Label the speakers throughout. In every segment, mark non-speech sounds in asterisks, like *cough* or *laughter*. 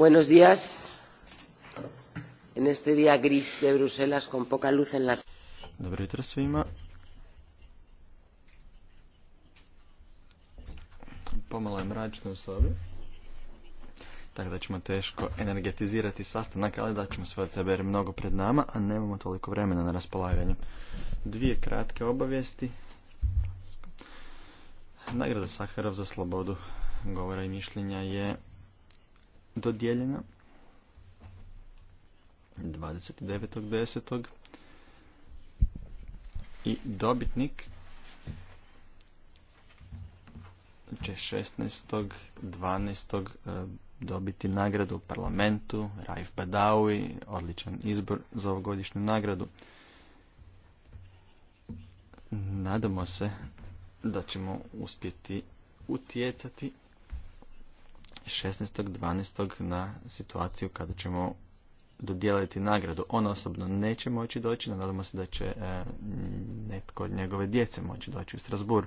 Speaker 1: Buenos días. En este día gris de Bruselas con poca luz en las...
Speaker 2: Dobro jutro svima. Pomalo je mračno u sobi. Tako da ćemo teško energetizirati sastanak, ali da ćemo sve od sebe jer mnogo pred nama, a nemamo toliko vremena na raspolaganju. Dvije kratke obavijesti. Nagrada Saharov za slobodu govora i mišljenja je dodijeljena 29.10. I dobitnik će 16.12. E, dobiti nagradu u parlamentu, Raif Badawi, odličan izbor za ovogodišnju nagradu. Nadamo se da ćemo uspjeti utjecati 16.12. na situaciju kada ćemo dodijeliti nagradu. On osobno neće moći doći, nadamo se da će e, netko od njegove djece moći doći u Strasbur.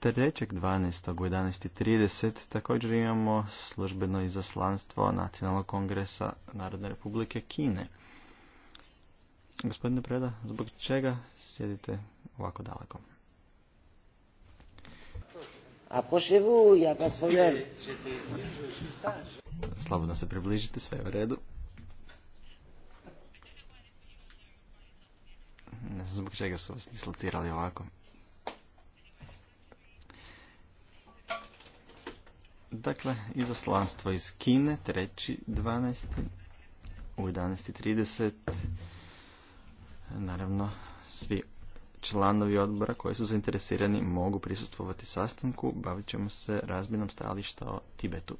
Speaker 2: 3.12. u 11.30 također imamo službeno izaslanstvo Nacionalnog kongresa Narodne republike Kine. Gospodine Preda, zbog čega sjedite ovako daleko?
Speaker 1: Approchez-vous, il
Speaker 2: Slobodno se približite, sve je u redu. Ne znam zbog čega su vas dislocirali ovako. Dakle, izaslanstvo iz Kine, 3.12. u 11.30. Naravno, svi članovi odbora koji su zainteresirani mogu prisustvovati sastanku. Bavit ćemo se razmjenom stajališta o Tibetu.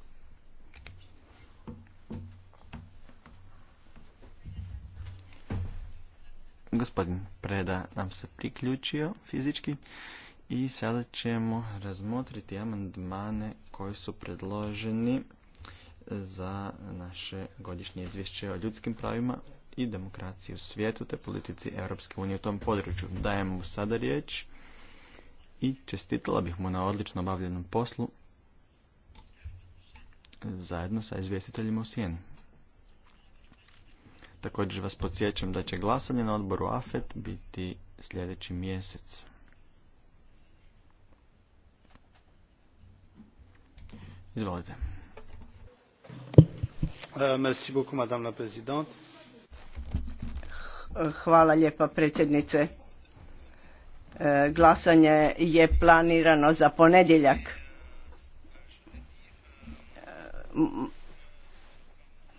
Speaker 2: Gospodin Preda nam se priključio fizički i sada ćemo razmotriti amandmane koji su predloženi za naše godišnje izvješće o ljudskim pravima i demokraciji u svijetu te politici Europske unije u tom području. Dajem mu sada riječ i čestitala bih mu na odlično obavljenom poslu zajedno sa izvjestiteljima u Sijeni. Također vas podsjećam da će glasanje na odboru AFET biti sljedeći mjesec. Izvolite. Euh, merci beaucoup, madame la présidente
Speaker 3: Hvala lijepa predsjednice. E, glasanje je planirano za ponedjeljak.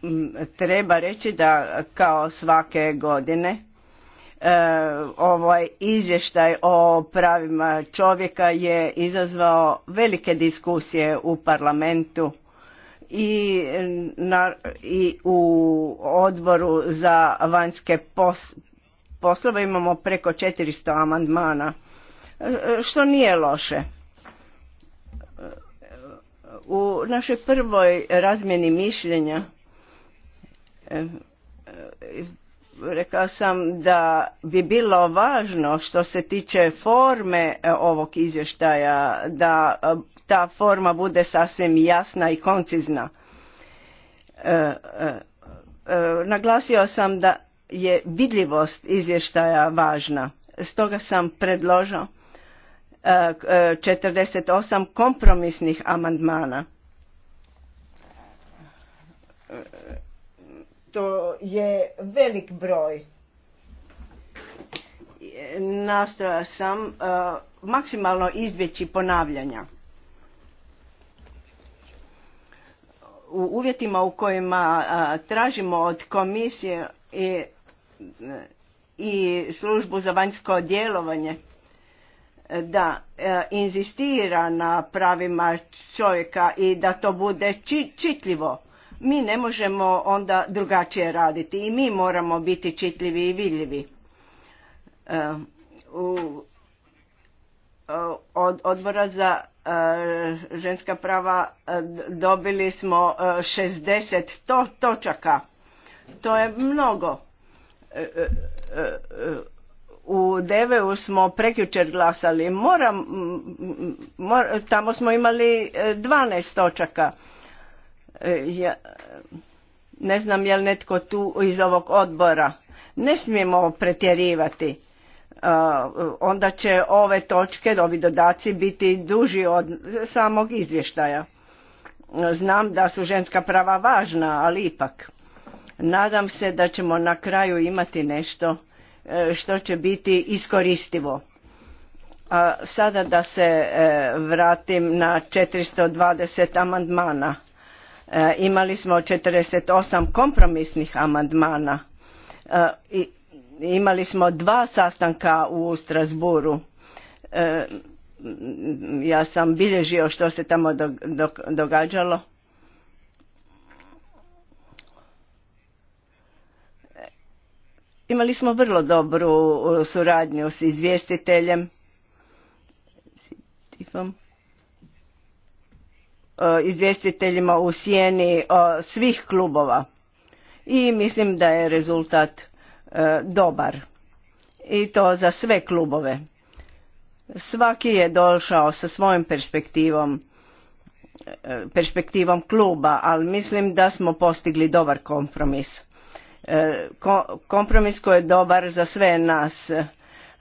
Speaker 3: E, treba reći da kao svake godine e, ovaj izvještaj o pravima čovjeka je izazvao velike diskusije u parlamentu i, na, i u odboru za vanjske poslove imamo preko 400 amandmana, što nije loše. U našoj prvoj razmjeni mišljenja rekao sam da bi bilo važno što se tiče forme e, ovog izvještaja da e, ta forma bude sasvim jasna i koncizna. E, naglasio sam da je vidljivost izvještaja važna. Stoga sam predložao 48 kompromisnih amandmana to je velik broj. Nastoja sam e, maksimalno izbjeći ponavljanja. U uvjetima u kojima e, tražimo od komisije i, službu za vanjsko djelovanje e, da inzistira na pravima čovjeka i da to bude čitljivo mi ne možemo onda drugačije raditi i mi moramo biti čitljivi i vidljivi. E, u, e, od odbora za e, ženska prava dobili smo 60 točaka. To je mnogo. u Deveu smo prekjučer glasali. Moram, tamo smo imali 12 točaka E, ne znam jel netko tu iz ovog odbora. Ne smijemo pretjerivati. E, onda će ove točke, ovi dodaci biti duži od samog izvještaja. Znam da su ženska prava važna, ali ipak. Nadam se da ćemo na kraju imati nešto e, što će biti iskoristivo. A sada da se vratim na 420 amandmana E, imali smo 48 kompromisnih amandmana. E, imali smo dva sastanka u strasbourgu e, Ja sam bilježio što se tamo događalo. Imali smo vrlo dobru suradnju s izvjestiteljem. Eh, izvjestiteljima u sjeni eh, svih klubova i mislim da je rezultat eh, dobar i to za sve klubove. Svaki je došao sa svojom perspektivom, perspektivom kluba, ali mislim da smo postigli dobar kompromis. Kompromis koji je dobar za sve nas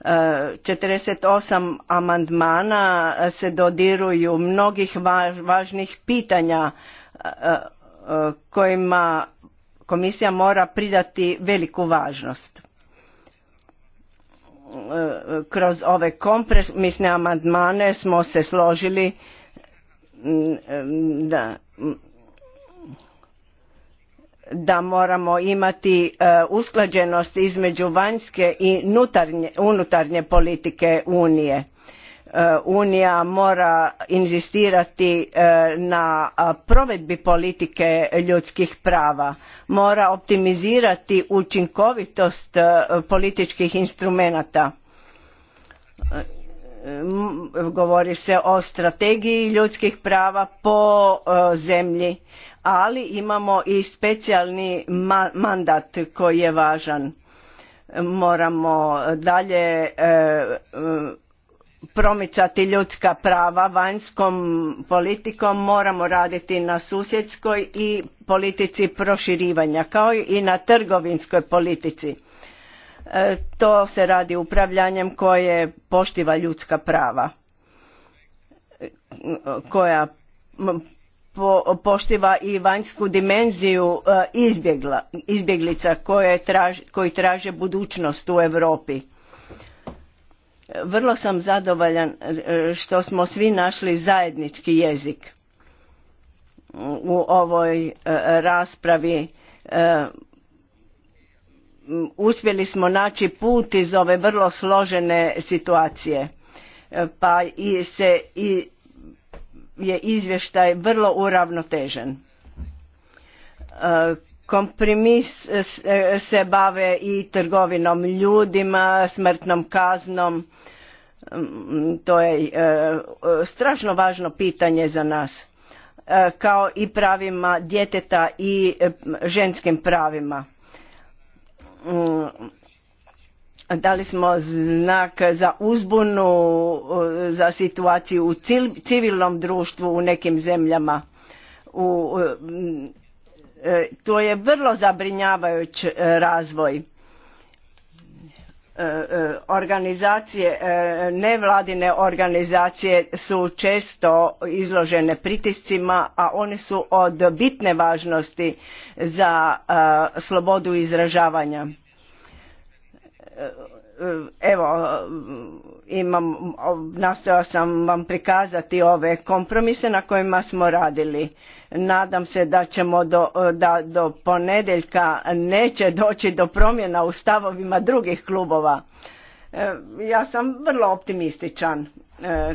Speaker 3: 48 amandmana se dodiruju mnogih važnih pitanja kojima komisija mora pridati veliku važnost. Kroz ove kompresne amandmane smo se složili da da moramo imati e, usklađenost između vanjske i unutarnje politike Unije. E, Unija mora inzistirati e, na provedbi politike ljudskih prava, mora optimizirati učinkovitost političkih instrumenata. Govori se o strategiji ljudskih prava po zemlji, ali imamo i specijalni mandat koji je važan. Moramo dalje e, e, promicati ljudska prava vanjskom politikom, moramo raditi na susjedskoj i politici proširivanja, kao i na trgovinskoj politici. E, to se radi upravljanjem koje poštiva ljudska prava, koja po, poštiva i vanjsku dimenziju e, izbjeglica koje koji traže budućnost u Europi. Vrlo sam zadovoljan e, što smo svi našli zajednički jezik u ovoj e, raspravi. Uspjeli smo naći put iz ove vrlo složene situacije pa i se i je izvještaj vrlo uravnotežen. E, kompromis e, e, se bave i trgovinom ljudima, smrtnom kaznom. Mm, to je strašno važno pitanje za nas. Kao i pravima djeteta i ženskim pravima mm, dali smo znak za uzbunu za situaciju u civilnom društvu u nekim zemljama. U, e, to je vrlo zabrinjavajuć e, razvoj e, organizacije, nevladine organizacije su često izložene pritiscima, a one su od bitne važnosti za slobodu izražavanja
Speaker 1: Eh,
Speaker 3: evo imam nastojao sam vam prikazati ove kompromise na kojima smo radili nadam se da ćemo do, da do ponedjeljka neće doći do promjena u stavovima drugih klubova eh, ja sam vrlo optimističan eh,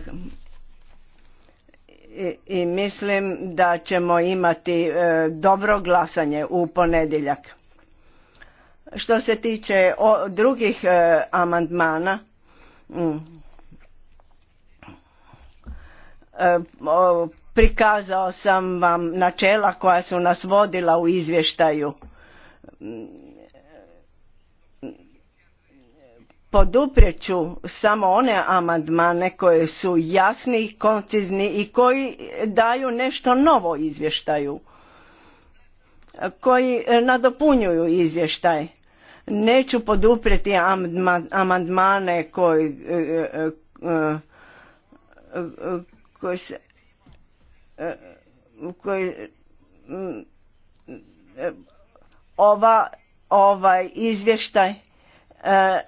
Speaker 3: i, i mislim da ćemo imati dobro glasanje u ponedjeljak što se tiče o, drugih e, amandmana, mm, e, prikazao sam vam načela koja su nas vodila u izvještaju. Podupreću samo one amandmane koje su jasni, koncizni i koji daju nešto novo izvještaju, koji nadopunjuju izvještaj Neću poduprijeti amandmane koji e, e, e, koji se koji ova ovaj izvještaj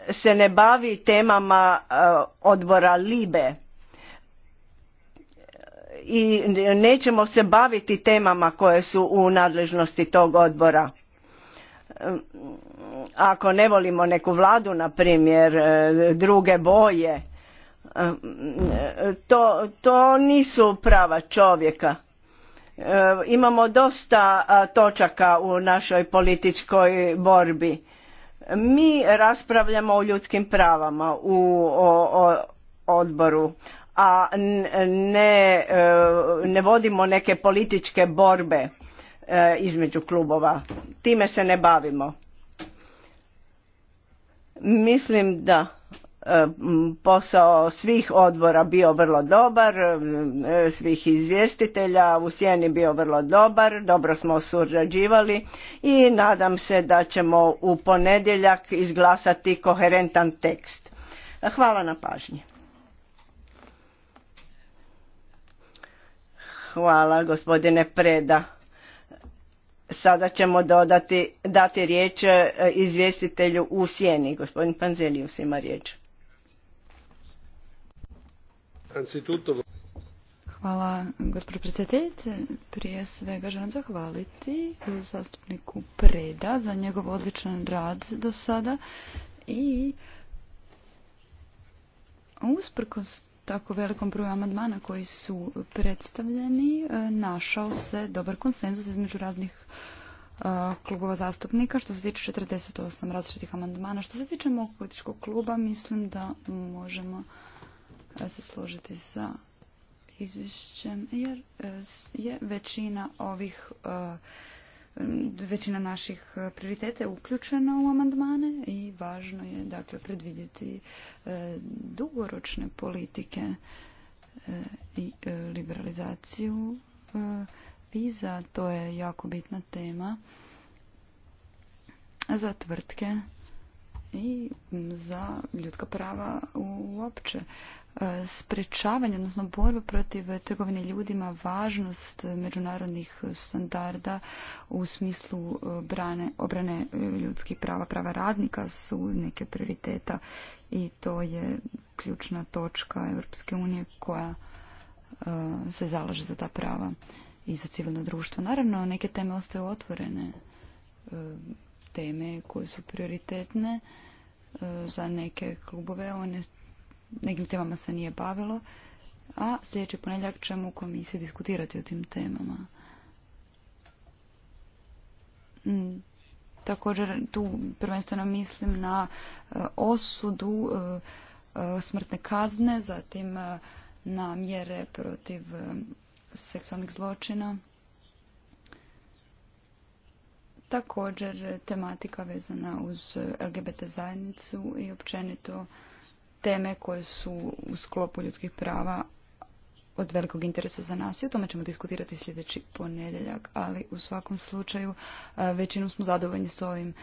Speaker 3: se ne bavi temama odbora Libe i nećemo se baviti temama koje su u nadležnosti tog odbora Eh, ako ne volimo neku vladu na primjer eh, druge boje eh, to, to nisu prava čovjeka imamo dosta točaka u našoj političkoj borbi mi raspravljamo o ljudskim pravama u o odboru a ne, ne vodimo neke političke borbe E, između klubova. Time se ne bavimo. Mislim da e, posao svih odbora bio vrlo dobar, e, svih izvjestitelja u sjeni bio vrlo dobar, dobro smo surađivali i nadam se da ćemo u ponedjeljak izglasati koherentan tekst. Hvala na pažnji. Hvala gospodine Preda. Sada ćemo dodati, dati riječ e, izvjestitelju u sjeni. Gospodin Panzelius ima riječ.
Speaker 4: Hvala, gospodin predsjedateljice. Prije svega želim zahvaliti zastupniku Preda za njegov odličan rad do sada i usprkos tako velikom broju amandmana koji su predstavljeni e, našao se dobar konsenzus između raznih e, klubova zastupnika što se tiče 48 različitih amandmana. Što se tiče mog političkog kluba mislim da možemo e, se složiti sa izvješćem jer je većina ovih većina naših e, prioriteta je uključena u amandmane i važno je dakle predvidjeti e, dugoročne politike e, i liberalizaciju viza. To je jako bitna tema za tvrtke i za ljudska prava uopće. E, sprečavanje, odnosno borba protiv trgovine ljudima, važnost međunarodnih standarda u smislu e, brane, obrane e, ljudskih prava, prava radnika su neke prioriteta i to je ključna točka Europske unije koja se zalaže za ta prava i za civilno društvo. Naravno, neke teme ostaju otvorene, teme koje su prioritetne za neke klubove, one nekim temama se nije bavilo, a sljedeći ponedjeljak ćemo u komisiji diskutirati o tim temama. Mm, također tu prvenstveno mislim na e, osudu e, e, smrtne kazne, zatim na mjere protiv seksualnih zločina. Također tematika vezana uz LGBT zajednicu i općenito teme koje su u sklopu ljudskih prava od velikog interesa za nas i o tome ćemo diskutirati sljedeći ponedjeljak, ali u svakom slučaju e, većinom smo zadovoljni s ovim e,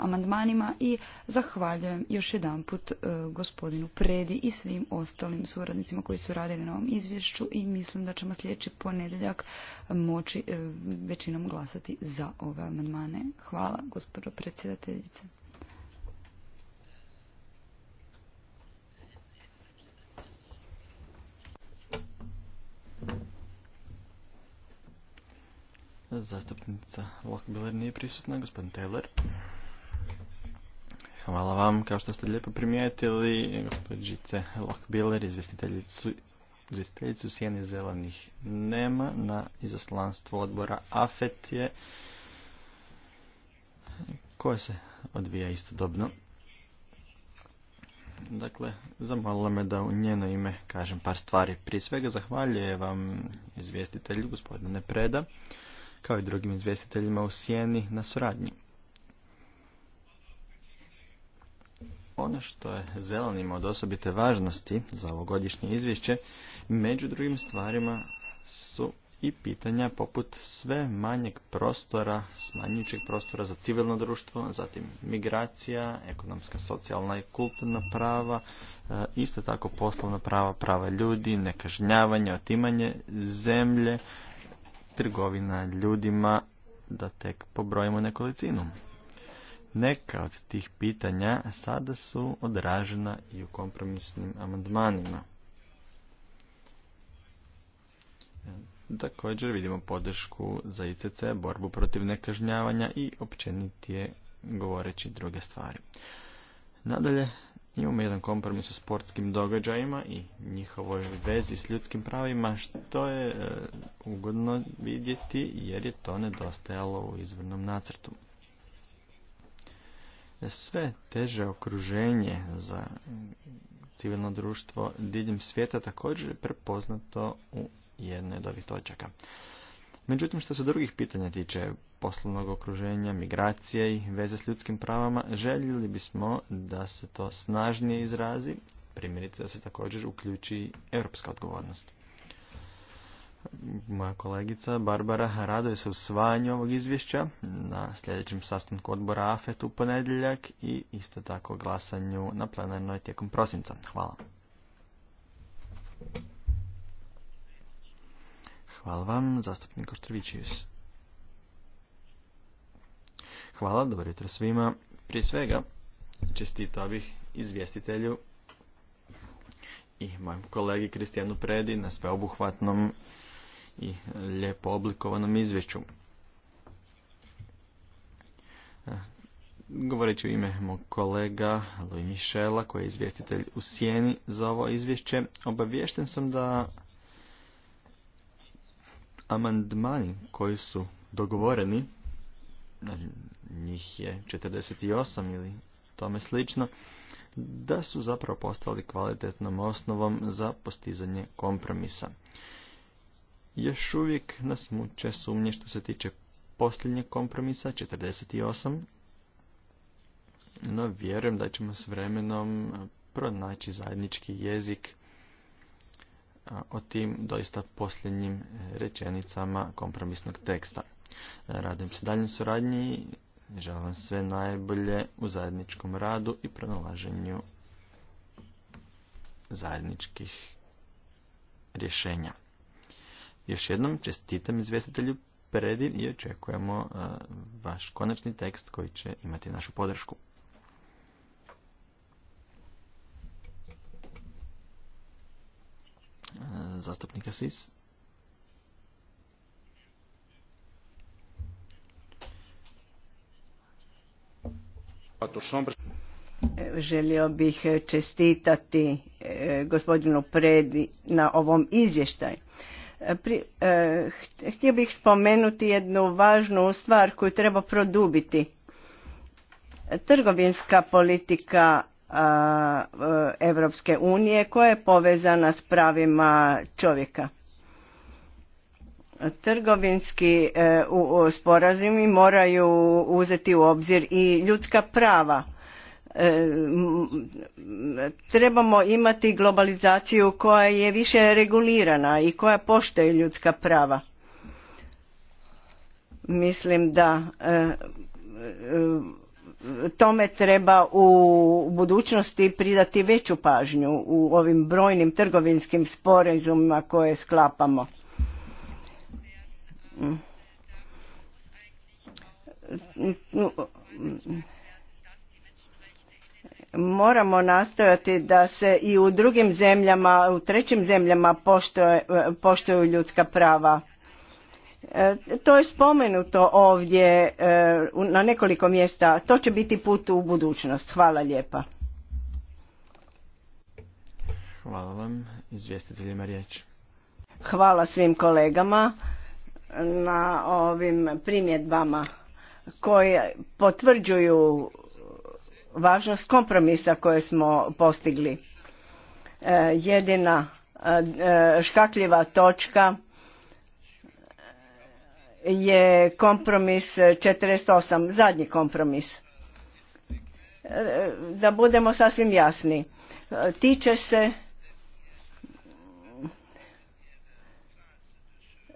Speaker 4: amandmanima i zahvaljujem još jedanput e, gospodinu Predi i svim ostalim suradnicima koji su radili na ovom izvješću i mislim da ćemo sljedeći ponedjeljak moći većinom glasati za ove amandmane. Hvala gospođo predsjedateljice.
Speaker 2: Zastupnica Lockbiller nije prisutna, gospodin Taylor. Hvala vam, kao što ste lijepo primijetili, gospođice Lockbiller, izvjestiteljicu izvjestiteljicu Sjene Zelenih nema na izaslanstvo odbora AFET je koje se odvija istodobno. Dakle, zamolila me da u njeno ime kažem par stvari. Prije svega zahvaljujem vam izvjestitelju gospodine Preda kao i drugim izvjestiteljima u Sijeni na suradnji. Ono što je zelenima od osobite važnosti za ovogodišnje izvješće, među drugim stvarima su i pitanja poput sve manjeg prostora, smanjujućeg prostora za civilno društvo, zatim migracija, ekonomska, socijalna i kulturna prava, e, isto tako poslovna prava, prava ljudi, nekažnjavanje, otimanje zemlje, trgovina ljudima da tek pobrojimo nekolicinu. Neka od tih pitanja sada su odražena i u kompromisnim amandmanima. Također vidimo podršku za ICC, borbu protiv nekažnjavanja i općenitije govoreći druge stvari. Nadalje, Imamo jedan kompromis sa sportskim događajima i njihovoj vezi s ljudskim pravima, što je e, ugodno vidjeti jer je to nedostajalo u izvornom nacrtu. Sve teže okruženje za civilno društvo diljem svijeta također je prepoznato u jednoj od ovih točaka. Međutim, što se drugih pitanja tiče, poslovnog okruženja, migracije i veze s ljudskim pravama, željeli bismo da se to snažnije izrazi, primjerice da se također uključi europska odgovornost. Moja kolegica Barbara raduje se usvajanju ovog izvješća na sljedećem sastanku odbora AFET u ponedjeljak i isto tako glasanju na plenarnoj tijekom prosinca. Hvala. Hvala vam, zastupnik Oštrevićius. Hvala, dobro jutro svima. Prije svega, čestitao bih izvjestitelju i mojem kolegi Kristijanu Predi na sveobuhvatnom i lijepo oblikovanom izvješću. E, govoreći u ime mog kolega Louis koji je izvjestitelj u Sijeni za ovo izvješće, obaviješten sam da amandmani koji su dogovoreni, njih je 48 ili tome slično, da su zapravo postali kvalitetnom osnovom za postizanje kompromisa. Još uvijek nas muče sumnje što se tiče posljednjeg kompromisa, 48, no vjerujem da ćemo s vremenom pronaći zajednički jezik o tim doista posljednjim rečenicama kompromisnog teksta. Radim se daljnjoj suradnji Želim vam sve najbolje u zajedničkom radu i pronalaženju zajedničkih rješenja. Još jednom čestitam izvjestitelju Predin i očekujemo e, vaš konačni tekst koji će imati našu podršku. E, zastupnika SIS.
Speaker 3: Pa e, želio bih e, čestitati e, gospodinu Predi na ovom izvještaju. htio bih spomenuti jednu važnu stvar koju treba produbiti. Trgovinska politika Europske unije koja je povezana s pravima čovjeka. Trgovinski e, sporazumi moraju uzeti u obzir i ljudska prava. E, trebamo imati globalizaciju koja je više regulirana i koja poštuje ljudska prava. Mislim da e, tome treba u budućnosti pridati veću pažnju u ovim brojnim trgovinskim sporazumima koje sklapamo moramo nastojati da se i u drugim zemljama, u trećim zemljama poštuju ljudska prava. E, to je spomenuto ovdje e, na nekoliko mjesta. To će biti put u budućnost. Hvala lijepa.
Speaker 2: Hvala vam. Izvjestiteljima
Speaker 3: Hvala svim kolegama na ovim primjedbama koje
Speaker 2: potvrđuju
Speaker 3: važnost kompromisa koje smo postigli. E, jedina e, škakljiva točka je kompromis 48, zadnji kompromis. E, da budemo sasvim jasni. Tiče se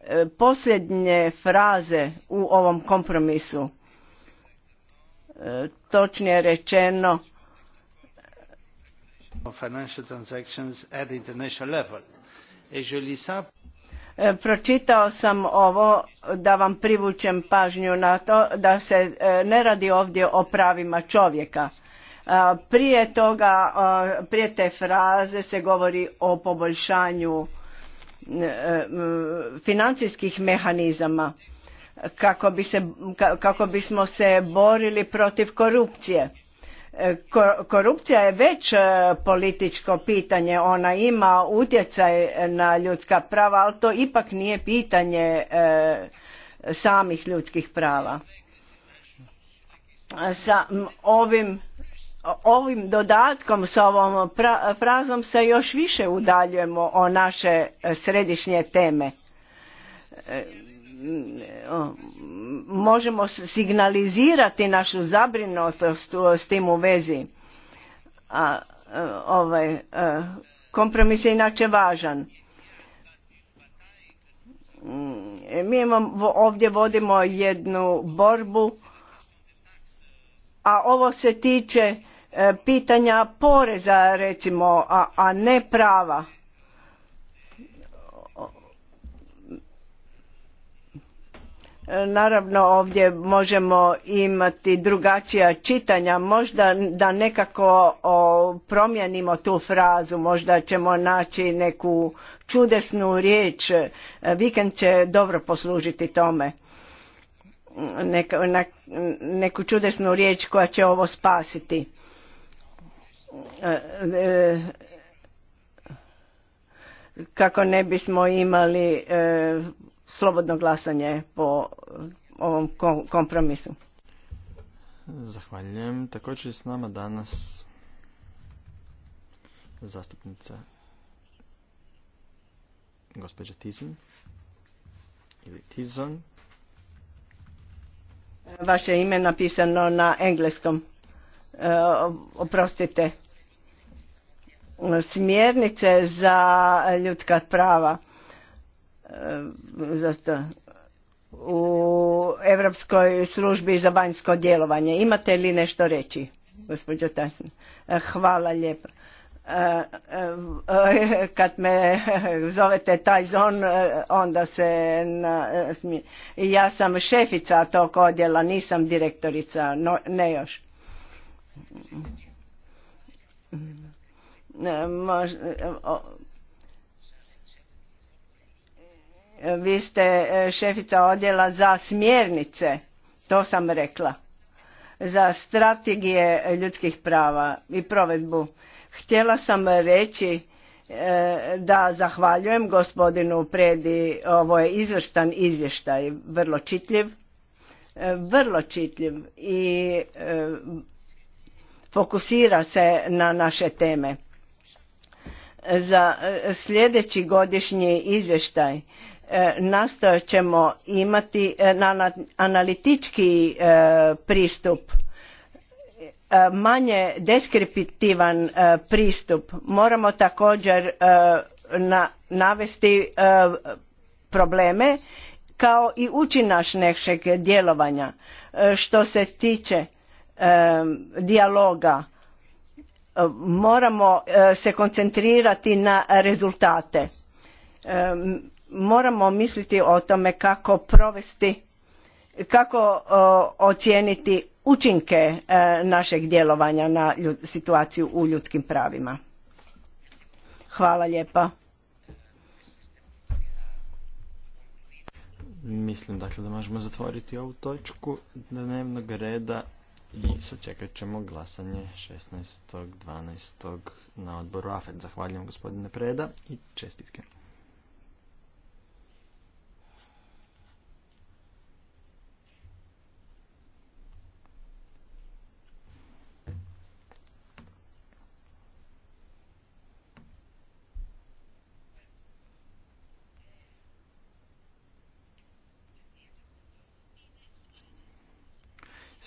Speaker 3: E, posljednje fraze u ovom kompromisu e, točnije rečeno e, pročitao sam ovo da vam privučem pažnju na to da se ne radi ovdje o pravima čovjeka. Prije toga, prije te fraze se govori o poboljšanju E, e, financijskih mehanizama kako, bi se, kako bismo se borili protiv korupcije. E, korupcija je već političko pitanje, ona ima utjecaj na ljudska prava, ali to ipak nije pitanje samih ljudskih prava. Sa ovim ovim dodatkom s ovom frazom se još više udaljujemo o naše e, središnje teme e, možemo signalizirati našu zabrinutost s tim u vezi a e, ovaj kompromis je inače važan mi ovdje vodimo jednu borbu a ovo se tiče E, pitanja poreza recimo, a, a ne prava. E, naravno ovdje možemo imati drugačija čitanja, možda da nekako o, promijenimo tu frazu, možda ćemo naći neku čudesnu riječ, e, vikend će dobro poslužiti tome. neku čudesnu riječ koja će ovo spasiti kako ne bismo imali e, slobodno glasanje po ovom kompromisu.
Speaker 2: Zahvaljujem. Također je s nama danas zastupnica gospođa Tizin ili Tizon.
Speaker 3: Vaše ime napisano na engleskom. E, oprostite smjernice za ljudska prava e, u Europskoj službi za vanjsko djelovanje. Imate li nešto reći, gospođo Tasin? E, hvala lijepo. E, kad me zovete taj onda se na, ja sam šefica tog odjela, nisam direktorica, ne još. E, e, vi ste e, šefica odjela za smjernice, to sam rekla, za strategije ljudskih prava i provedbu. Htjela sam reći da zahvaljujem gospodinu Predi, ovo je izvrstan izvještaj, vrlo čitljiv, vrlo čitljiv i fokusira se na naše teme za e, sljedeći godišnji izvještaj e, nastojat ćemo imati e, analitički pristup manje deskriptivan pristup moramo također navesti probleme kao i učinaš našeg djelovanja što se tiče dijaloga moramo e, se koncentrirati na rezultate e, moramo misliti o tome kako provesti kako ocijeniti učinke e, našeg djelovanja na situaciju u ljudskim pravima hvala lijepa
Speaker 2: Mislim dakle da možemo zatvoriti ovu točku dnevnog reda i sačekat ćemo glasanje 16.12. na odboru AFED. Zahvaljujem gospodine Preda i čestitke.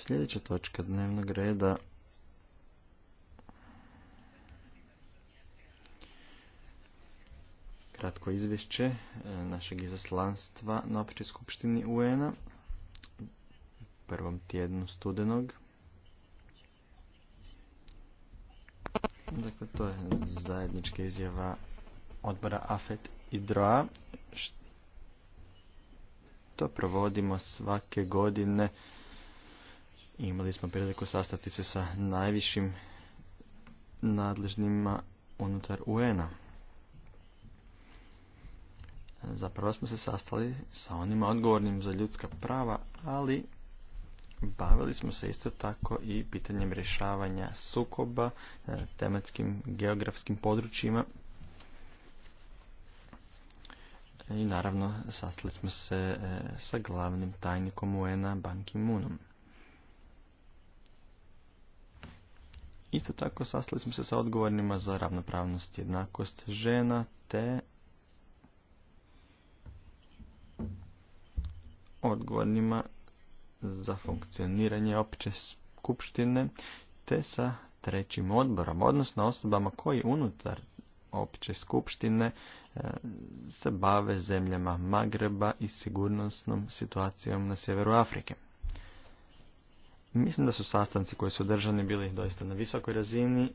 Speaker 2: Sljedeća točka dnevnog reda kratko izvješće e, našeg izaslanstva na općoj skupštini UN-a u prvom tjednu studenog. Dakle, to je zajednička izjava odbora AFET i DROA. To provodimo svake godine Imali smo priliku sastati se sa najvišim nadležnima unutar UN-a. Zapravo smo se sastali sa onima odgovornim za ljudska prava, ali bavili smo se isto tako i pitanjem rješavanja sukoba, e, tematskim geografskim područjima. I naravno sastali smo se e, sa glavnim tajnikom UN-a Ban moonom Isto tako sastali smo se sa odgovornima za ravnopravnost i jednakost žena te odgovornima za funkcioniranje opće skupštine te sa trećim odborom, odnosno osobama koji unutar opće skupštine e, se bave zemljama Magreba i sigurnosnom situacijom na sjeveru Afrike. Mislim da su sastanci koji su održani bili doista na visokoj razini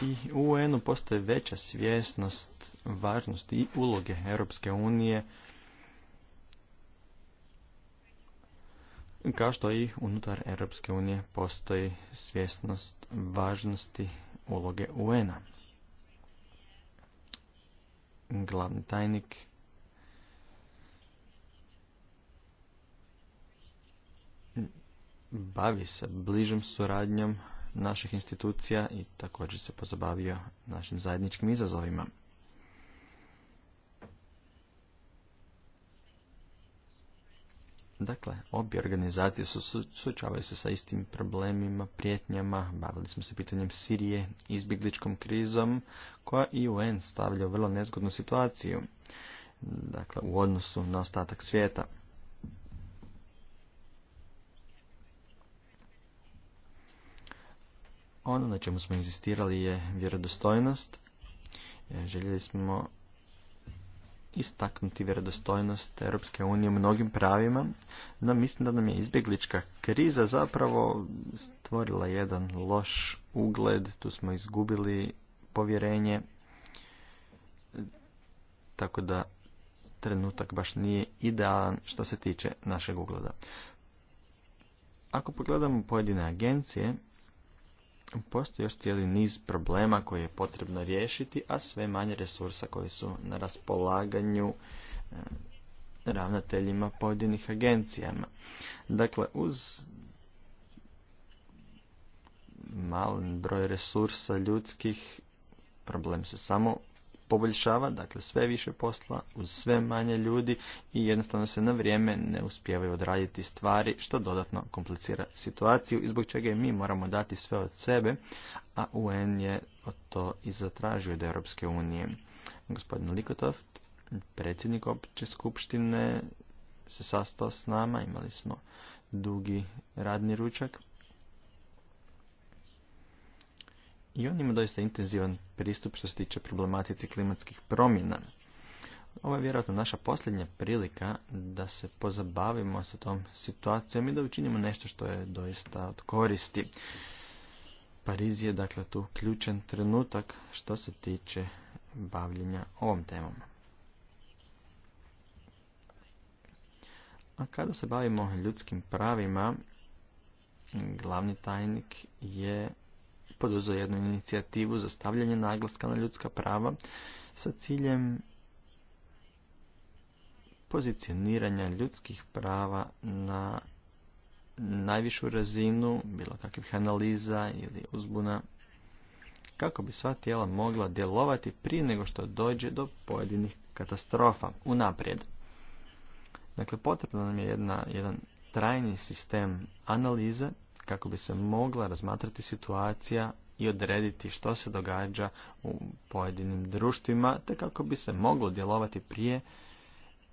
Speaker 2: i u UN-u postoje veća svjesnost važnosti i uloge Europske unije kao što i unutar Europske unije postoji svjesnost važnosti uloge UN-a. Glavni tajnik bavi se bližim suradnjom naših institucija i također se pozabavio našim zajedničkim izazovima. Dakle, obje organizacije su suočavaju se sa istim problemima, prijetnjama, bavili smo se pitanjem Sirije, izbjegličkom krizom, koja i UN stavlja u vrlo nezgodnu situaciju, dakle, u odnosu na ostatak svijeta. Ono na čemu smo insistirali je vjerodostojnost. E, željeli smo istaknuti vjerodostojnost Europske unije u mnogim pravima, no mislim da nam je izbjeglička kriza zapravo stvorila jedan loš ugled, tu smo izgubili povjerenje, tako da trenutak baš nije idealan što se tiče našeg ugleda. Ako pogledamo pojedine agencije, postoji još cijeli niz problema koje je potrebno riješiti, a sve manje resursa koji su na raspolaganju e, ravnateljima pojedinih agencijama. Dakle, uz malen broj resursa ljudskih, problem se samo poboljšava, dakle sve više posla uz sve manje ljudi i jednostavno se na vrijeme ne uspijevaju odraditi stvari što dodatno komplicira situaciju i zbog čega mi moramo dati sve od sebe, a UN je to i zatražio od Europske unije. Gospodin Likotov, predsjednik opće skupštine, se sastao s nama, imali smo dugi radni ručak. I on ima doista intenzivan pristup što se tiče problematici klimatskih promjena. Ovo je vjerojatno naša posljednja prilika da se pozabavimo sa tom situacijom i da učinimo nešto što je doista od koristi. Pariz je dakle tu ključan trenutak što se tiče bavljenja ovom temom. A kada se bavimo ljudskim pravima, glavni tajnik je poduzeo jednu inicijativu za stavljanje naglaska na ljudska prava sa ciljem pozicioniranja ljudskih prava na najvišu razinu bilo kakvih analiza ili uzbuna kako bi sva tijela mogla djelovati prije nego što dođe do pojedinih katastrofa unaprijed. Dakle, potrebno nam je jedna, jedan trajni sistem analize kako bi se mogla razmatrati situacija i odrediti što se događa u pojedinim društvima, te kako bi se moglo djelovati prije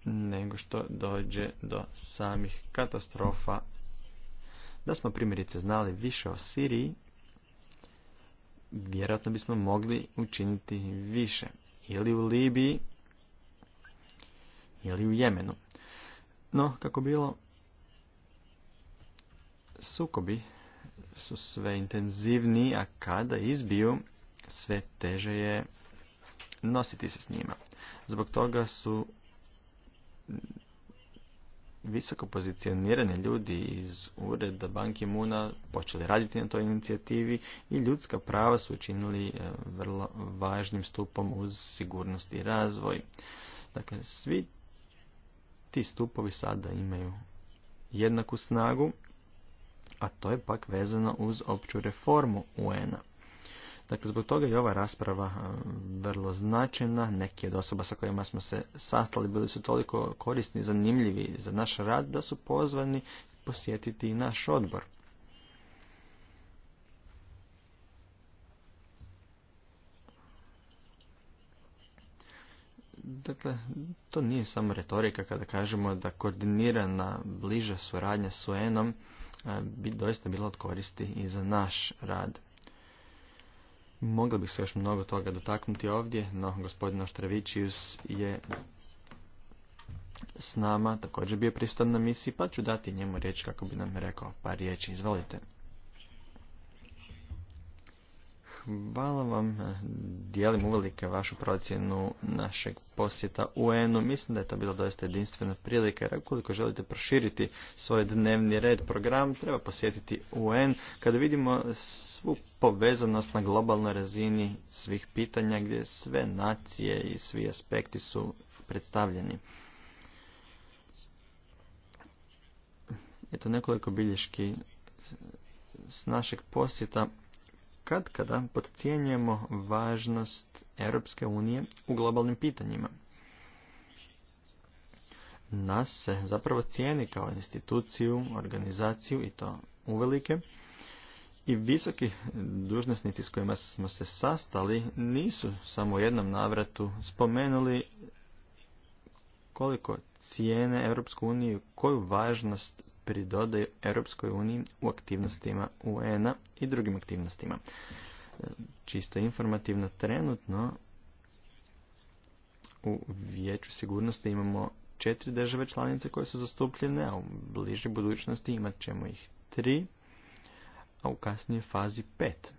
Speaker 2: nego što dođe do samih katastrofa. Da smo primjerice znali više o Siriji, vjerojatno bismo mogli učiniti više. Ili u Libiji, ili u Jemenu. No, kako bilo, Sukobi su sve intenzivniji, a kada izbiju, sve teže je nositi se s njima. Zbog toga su visoko pozicionirani ljudi iz ureda Banki Muna počeli raditi na toj inicijativi i ljudska prava su učinili e, vrlo važnim stupom uz sigurnost i razvoj. Dakle, svi ti stupovi sada imaju jednaku snagu a to je pak vezano uz opću reformu UN-a. Dakle, zbog toga je ova rasprava e, vrlo značajna. Neki od osoba sa kojima smo se sastali bili su toliko korisni i zanimljivi za naš rad da su pozvani posjetiti i naš odbor. Dakle, to nije samo retorika kada kažemo da koordinirana bliža suradnja s UN-om bi doista bilo od koristi i za naš rad. Mogli bih se još mnogo toga dotaknuti ovdje, no gospodin Oštravićius je s nama također bio prisutan na misiji, pa ću dati njemu riječ kako bi nam rekao par riječi. Izvolite. Hvala vam. Dijelim uvelike vašu procjenu našeg posjeta UN-u. Mislim da je to bila doista jedinstvena prilika jer ukoliko želite proširiti svoj dnevni red program, treba posjetiti UN kada vidimo svu povezanost na globalnoj razini svih pitanja gdje sve nacije i svi aspekti su predstavljeni. Eto nekoliko bilješki s našeg posjeta kad kada podcijenjujemo važnost Europske unije u globalnim pitanjima. Nas se zapravo cijeni kao instituciju, organizaciju i to uvelike. I visoki dužnosnici s kojima smo se sastali nisu samo u jednom navratu spomenuli koliko cijene Europsku uniju, koju važnost pridodaju Europskoj uniji u aktivnostima UN-a i drugim aktivnostima. Čisto informativno, trenutno u Vijeću sigurnosti imamo četiri države članice koje su zastupljene, a u bližoj budućnosti imat ćemo ih tri, a u kasnije fazi pet.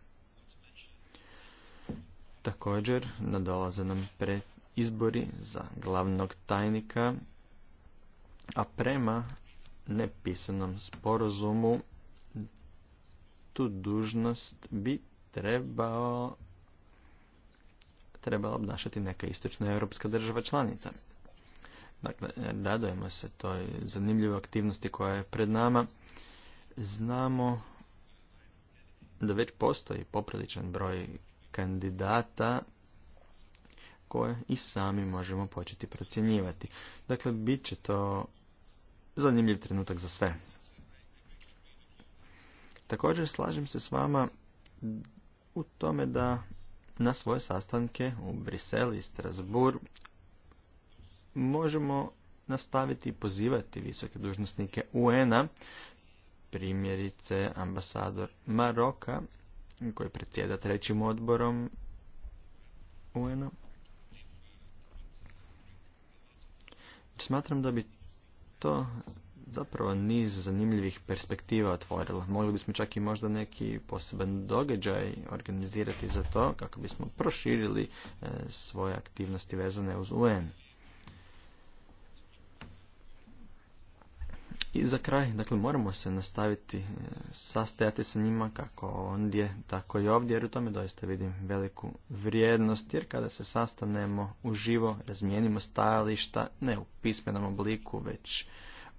Speaker 2: Također nadolaze nam pre izbori za glavnog tajnika, a prema nepisanom sporazumu tu dužnost bi trebao trebala obnašati neka istočna europska država članica. Dakle, radujemo se toj zanimljivoj aktivnosti koja je pred nama. Znamo da već postoji popriličan broj kandidata koje i sami možemo početi procjenjivati. Dakle, bit će to zanimljiv trenutak za sve. Također slažem se s vama u tome da na svoje sastanke u brisel i Strasbourg možemo nastaviti pozivati visoke dužnosnike UN-a, primjerice ambasador Maroka, koji predsjeda trećim odborom UN-a. Smatram da bi to zapravo niz zanimljivih perspektiva otvorila. Mogli bismo čak i možda neki poseban događaj organizirati za to kako bismo proširili e, svoje aktivnosti vezane uz UN. I za kraj, dakle, moramo se nastaviti e, sastajati sa njima kako ondje, tako i ovdje, jer u tome doista vidim veliku vrijednost, jer kada se sastanemo uživo, razmijenimo stajališta, ne u pismenom obliku, već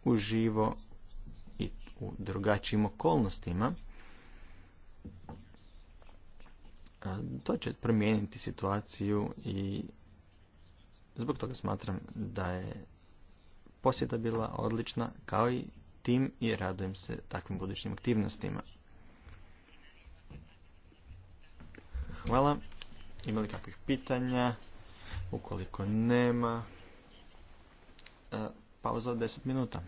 Speaker 2: uživo i u drugačijim okolnostima, to će promijeniti situaciju i zbog toga smatram da je posjeta bila odlična kao i tim i radujem se takvim budućim aktivnostima. Hvala. Imali kakvih pitanja? Ukoliko nema, e, pauza od 10 minuta.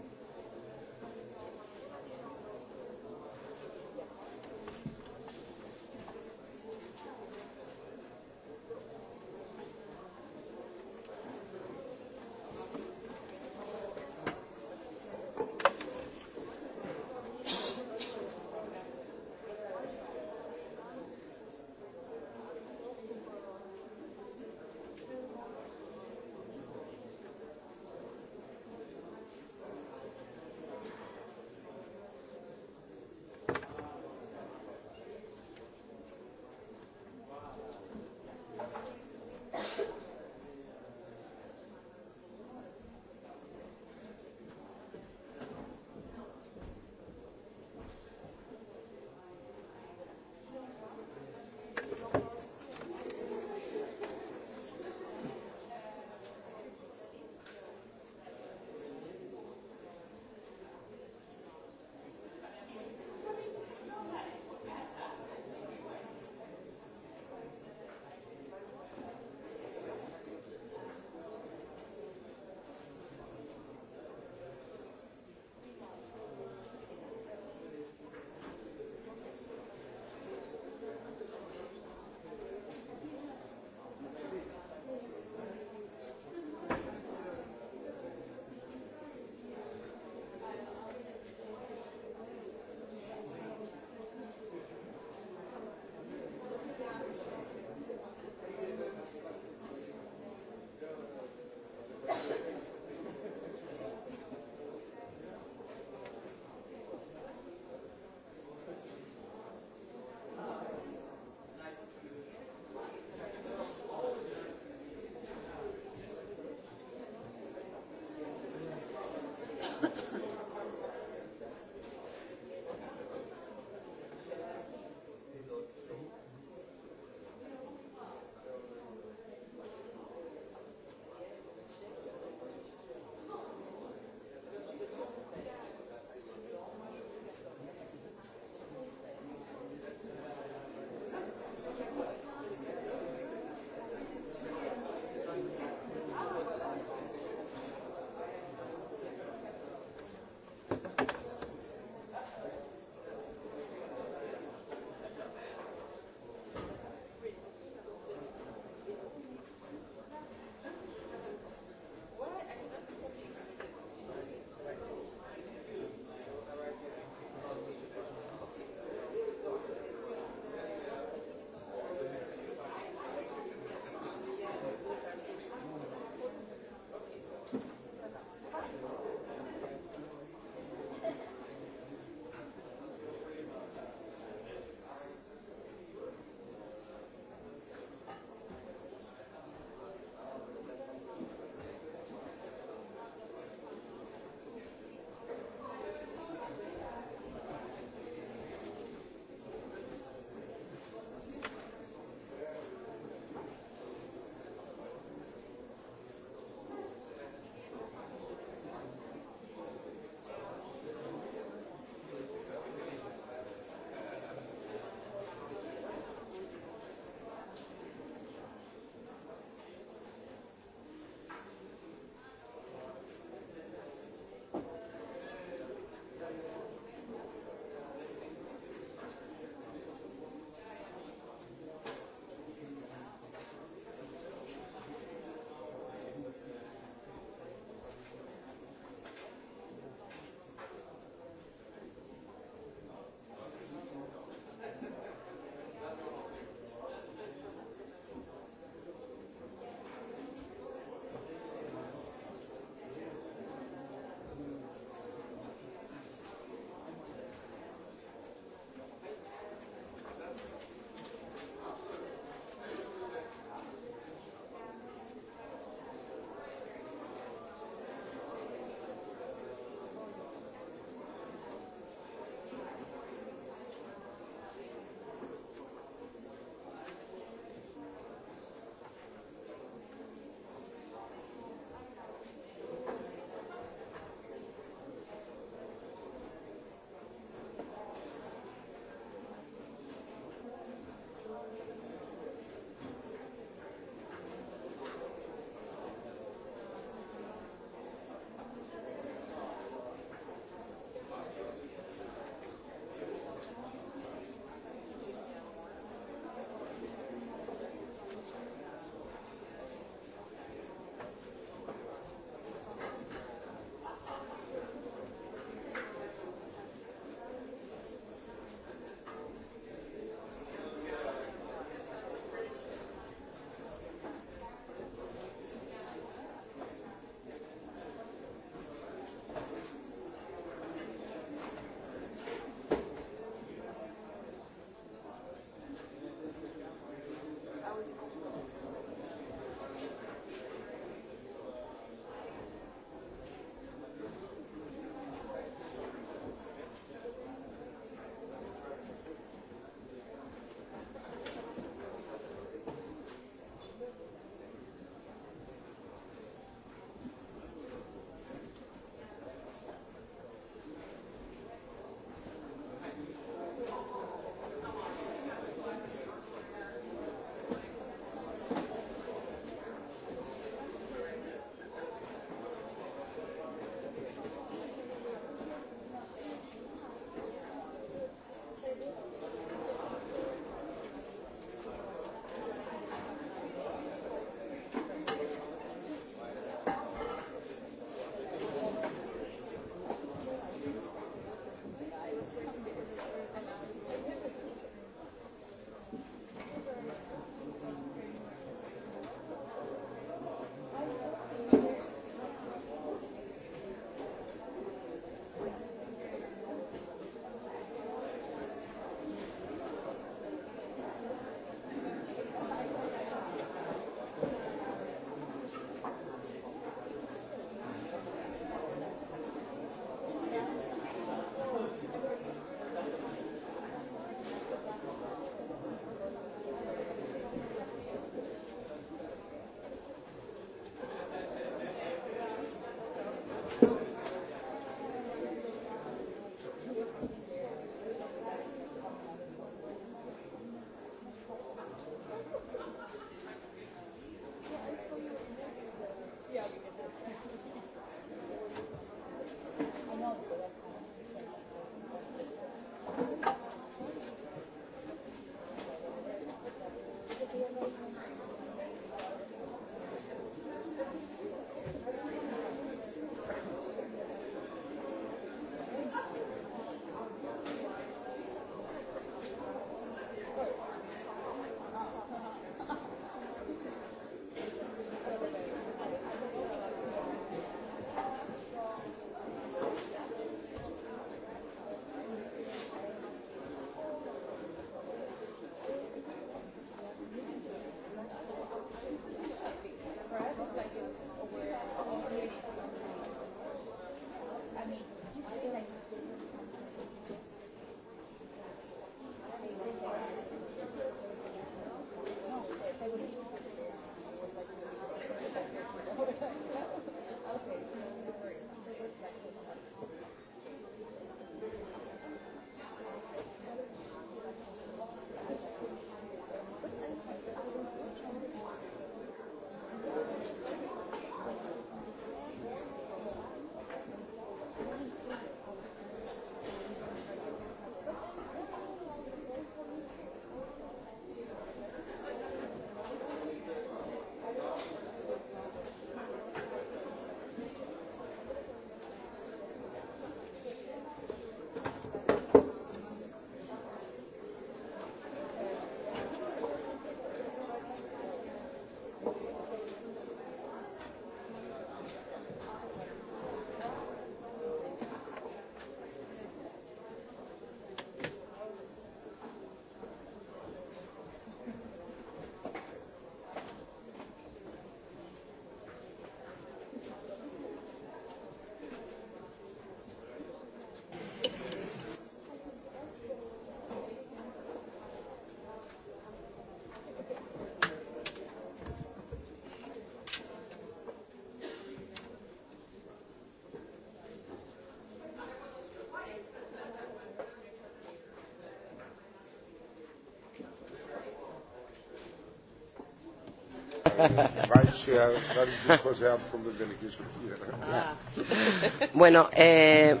Speaker 3: Bueno, eh,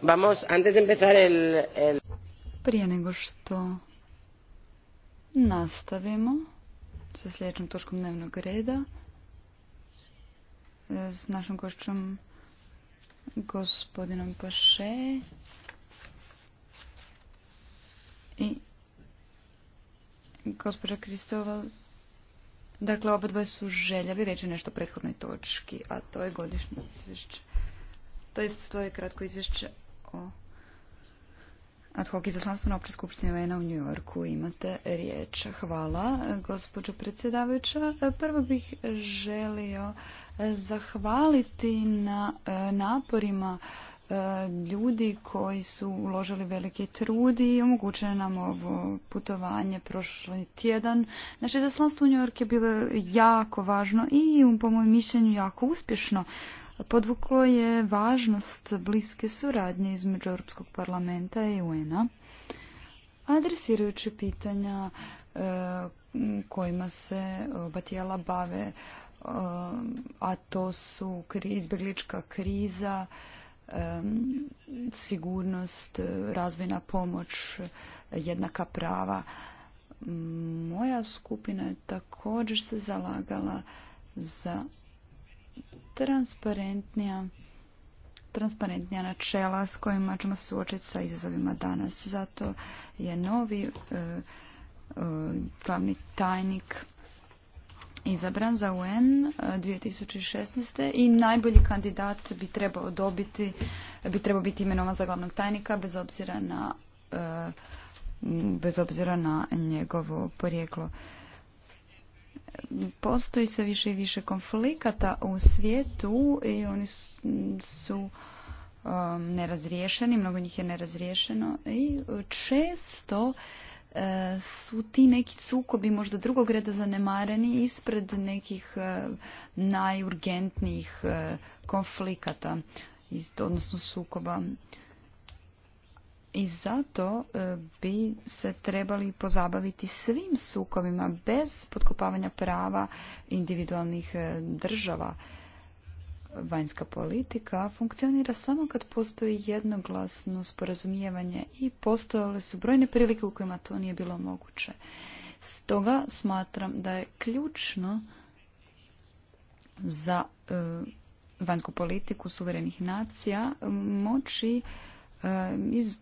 Speaker 3: vamos, antes de
Speaker 4: Prije nego što nastavimo sa sljedećom točkom dnevnog reda eh, s našom gošćom gospodinom Paše i gospođa Kristoval Dakle, dvoje su željeli reći nešto o prethodnoj točki, a to je godišnje izvješće. To je, to je kratko izvješće o ad hoc izaslanstvu na opće Skupštine u New Yorku. Imate riječ. Hvala, gospođo predsjedavajuća. Prvo bih želio zahvaliti na e, naporima E, ljudi koji su uložili veliki trud i omogućeno nam ovo putovanje prošli tjedan. Naše zaslanstvo u New je bilo jako važno i po mojem mišljenju jako uspješno. Podvuklo je važnost bliske suradnje između Europskog parlamenta i UN-a, adresirajući pitanja e, kojima se oba tijela bave, e, a to su izbjeglička kriza, sigurnost, e, razvojna pomoć, jednaka prava. Moja skupina je također se zalagala za transparentnija transparentnija načela s kojima ćemo se suočiti sa izazovima danas. Zato je novi e, e, glavni tajnik izabran za UN 2016. E, i najbolji kandidat bi trebao dobiti, bi trebao biti imenovan za glavnog tajnika bez obzira na e, bez obzira na njegovo porijeklo. Postoji sve više i više konflikata u svijetu i oni su e, nerazriješeni, mnogo njih je nerazriješeno i često E, su ti neki sukobi možda drugog reda zanemareni ispred nekih e, najurgentnijih e, konflikata, odnosno sukoba. I zato bi se trebali pozabaviti svim sukobima bez podkopavanja prava individualnih država vanjska politika funkcionira samo kad postoji jednoglasno sporazumijevanje i postojale su brojne prilike u kojima to nije bilo moguće. Stoga smatram da je ključno za e, vanjsku politiku suverenih nacija moći e, iz,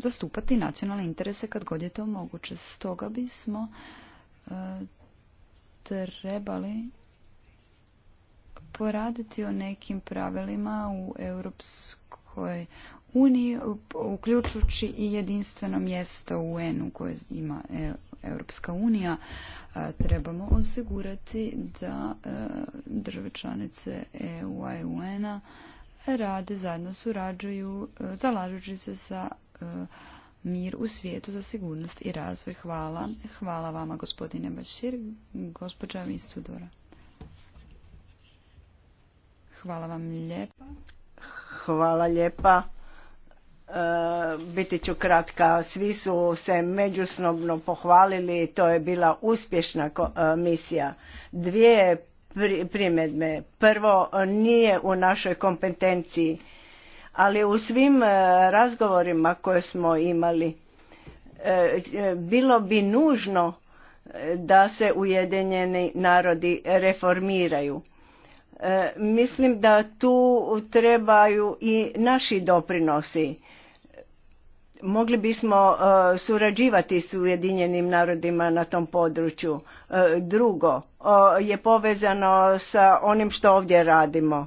Speaker 4: zastupati nacionalne interese kad god je to moguće. Stoga bismo e, trebali poraditi o nekim pravilima u Europskoj uniji, uključujući i jedinstveno mjesto UN u koje ima e, Europska unija, trebamo osigurati da e, države članice eu i UN-a rade, zajedno surađuju, e, zalažući se za mir u svijetu za sigurnost i razvoj. Hvala. Hvala vama gospodine Bašir, gospođa Vistudora. Hvala vam lijepa. Hvala lijepa.
Speaker 3: E, biti ću kratka. Svi su se međusobno pohvalili. To je bila uspješna e, misija. Dvije primjedbe. Prvo, nije u našoj kompetenciji, ali u svim e, razgovorima koje smo imali, bilo bi nužno da se ujedinjeni narodi reformiraju E, mislim da tu trebaju i naši doprinosi. Mogli bismo e, surađivati s Ujedinjenim narodima na tom području. E, drugo je povezano sa onim što ovdje radimo.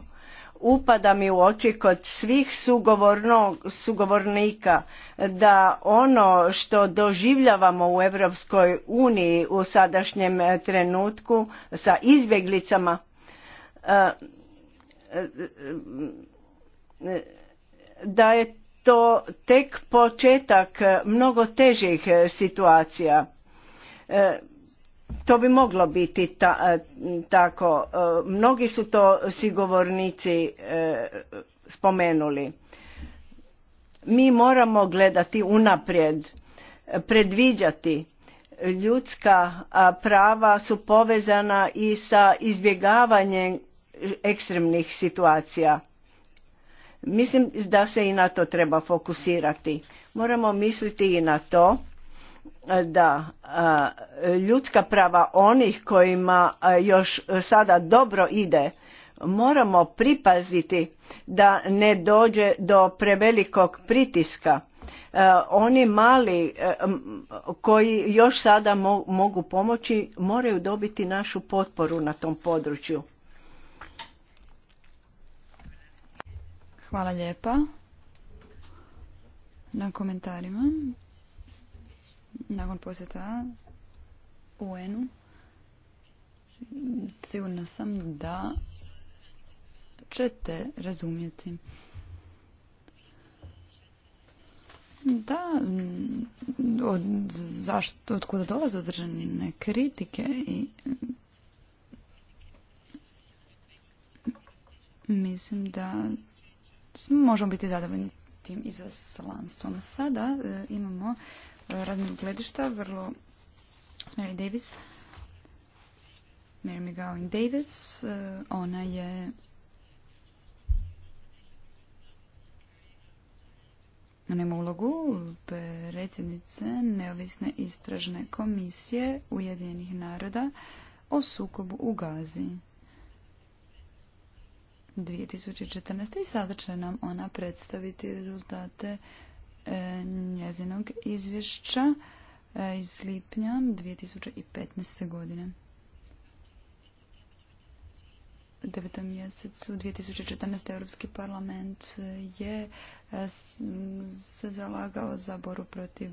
Speaker 3: Upada mi u oči kod svih sugovornika da ono što doživljavamo u Europskoj uniji u sadašnjem trenutku sa izbjeglicama da je to tek početak mnogo težih e, situacija. E, to bi moglo biti e, tako. Mnogi su to sigovornici spomenuli. Mi moramo gledati unaprijed, predviđati. Ljudska prava su povezana i sa izbjegavanjem ekstremnih situacija. Mislim da se i na to treba fokusirati. Moramo misliti i na to eh, da eh, ljudska prava onih kojima eh, još sada dobro ide moramo pripaziti da ne dođe do prevelikog pritiska. Oni mali koji još sada mogu pomoći moraju dobiti našu potporu na tom području.
Speaker 4: Hvala lijepa na komentarima. Nakon posjeta UN-u sigurna sam da ćete razumjeti. Da, od, zašto, od kuda dolaze održane kritike i mislim da možemo biti zadovoljni tim izaslanstvom. Sada e, imamo e, radnog gledišta, vrlo s Mary Davis. Mary McGowan Davis, e, ona je nema ulogu predsjednice Neovisne istražne komisije Ujedinjenih naroda o sukobu u Gazi. 2014. i sada će nam ona predstaviti rezultate e, njezinog izvješća e, iz lipnja 2015. godine. U devetom mjesecu 2014. Europski parlament je e, se zalagao za boru protiv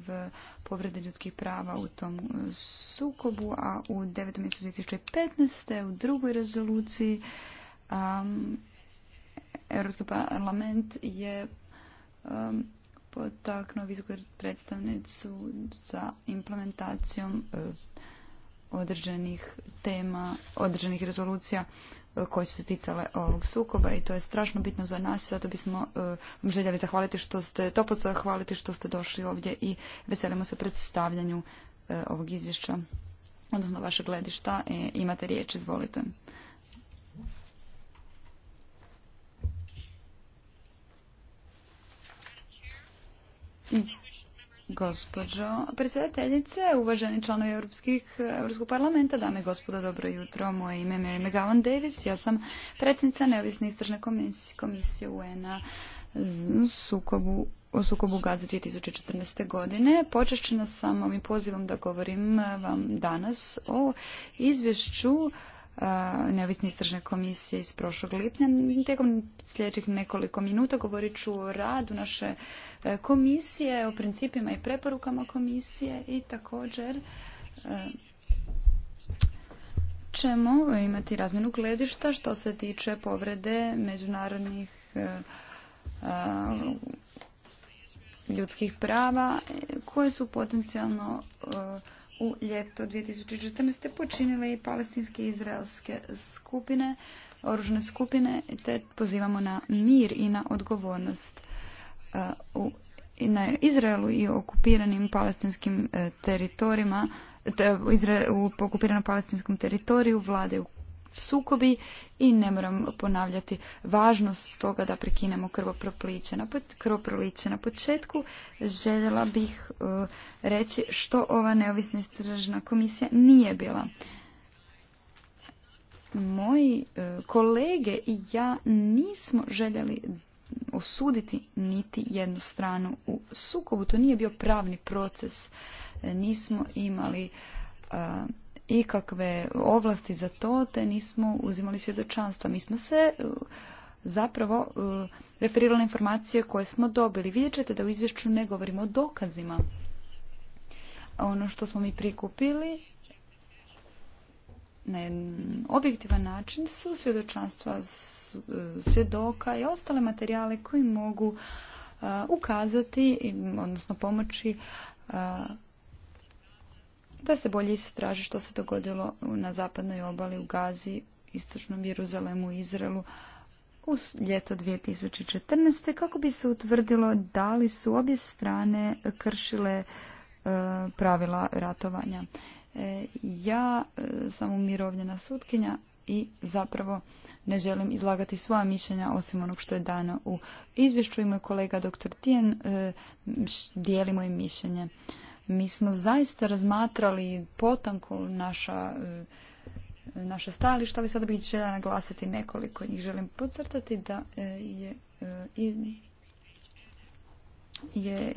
Speaker 4: povrede ljudskih prava u tom sukobu, a u devetom mjesecu 2015. u drugoj rezoluciji Europski parlament je um, potaknuo visoku predstavnicu za implementacijom uh, određenih tema, određenih rezolucija uh, koje su se ticale ovog sukoba i to je strašno bitno za nas zato bismo uh, željeli zahvaliti što ste to zahvaliti što ste došli ovdje i veselimo se predstavljanju ovog izvješća odnosno vaše gledišta e, imate riječ izvolite Gospođo predsjedateljice, uvaženi članovi Europskog parlamenta, dame i gospodo, dobro jutro. Moje ime je Mary McGowan Davis, ja sam predsjednica Neovisne istražne komisije, komisije UN-a sukobu o sukobu Gaza 2014. godine. Počešćena sam vam i pozivom da govorim vam danas o izvješću neovisne istražne komisije iz prošlog lipnja. Tijekom sljedećih nekoliko minuta govorit ću o radu naše e, komisije, o principima i preporukama komisije i također e, ćemo imati razmjenu gledišta što se tiče povrede međunarodnih e, ljudskih prava koje su potencijalno u ljeto 2014. počinile i palestinske i izraelske skupine, oružne skupine, te pozivamo na mir i na odgovornost uh, u na Izraelu i okupiranim palestinskim e, teritorijima te, u okupiranom palestinskom teritoriju vlade sukobi i ne moram ponavljati važnost toga da prekinemo krvoproliće. Na, krvoproliće. na početku željela bih e, reći što ova neovisna istražna komisija nije bila. Moji e, kolege i ja nismo željeli osuditi niti jednu stranu u sukobu. To nije bio pravni proces. E, nismo imali ikakve ovlasti za to, te nismo uzimali svjedočanstva. Mi smo se e, zapravo e, referirali na informacije koje smo dobili. Vidjet ćete da u izvješću ne govorimo o dokazima. Ono što smo mi prikupili na objektivan način su svjedočanstva e, svjedoka i ostale materijale koji mogu ukazati, odnosno pomoći da se bolje istraži što se dogodilo na zapadnoj obali u Gazi, istočnom Jeruzalemu i Izraelu u ljeto 2014. kako bi se utvrdilo da li su obje strane kršile e, pravila ratovanja. E, ja e, sam umirovljena sutkinja i zapravo ne želim izlagati svoja mišljenja osim onog što je dano u izvješću i moj kolega dr. Tijen dijeli moje mišljenje. Mi smo zaista razmatrali potanko naša e, naša stajališta, ali sada bih željela naglasiti nekoliko njih. Želim podcrtati da e, je e, je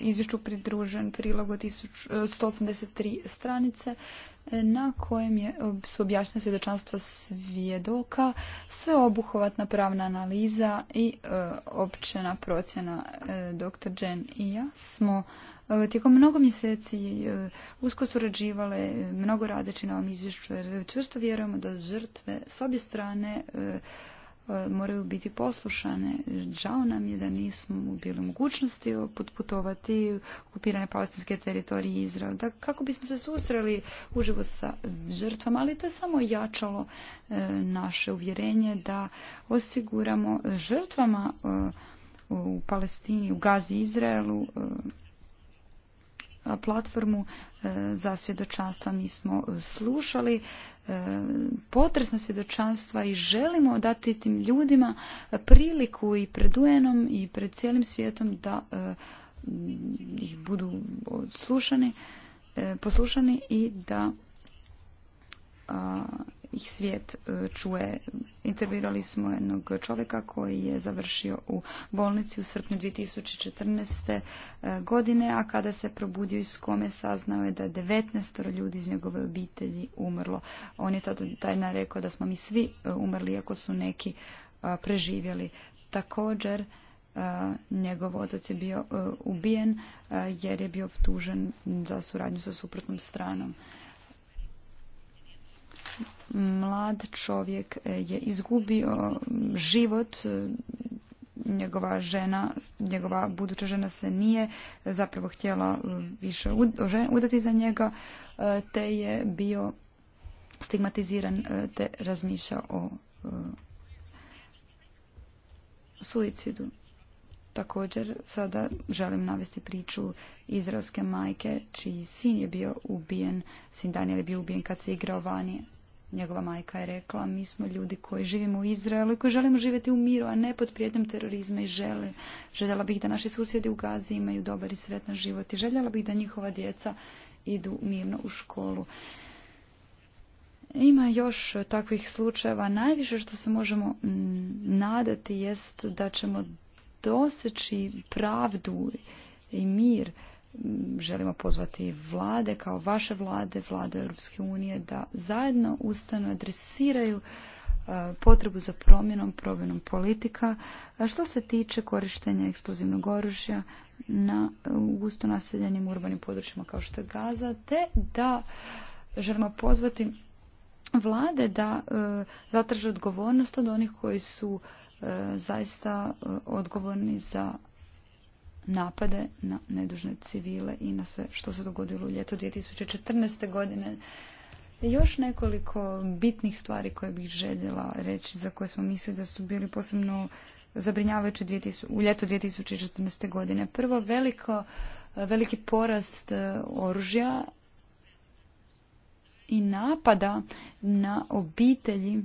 Speaker 4: izvješću pridružen prilog od 183 stranice na kojem je, su objašnjena svjedočanstva svjedoka, sveobuhvatna pravna analiza i općena procjena. Dr. Jen i ja smo E, tijekom mnogo mjeseci e, usko surađivale, e, mnogo radeći na ovom izvješću jer čvrsto vjerujemo da žrtve s obje strane moraju biti poslušane. Žao nam je da nismo bili u mogućnosti putovati okupirane palestinske teritorije Izraela. Izrael. Da, kako bismo se susreli život sa žrtvama, ali to je samo jačalo naše uvjerenje da osiguramo žrtvama u Palestini, u Gazi, Izraelu platformu e, za svjedočanstva. Mi smo e, slušali e, potresna svjedočanstva i želimo dati tim ljudima priliku i pred un i pred cijelim svijetom da ih budu slušani, poslušani i da ih svijet e, čuje. Intervirali smo jednog čovjeka koji je završio u bolnici u srpnju 2014. E, godine, a kada se probudio iz kome saznao je da je 19 ljudi iz njegove obitelji umrlo. On je tada tajna rekao da smo mi svi e, umrli, iako su neki preživjeli. Također, njegov otac je bio ubijen jer je bio optužen za suradnju sa suprotnom stranom mlad čovjek e, je izgubio e, život e, njegova žena, njegova buduća žena se nije zapravo htjela više udati za njega, te je bio stigmatiziran, te razmišlja o suicidu. Također sada želim navesti priču izraelske majke čiji sin je bio ubijen, sin Daniel je bio ubijen kad se igrao vani Njegova majka je rekla, mi smo ljudi koji živimo u Izraelu i koji želimo živjeti u miru, a ne pod prijetnjom terorizma i žele. Željela bih da naši susjedi u Gazi imaju dobar i sretan život i željela bih da njihova djeca idu mirno u školu. Ima još takvih slučajeva. Najviše što se možemo mm, nadati jest da ćemo doseći pravdu i mir želimo pozvati vlade kao vaše vlade, vlade Europske unije da zajedno ustano adresiraju e, potrebu za promjenom, promjenom politika. što se tiče korištenja eksplozivnog oružja na gusto naseljenim urbanim područjima kao što je Gaza, te da želimo pozvati vlade da e, zatraže odgovornost od onih koji su e, zaista odgovorni za napade na nedužne civile i na sve što se dogodilo u ljeto 2014. godine. Još nekoliko bitnih stvari koje bih željela reći, za koje smo mislili da su bili posebno zabrinjavajući u ljetu 2014. godine. Prvo, veliko, veliki porast e, oružja i napada na obitelji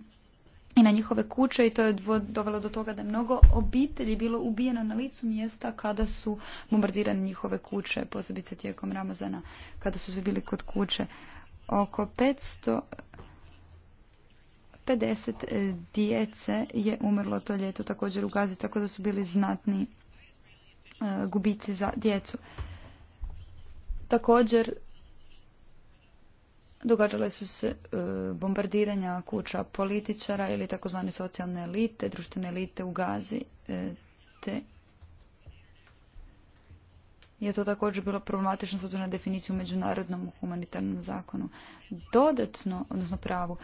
Speaker 4: na njihove kuće i to je dovelo do toga da je mnogo obitelji bilo ubijeno na licu mjesta kada su bombardirane njihove kuće, posebice tijekom Ramazana, kada su svi bili kod kuće. Oko 550 e, djece je umrlo to ljeto također u Gazi, tako da su bili znatni e, gubici za djecu. Također Događale su se e, bombardiranja kuća političara ili takozvane socijalne elite, društvene elite u Gazi, e, te je to također bilo problematično s na definiciju u međunarodnom humanitarnom zakonu. Dodatno, odnosno pravu,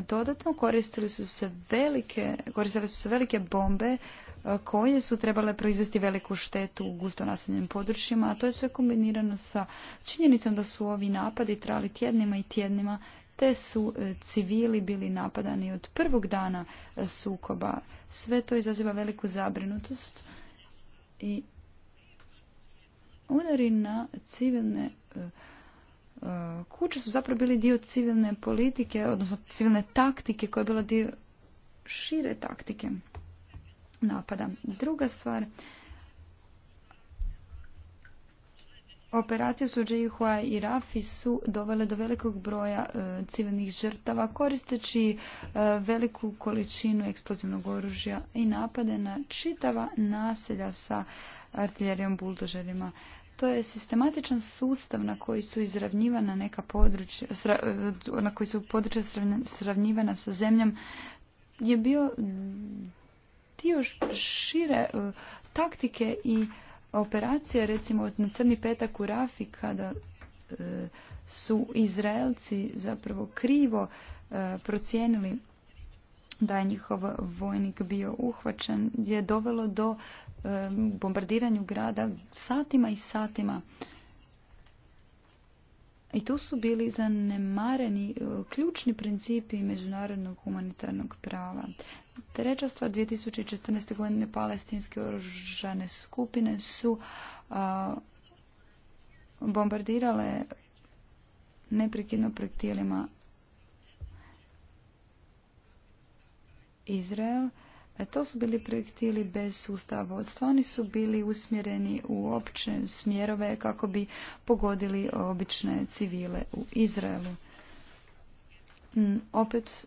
Speaker 4: Dodatno koristili su se velike, koristile su se velike bombe e, koje su trebale proizvesti veliku štetu u gusto naseljenim područjima, a to je sve kombinirano sa činjenicom da su ovi napadi trali tjednima i tjednima, te su e, civili bili napadani od prvog dana e, sukoba. Sve to izaziva veliku zabrinutost i udari na civilne Eh, kuće su zapravo bili dio civilne politike, odnosno civilne taktike koja je bila dio šire taktike napada. Druga stvar, operacije Džihua i Rafi su dovele do velikog broja eh, civilnih žrtava koristeći eh, veliku količinu eksplozivnog oružja i napade na čitava naselja sa artiljerijom, buldožerima, to je sistematičan sustav na koji su izravnjivana neka područja, na koji su područja sravnjivana sa zemljom, je bio dio šire e, taktike i operacije, recimo na crni petak u Rafi, kada e, su Izraelci zapravo krivo e, procijenili da je njihov vojnik bio uhvaćen je dovelo do bombardiranju grada satima i satima. I tu su bili zanemareni e, ključni principi međunarodnog humanitarnog prava. Treća stvar, 2014. godine palestinske oružane skupine su bombardirale neprekidno projektilima Izrael. E, to su bili projektili bez sustava vodstva. Oni su bili usmjereni u opće smjerove kako bi pogodili obične civile u Izraelu. Mm, opet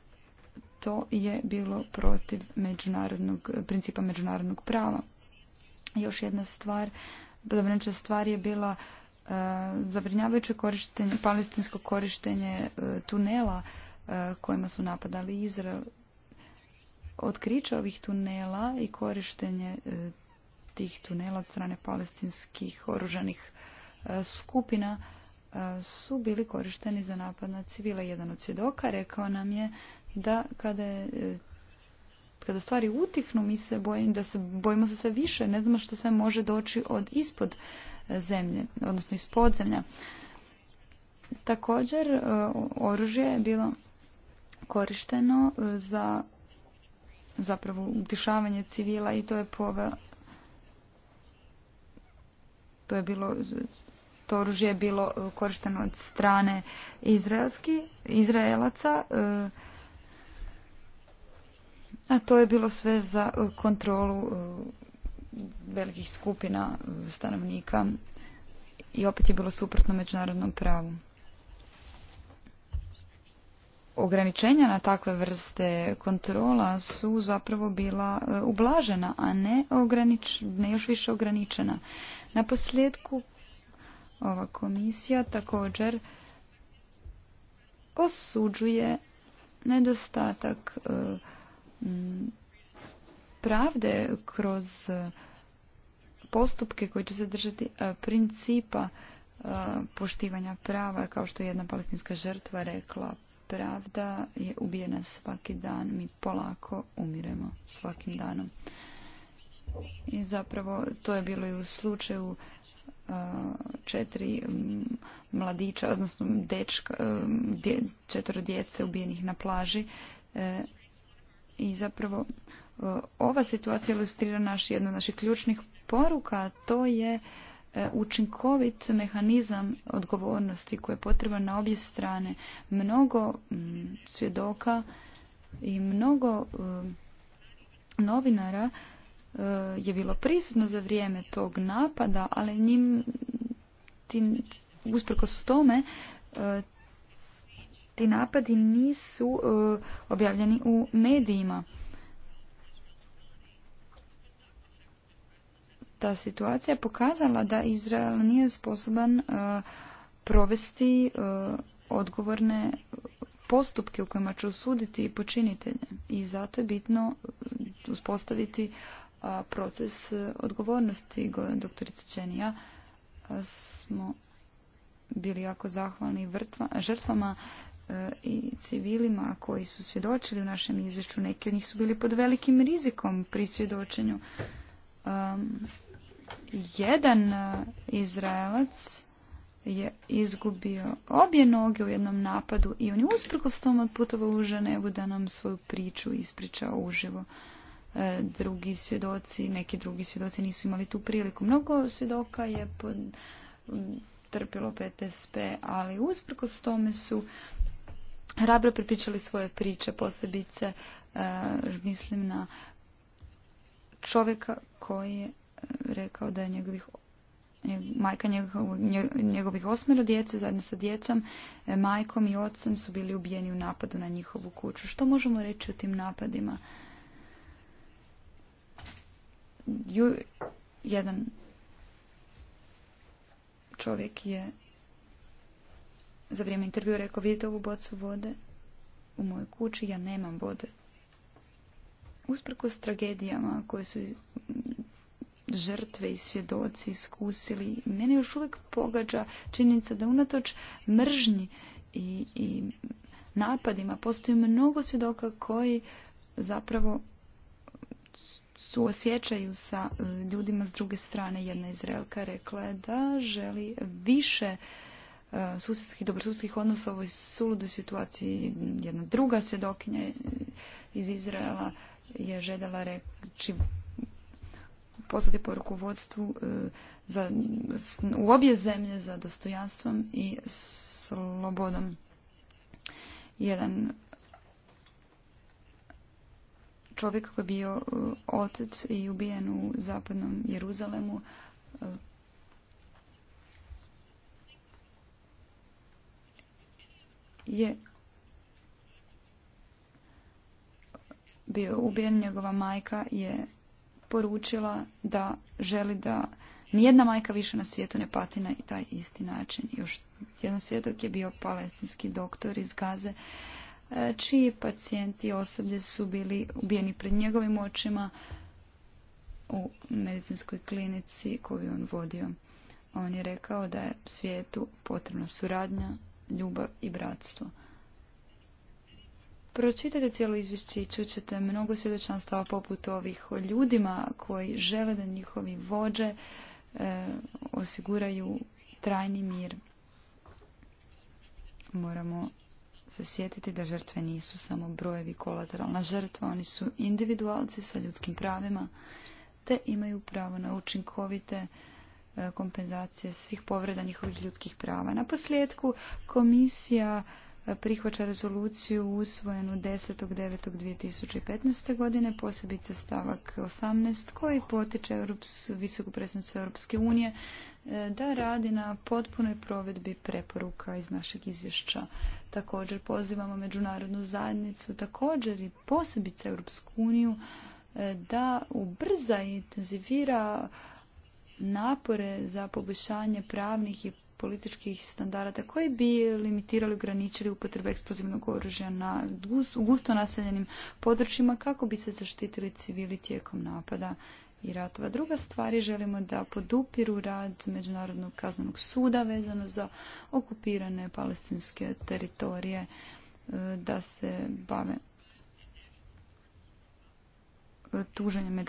Speaker 4: to je bilo protiv međunarodnog, principa međunarodnog prava. Još jedna stvar, dobrenča stvar je bila e, zabrinjavajuće korištenje, palestinsko korištenje e, tunela kojima su napadali Izrael Otkriće ovih tunela i korištenje e, tih tunela od strane palestinskih oružanih e, skupina e, su bili korišteni za napad na civila. Jedan od svjedoka rekao nam je da kada kada stvari utihnu, mi se bojimo da se bojimo se sve više, ne znamo što sve može doći od ispod zemlje, odnosno iz podzemlja. Također, oružje je bilo korišteno za zapravo utišavanje civila i to je pove to je bilo to oružje je bilo e, korišteno od strane izraelski, izraelaca e, a to je bilo sve za e, kontrolu velikih skupina stanovnika i opet je bilo suprotno međunarodnom pravu ograničenja na takve vrste kontrola su zapravo bila e, ublažena, a ne, ogranič, ne još više ograničena. Na posljedku ova komisija također osuđuje nedostatak e, pravde kroz e, postupke koji će se držati principa poštivanja prava, kao što je jedna palestinska žrtva rekla pravda je ubijena svaki dan. Mi polako umiremo svakim danom. I zapravo to je bilo i u slučaju četiri mladića, odnosno dečka, djece ubijenih na plaži. E, I zapravo ova situacija ilustrira naš, jednu od naših ključnih poruka, to je E, učinkovit mehanizam odgovornosti koji je potreban na obje strane. Mnogo mm, svjedoka i mnogo e, novinara e, je bilo prisutno za vrijeme tog napada, ali njim tim, usprkos tome ti napadi nisu objavljeni u medijima. ta situacija je pokazala da Izrael nije sposoban e, provesti e, odgovorne postupke u kojima će osuditi i počinitelje. I zato je bitno e, uspostaviti proces odgovornosti. doktorice Čenija smo bili jako zahvalni žrtvama i civilima koji su svjedočili u našem izvješću. Neki od njih su bili pod velikim rizikom pri svjedočenju. Jedan e, Izraelac je izgubio obje noge u jednom napadu i on je usprkos tom odputovao u Ženevu da nam svoju priču ispriča uživo. E, drugi svjedoci, neki drugi svjedoci nisu imali tu priliku. Mnogo svjedoka je pod, trpilo PTSP, ali usprkos tome su hrabro prepričali svoje priče, posebice e, mislim na čovjeka koji je rekao da je njegovih majka njegovih osmero djece zajedno sa djecom, e, majkom i ocem su bili ubijeni u napadu na njihovu kuću. Što možemo reći o tim napadima? Ju, jedan čovjek je za vrijeme intervjua rekao vidite ovu bocu vode u mojoj kući, ja nemam vode. Usprkos tragedijama koje su žrtve i svjedoci iskusili. Mene još uvijek pogađa činjenica da unatoč mržnji i, i napadima postoji mnogo svjedoka koji zapravo osjećaju sa e, ljudima s druge strane. Jedna Izraelka rekla je da želi više e, susjedskih, dobrosusjedskih odnosa u ovoj suludoj situaciji. Jedna druga svjedokinja iz Izraela je željela reći poslati poruku vodstvu e, za, u obje zemlje za dostojanstvom i slobodom. Jedan čovjek koji je bio e, otet i ubijen u zapadnom Jeruzalemu e, je bio ubijen, njegova majka je poručila da želi da nijedna majka više na svijetu ne pati na taj isti način. Još jedan svjedok je bio palestinski doktor iz Gaze, e, čiji pacijenti osoblje su bili ubijeni pred njegovim očima u medicinskoj klinici koju je on vodio. On je rekao da je svijetu potrebna suradnja, ljubav i bratstvo pročitajte cijelo izvješće i čućete mnogo svjedočanstava poput ovih o ljudima koji žele da njihovi vođe e, osiguraju trajni mir. Moramo se sjetiti da žrtve nisu samo brojevi kolateralna žrtva, oni su individualci sa ljudskim pravima te imaju pravo na učinkovite e, kompenzacije svih povreda njihovih ljudskih prava. Na posljedku komisija prihvaća rezoluciju usvojenu 10.9.2015. godine, posebice stavak 18 koji potiče visoku predstavnicu Europske unije e, da radi na potpunoj provedbi preporuka iz našeg izvješća. Također pozivamo međunarodnu zajednicu, također i posebice Europsku uniju e, da ubrza i intenzivira napore za poboljšanje pravnih i političkih standarda koji bi limitirali, ograničili upotrebu eksplozivnog oružja na gusto naseljenim područjima kako bi se zaštitili civili tijekom napada i ratova. Druga stvar je želimo da podupiru rad Međunarodnog kaznenog suda vezano za okupirane palestinske teritorije e, da se bave e, tuženje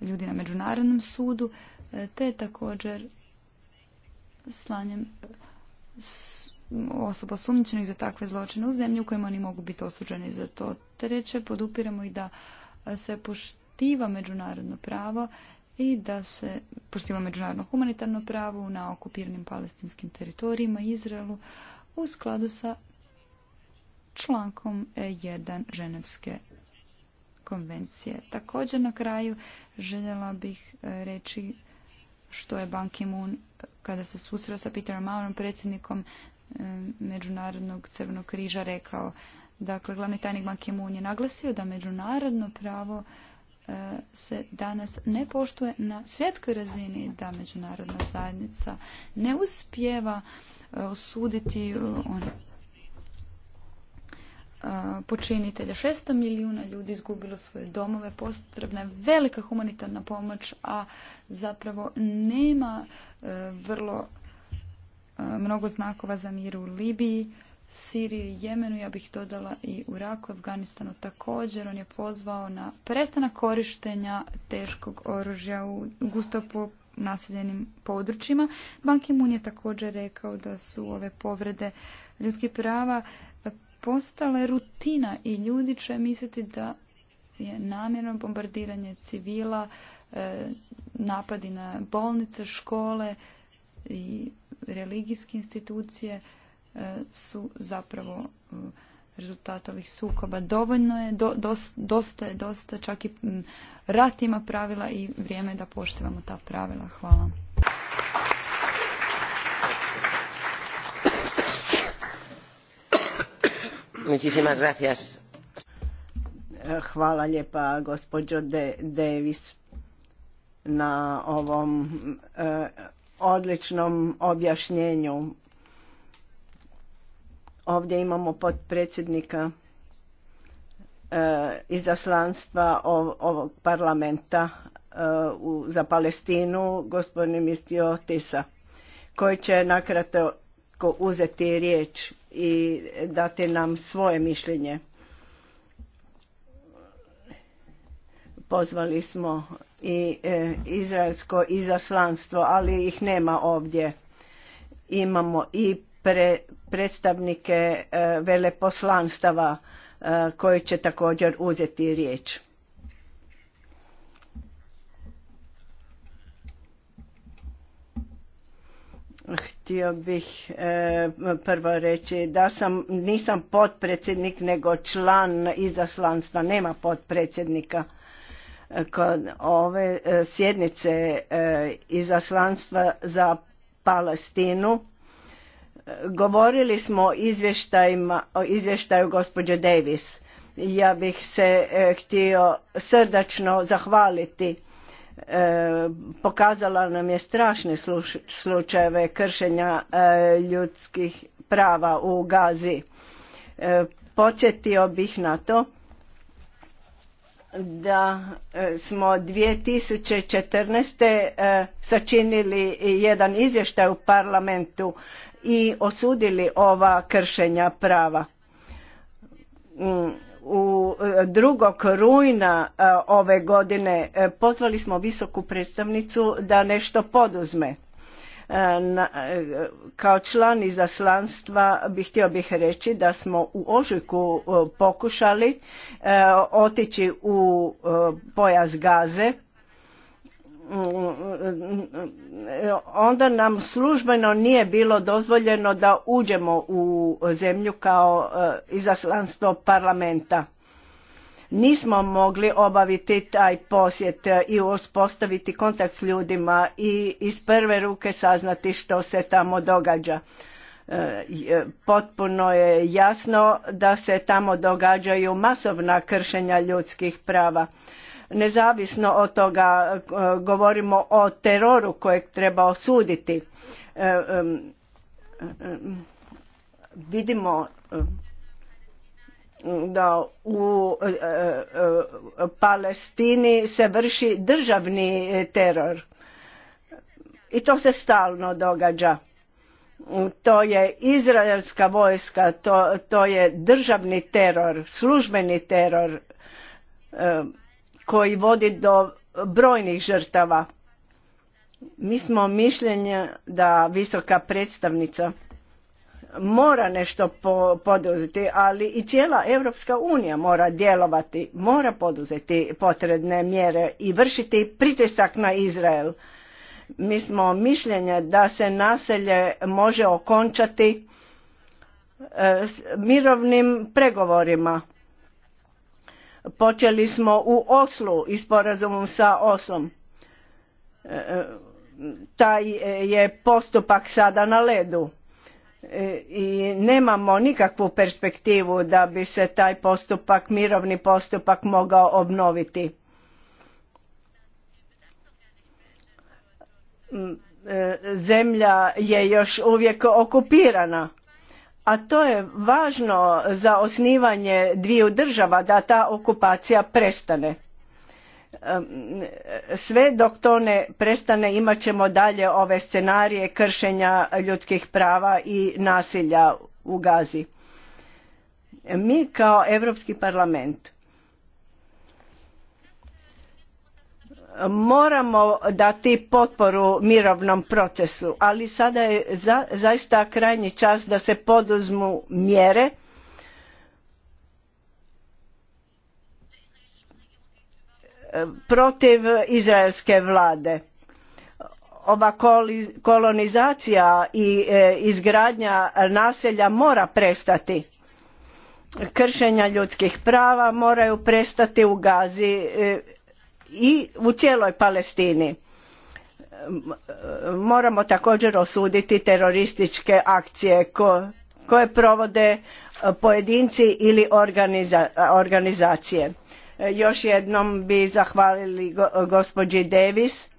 Speaker 4: ljudi na Međunarodnom sudu e, te također slanjem osoba sumničenih za takve zločine u zemlji u kojima oni mogu biti osuđeni za to. Treće, podupiramo i da se poštiva međunarodno pravo i da se poštiva međunarodno humanitarno pravo na okupiranim palestinskim teritorijima Izraelu u skladu sa člankom 1 e Ženevske konvencije. Također na kraju željela bih reći što je Ban Ki-moon eh, kada se susreo sa Peterom Maurom, predsjednikom eh, Međunarodnog crvenog križa, rekao. Dakle, glavni tajnik Ban Ki-moon je naglasio da međunarodno pravo eh, se danas ne poštuje na svjetskoj razini da međunarodna zajednica ne uspjeva osuditi one počinitelja. 600 milijuna ljudi izgubilo svoje domove, potrebna je velika humanitarna pomoć, a zapravo nema e, vrlo e, mnogo znakova za mir u Libiji, Siriji, Jemenu, ja bih dodala i u Iraku, Afganistanu također. On je pozvao na prestanak korištenja teškog oružja u gusto naseljenim područjima. Ban ki je također rekao da su ove povrede ljudskih prava postale rutina i ljudi će misliti da je namjerno bombardiranje civila, e, napadi na bolnice, škole i religijske institucije e, su zapravo e, rezultat ovih sukoba. Dovoljno je, dosta, je, dosta, čak i rat ima pravila i vrijeme je da poštivamo ta pravila. Hvala.
Speaker 3: Hvala lijepa gospođo Davis na ovom e, odličnom objašnjenju. Ovdje imamo potpredsjednika e, izaslanstva ovog parlamenta e, za Palestinu, gospodin Mistio koji će nakratko uzeti riječ i dati nam svoje mišljenje. Pozvali smo i e, izraelsko izaslanstvo, ali ih nema ovdje. Imamo i pre predstavnike e, veleposlanstava e, koji će također uzeti riječ. Htio bih e, prvo reći da sam, nisam potpredsjednik nego član izaslanstva, nema potpredsjednika e, kod ove e, sjednice e, izaslanstva za Palestinu. E, govorili smo o, izvještajima, o izvještaju gospođe Davis. Ja bih se e, htio srdačno zahvaliti E, pokazala nam je strašne slučajeve kršenja e, ljudskih prava u Gazi. E, podsjetio bih na to da smo 2014. sačinili jedan izvještaj u parlamentu i osudili ova kršenja prava. Mm, u e, drugog rujna e, ove godine e, pozvali smo visoku predstavnicu da nešto poduzme. Kao član izaslanstva bih htio bih reći da smo u ožujku pokušali otići u pojaz gaze onda nam službeno nije bilo dozvoljeno da uđemo u zemlju kao e, izaslanstvo parlamenta. Nismo mogli obaviti taj posjet i uspostaviti kontakt s ljudima i iz prve ruke saznati što se tamo događa. E, potpuno je jasno da se tamo događaju masovna kršenja ljudskih prava nezavisno od toga e, govorimo o teroru kojeg treba osuditi e, e, vidimo da u Palestini se vrši državni teror i to se stalno događa to je izraelska vojska to, to je državni teror službeni teror koji vodi do brojnih žrtava. Mi smo mišljenja da visoka predstavnica mora nešto poduzeti, ali i cijela Europska unija mora djelovati, mora poduzeti potrebne mjere i vršiti pritisak na Izrael. Mi smo mišljenja da se naselje može okončati e, s mirovnim pregovorima Počeli smo u Oslu i sporazumom sa Oslom. E, e, taj je postupak sada na ledu e, i nemamo nikakvu perspektivu da bi se taj postupak, mirovni postupak mogao obnoviti. Mm, zemlja je još uvijek okupirana a to je važno za osnivanje dviju država da ta okupacija prestane sve dok to ne prestane imat ćemo dalje ove scenarije kršenja ljudskih prava i nasilja u Gazi. Mi kao Europski parlament moramo dati potporu mirovnom procesu ali sada je zaista krajnji čas da se poduzmu mjere protiv izraelske vlade ova kolonizacija i e, izgradnja naselja mora prestati kršenja ljudskih prava moraju prestati u gazi e, i u cijeloj Palestini. Moramo također osuditi terorističke akcije koje provode e, pojedinci ili organizacije. E, još jednom bi zahvalili gospođi Davis.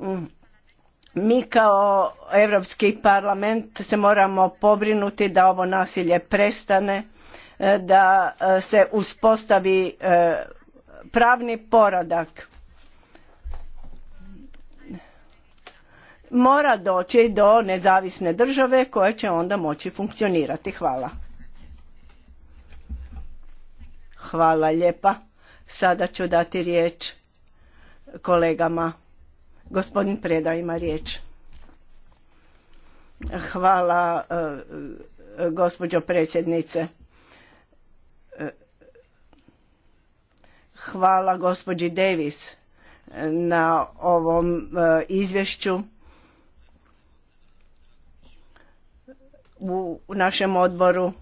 Speaker 3: Mm. Mi kao Europski parlament se moramo pobrinuti da ovo nasilje prestane, e, da se uspostavi pravni poradak. Mora doći do nezavisne države koja će onda moći funkcionirati. Hvala. Hvala lijepa. Sada ću dati riječ kolegama. Gospodin Preda ima riječ. Hvala eh, gospođo predsjednice. Hvala gospođi Davis eh, na ovom eh, izvješću. u našem odboru.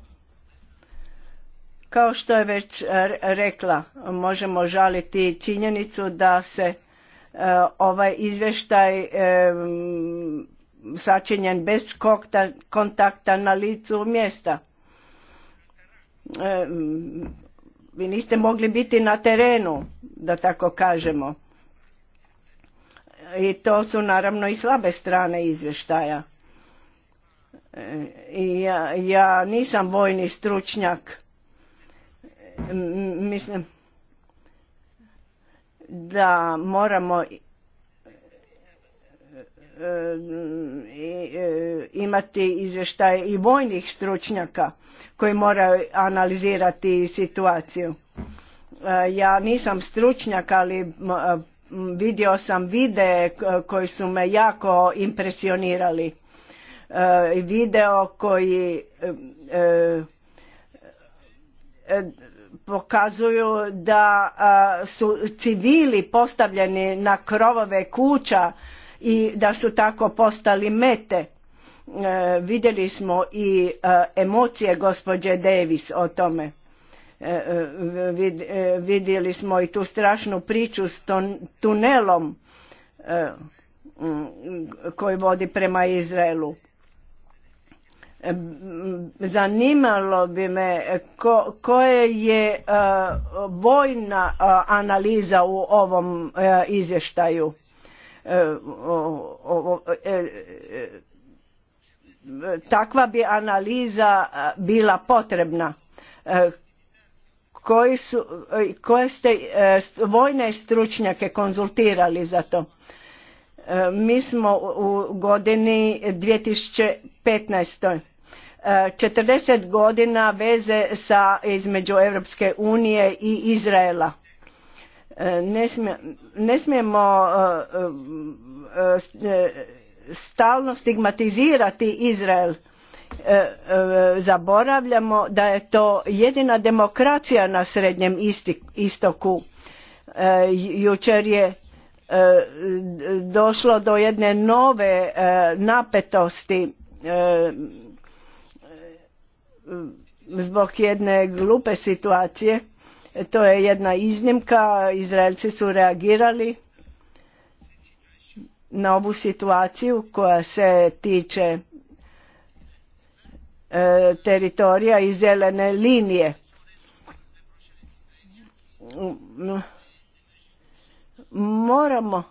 Speaker 3: Kao što je već eh, rekla, možemo žaliti činjenicu da se ovaj izvještaj sačinjen bez kontakta na licu mjesta vi niste mogli biti na terenu, da tako kažemo. I to su naravno i slabe strane izvještaja. E, I ja, ja nisam vojni stručnjak. Mislim da moramo E, e, imati izvještaje i vojnih stručnjaka koji moraju analizirati situaciju. E, ja nisam stručnjak, ali vidio sam vide koji su me jako impresionirali. Video koji pokazuju da su civili postavljeni na krovove kuća i da su tako postali mete. E, vidjeli smo i e, emocije gospođe Davis o tome. E, vidjeli smo i tu strašnu priču s tunelom koji vodi prema Izraelu. Zanimalo bi me ko, koje je vojna analiza u ovom izvještaju E, e, e, takva bi analiza bila potrebna koji su, koje ste vojne stručnjake konzultirali za to mi smo u godini 2015. 40 godina veze sa između Europske unije i Izraela E, ne, smijemo e, e, stalno stigmatizirati Izrael. Zaboravljamo da je to jedina demokracija na Srednjem istoku. Jučer je došlo do jedne nove napetosti zbog jedne glupe situacije to je jedna iznimka, Izraelci su reagirali na ovu situaciju koja se tiče e, teritorija i zelene linije. Moramo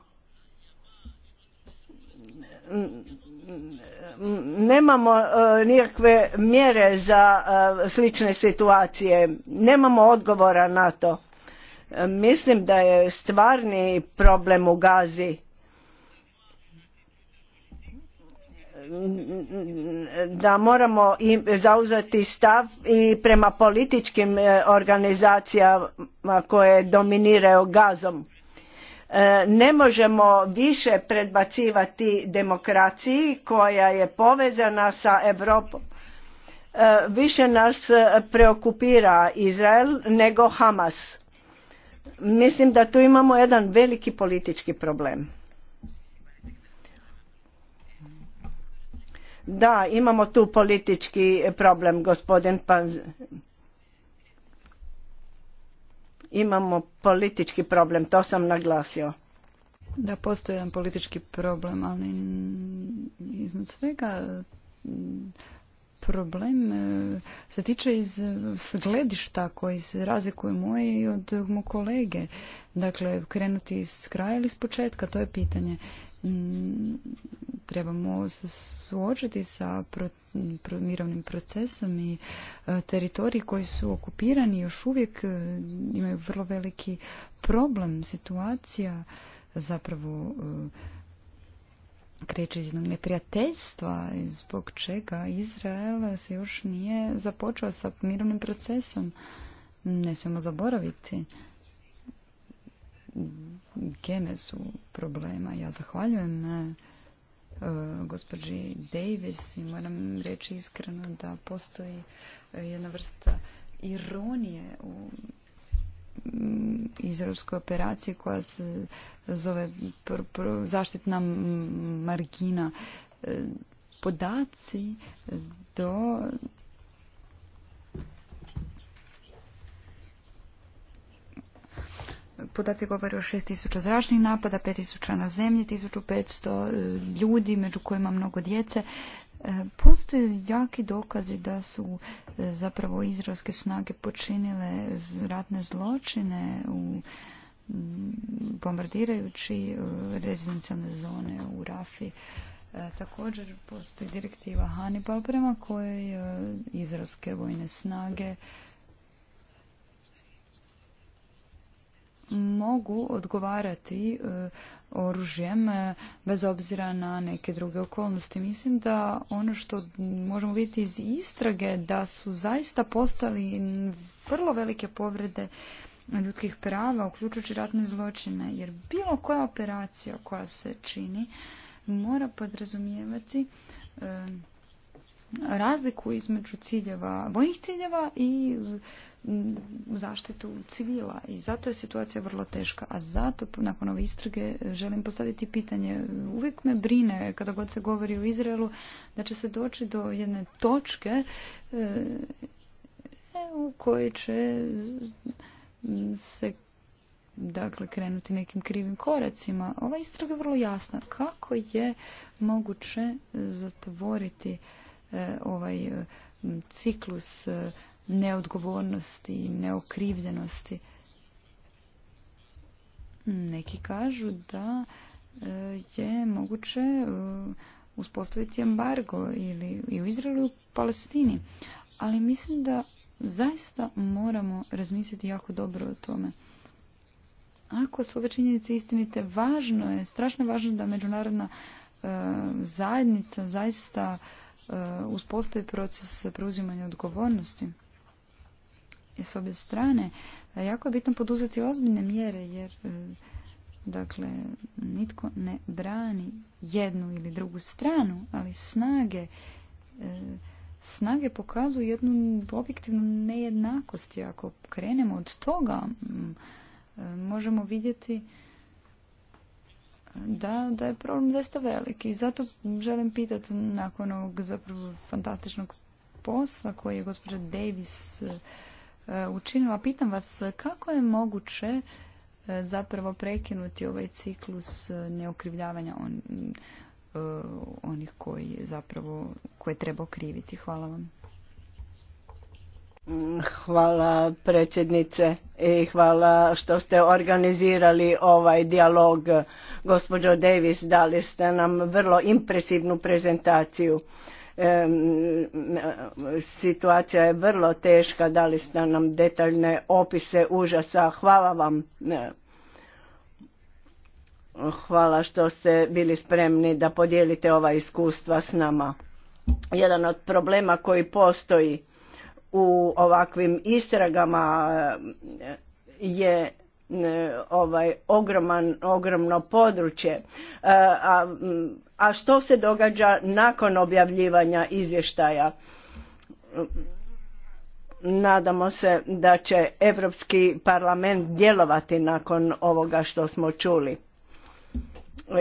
Speaker 3: nemamo e, nikakve mjere za e, slične situacije nemamo odgovora na to e, mislim da je stvarni problem u gazi da moramo zauzeti stav i prema političkim organizacijama koje dominiraju gazom E, ne možemo više predbacivati demokraciji koja je povezana sa Europom. E, više nas preokupira Izrael nego Hamas. Mislim da tu imamo jedan veliki politički problem. Da, imamo tu politički problem, gospodin Panz imamo politički problem, to sam naglasio.
Speaker 4: Da, postoji jedan politički problem, ali iznad svega mm, problem e, se tiče iz gledišta koji se razlikuje moje i od mog kolege. Dakle, krenuti iz kraja ili iz početka, to je pitanje. Mm, trebamo se suočiti sa pro, mirovnim procesom i e, teritoriji koji su okupirani još uvijek e, imaju vrlo veliki problem. Situacija zapravo e, kreće iz jednog neprijateljstva zbog čega Izrael se još nije započeo sa mirovnim procesom. Ne smijemo zaboraviti genezu problema. Ja zahvaljujem na e, gospođi Davis i moram reći iskreno da postoji e, jedna vrsta ironije u mm, izraelskoj operaciji koja se zove zaštitna margina e, podaci do podaci govore o 6000 zračnih napada, 5000 na zemlji, 1500 e, ljudi, među kojima mnogo djece. E, postoje jaki dokazi da su e, zapravo izraelske snage počinile ratne zločine u bombardirajući rezidencijalne zone u Rafi. Također postoji direktiva Hannibal prema kojoj izraelske vojne snage mogu odgovarati e, oružjem e, bez obzira na neke druge okolnosti. Mislim da ono što možemo vidjeti iz istrage da su zaista postali vrlo velike povrede ljudskih prava, uključujući ratne zločine, jer bilo koja operacija koja se čini mora podrazumijevati e, razliku između ciljeva, vojnih ciljeva i mm, zaštitu civila. I zato je situacija vrlo teška. A zato, nakon ove istrage, želim postaviti pitanje. Uvijek me brine, kada god se govori o Izraelu, da će se doći do jedne točke e, e, u kojoj će mm, se dakle krenuti nekim krivim koracima. Ova istraga je vrlo jasna. Kako je moguće zatvoriti E, ovaj e, ciklus e, neodgovornosti i neokrivljenosti. Neki kažu da je moguće uspostaviti embargo ili i u Izraelu i u Palestini. Ali mislim da zaista moramo razmisliti jako dobro o tome. Ako su ove činjenice istinite, važno je, strašno važno da međunarodna zajednica zaista E, uspostavi proces preuzimanja odgovornosti. I s obje strane, e, jako je bitno poduzeti ozbiljne mjere jer e, dakle, nitko ne brani jednu ili drugu stranu, ali snage snage pokazuju jednu objektivnu nejednakost. Ako krenemo od toga, možemo vidjeti da, da je problem zaista veliki. I zato želim pitati nakon ovog zapravo fantastičnog posla koji je gospođa Davis e, učinila, pitam vas kako je moguće e, zapravo prekinuti ovaj ciklus neokrivljavanja e, onih koji zapravo koje treba okriviti. Hvala vam. Hvala predsjednice
Speaker 3: i hvala što ste organizirali ovaj dijalog. Gospođo Davis, dali ste nam vrlo impresivnu prezentaciju. situacija je vrlo teška, dali ste nam detaljne opise užasa. Hvala vam. Hvala što ste bili spremni da podijelite ova iskustva s nama. Jedan od problema koji postoji u ovakvim istragama e, je e, ovaj ogroman ogromno područje e, a, a što se događa nakon objavljivanja izvještaja nadamo se da će europski parlament djelovati nakon ovoga što smo čuli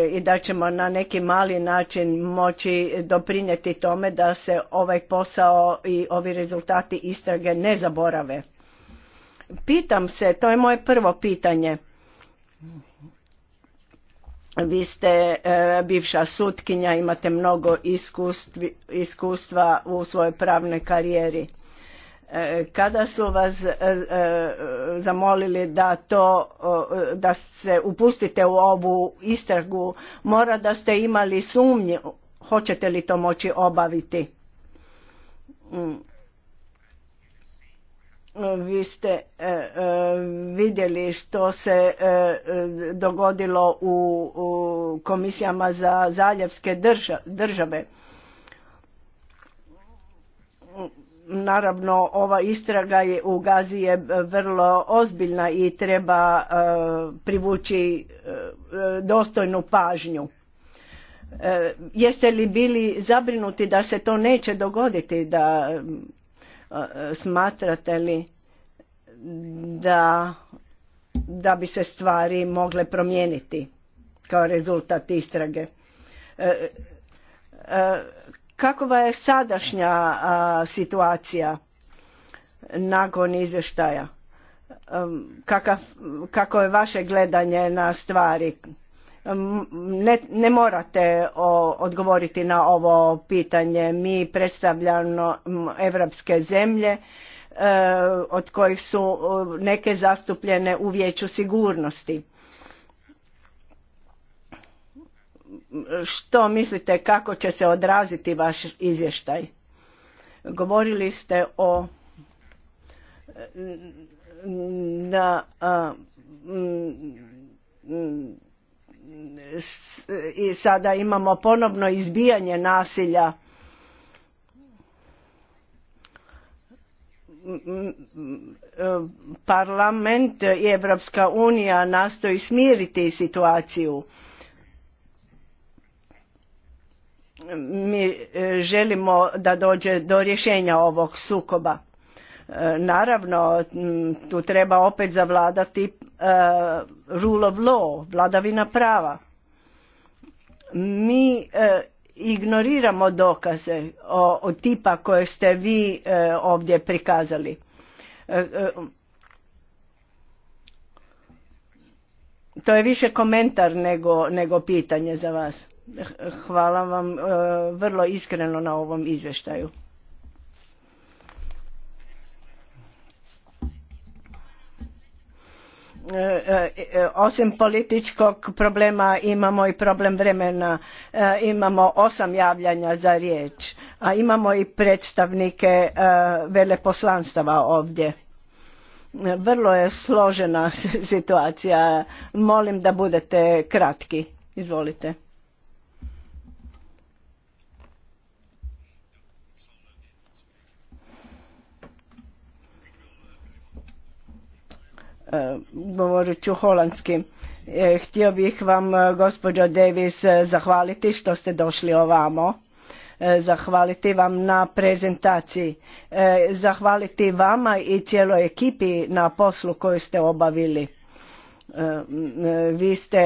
Speaker 3: i da ćemo na neki mali način moći doprinijeti tome da se ovaj posao i ovi rezultati istrage ne zaborave. Pitam se, to je moje prvo pitanje. Vi ste e, bivša sutkinja, imate mnogo iskustva u svojoj pravnoj karijeri. E, kada su vas e, e, zamolili da to da se upustite u ovu istragu mora da ste imali sumnje hoćete li to moći obaviti mm. vi ste vidjeli što se dogodilo u komisijama za zaljevske države naravno ova istraga je u Gazi je e, vrlo ozbiljna i treba e, privući e, dostojnu pažnju. Jeste li bili zabrinuti da se to neće dogoditi, da smatrate li da, da bi se stvari mogle promijeniti kao rezultat istrage? Kakva je sadašnja situacija nakon izvještaja? Um, kakav, kako je vaše gledanje na stvari? Um, ne, morate odgovoriti na ovo pitanje. Mi predstavljamo evropske zemlje e, od kojih su neke zastupljene u vijeću sigurnosti što mislite kako će se odraziti vaš izvještaj? Govorili ste o da i sada imamo ponovno izbijanje nasilja parlament i Evropska unija nastoji smiriti situaciju mi e, želimo da dođe do rješenja ovog sukoba. E, naravno, tu treba opet zavladati e, rule of law, vladavina prava. Mi ignoriramo dokaze o, tipa koje ste vi ovdje prikazali. To je više komentar nego, nego pitanje za vas. Hvala vam e, vrlo iskreno na ovom izvještaju. E, e, osim političkog problema imamo i problem vremena imamo osam javljanja za riječ a imamo i predstavnike veleposlanstava ovdje vrlo je složena *laughs* situacija molim da budete kratki izvolite Eh, govorit ću holandski. Eh, htio bih vam, eh, gospođo Davis, zahvaliti što ste došli ovamo. Zahvaliti vam na prezentaciji. Zahvaliti vama i cijeloj ekipi na poslu koju ste obavili. Mm, vi ste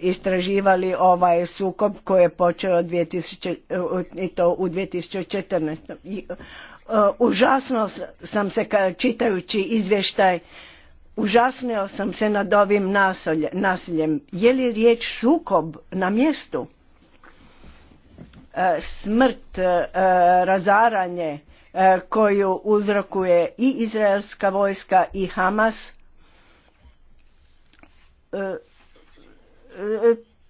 Speaker 3: istraživali ovaj sukob koji je počeo i to u 2014. Užasno sam se čitajući izvještaj Užasnio sam se nad ovim nasiljem. Je li riječ sukob na mjestu? E, smrt, e, razaranje e, koju uzrokuje i izraelska vojska i Hamas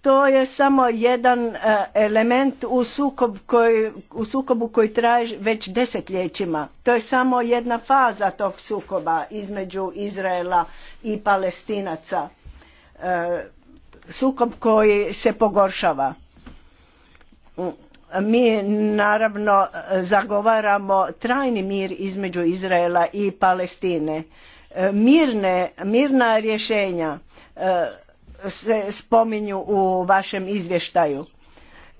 Speaker 3: to je samo jedan e, element u, sukob koji, u sukobu koji traje već desetljećima. To je samo jedna faza tog sukoba između Izraela i Palestinaca. E, sukob koji se pogoršava. Mi naravno zagovaramo trajni mir između Izraela i Palestine. E, mirne, mirna rješenja se spominju u vašem izvještaju.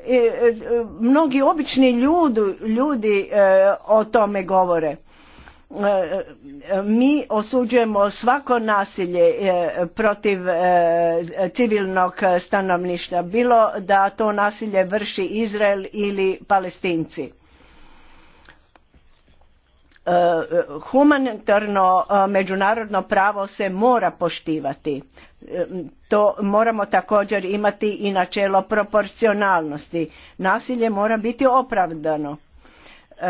Speaker 3: E, mnogi obični ljudi, ljudi e, o tome govore e, mi osuđujemo svako nasilje protiv civilnog stanovništva, bilo da to nasilje vrši Izrael ili Palestinci. Humanitarno međunarodno pravo se mora poštivati to moramo također imati i načelo proporcionalnosti. Nasilje mora biti opravdano. E, e,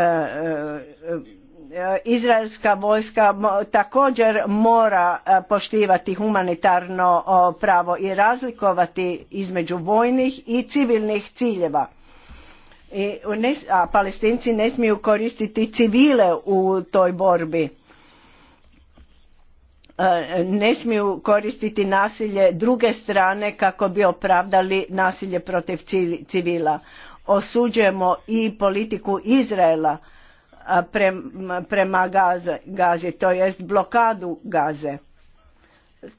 Speaker 3: e, izraelska vojska također mora poštivati humanitarno pravo i razlikovati između vojnih i civilnih ciljeva. a palestinci ne smiju koristiti civile u toj borbi E, ne smiju koristiti nasilje druge strane kako bi opravdali nasilje protiv civila. Osuđujemo i politiku Izraela e, prema Gazi, to jest blokadu Gaze.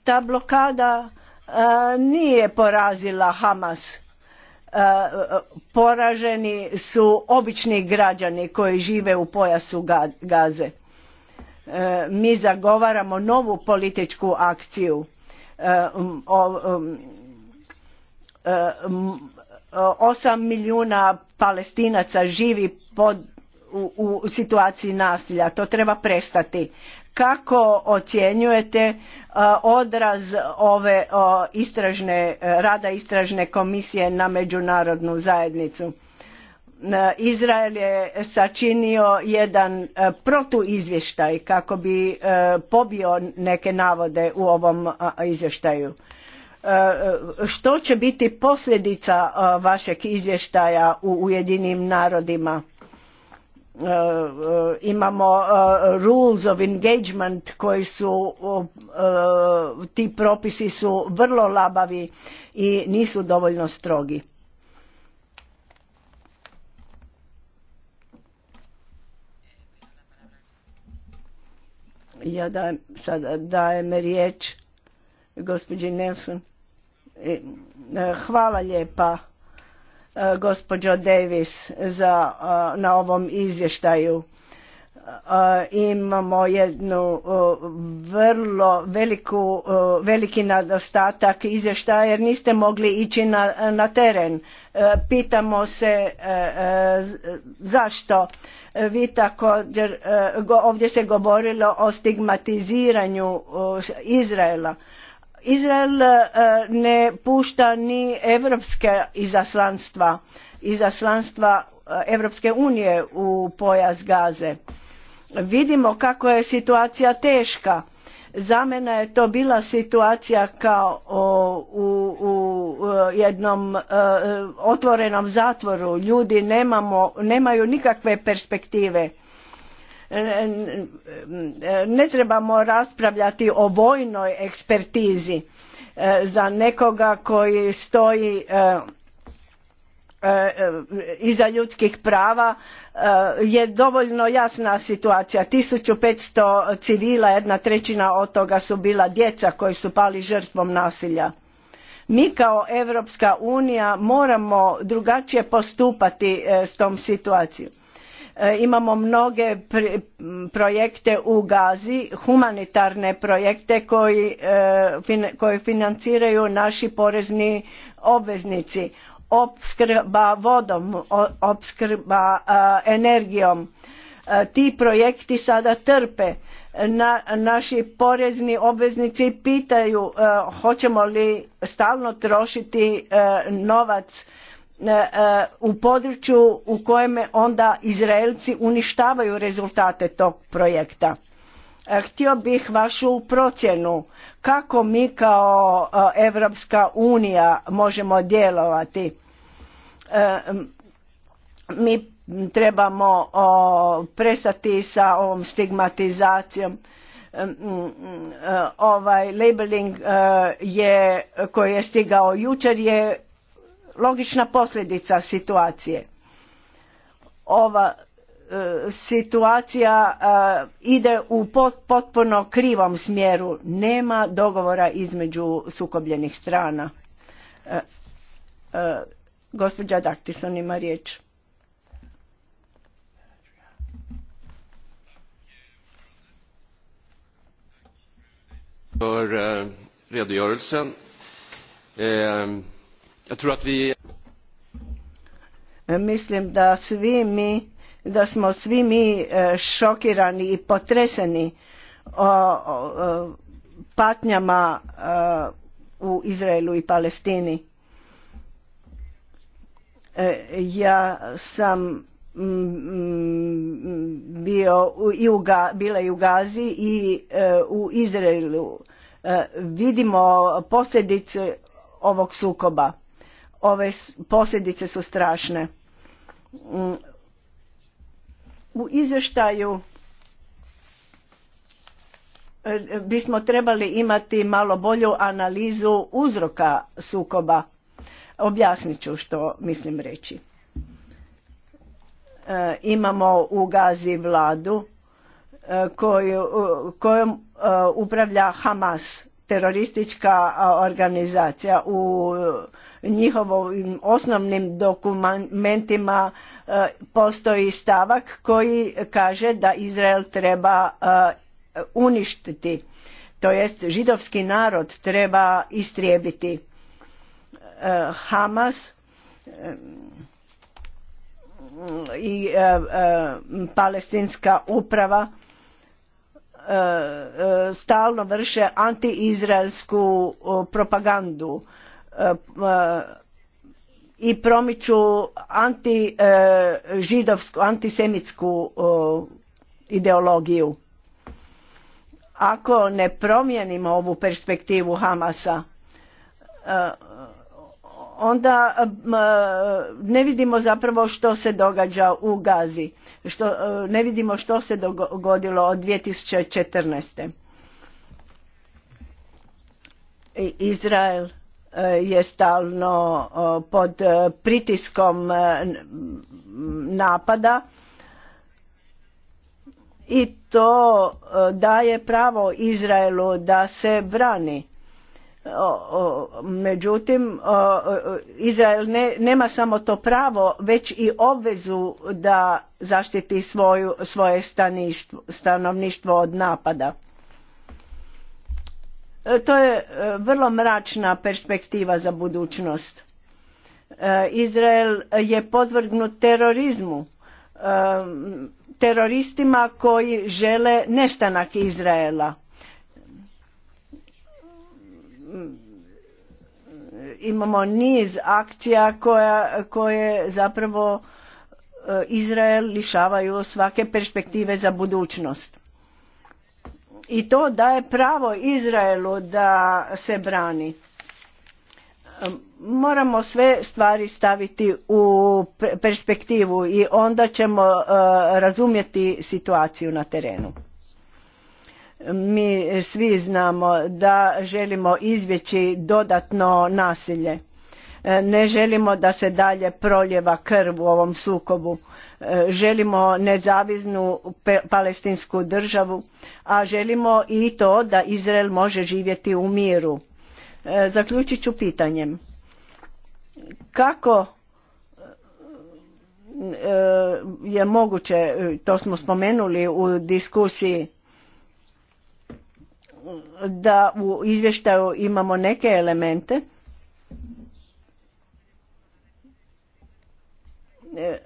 Speaker 3: Ta blokada e, nije porazila Hamas. Poraženi su obični građani koji žive u pojasu Gaze E, mi zagovaramo novu političku akciju e, e, osam milijuna palestinaca živi pod, u, u situaciji nasilja to treba prestati kako ocjenjujete odraz ove istražne rada istražne komisije na međunarodnu zajednicu E, Izrael je sačinio jedan e, protuizvještaj kako bi e, pobio neke navode u ovom izvještaju. Što će biti posljedica vašeg izvještaja u Ujedinim narodima? Imamo rules of engagement koji su, ti propisi su vrlo labavi i nisu dovoljno strogi. Ja dajem, sada dajem riječ gospođi Nelson. E, e, hvala lijepa e, gospođo Davis za, na ovom izvještaju. Imamo jednu vrlo veliku, veliki nedostatak izvještaja jer niste mogli ići na, na teren. Pitamo se zašto vi također, e, ovdje se govorilo o stigmatiziranju Izraela. Izrael e, ne pušta ni evropske izaslanstva, izaslanstva e, Evropske unije u pojas gaze. Vidimo kako je situacija teška za mene je to bila situacija kao u, u e, jednom e, otvorenom zatvoru. Ljudi nemamo, nemaju nikakve perspektive. E, ne trebamo raspravljati o vojnoj ekspertizi za nekoga koji stoji iza ljudskih prava Eh, je dovoljno jasna situacija. 1500 civila, jedna trećina od toga su bila djeca koji su pali žrtvom nasilja. Mi kao Europska unija moramo drugačije postupati eh, s tom situacijom. Eh, imamo mnoge projekte u Gazi, humanitarne projekte koji, koje financiraju naši porezni obveznici opskrba vodom, opskrba energijom. E, ti projekti sada trpe. Na, naši porezni obveznici pitaju e, hoćemo li stalno trošiti e, novac u području u kojem onda Izraelci uništavaju rezultate tog projekta. Htio bih vašu procjenu kako mi kao e, Evropska unija možemo djelovati. E, mi trebamo prestati sa ovom stigmatizacijom. E, ovaj labeling je, koji je stigao jučer je logična posljedica situacije. Ova situacija ide u potpuno krivom smjeru. Nema dogovora između sukobljenih strana. Gospođa Daktison ima riječ.
Speaker 1: för eh,
Speaker 3: eh, Mislim da svi mi da smo svi mi e, šokirani i potreseni o patnjama e, u Izraelu i Palestini. E, ja sam bio i u, bila i u Gazi i u Izraelu. Vidimo posljedice ovog sukoba. Ove posljedice su strašne mm, u izvještaju e, bismo trebali imati malo bolju analizu uzroka sukoba. Objasnit ću što mislim reći. E, imamo u Gazi vladu e, kojom upravlja Hamas, teroristička organizacija. U njihovim osnovnim dokumentima E, postoji stavak koji kaže da Izrael treba e, uništiti, to jest židovski narod treba istrijebiti. E, Hamas i palestinska uprava stalno vrše antiizraelsku propagandu i promiču antižidovsku, e, antisemitsku ideologiju. Ako ne promijenimo ovu perspektivu Hamasa, e, onda e, ne vidimo zapravo što se događa u Gazi, što, ne vidimo što se dogodilo od 2014. Izrael E, je stalno e, pod e, pritiskom napada i to daje pravo Izraelu da se brani. Međutim, Izrael ne, nema samo to pravo, već i obvezu da zaštiti svoju, svoje stanovništvo od napada. E, to je e, vrlo mračna perspektiva za budućnost. E, Izrael je podvrgnut terorizmu, teroristima koji žele nestanak Izraela. Imamo niz akcija koja, koje zapravo Izrael lišavaju svake perspektive za budućnost i to daje pravo Izraelu da se brani. Moramo sve stvari staviti u perspektivu i onda ćemo e, razumjeti situaciju na terenu. Mi svi znamo da želimo izbjeći dodatno nasilje. E, ne želimo da se dalje proljeva krv u ovom sukobu. E, želimo nezavisnu palestinsku državu a želimo i to da Izrael može živjeti u miru. E, zaključit ću pitanjem. Kako e, je moguće, to smo spomenuli u diskusiji, da u izvještaju imamo neke elemente e,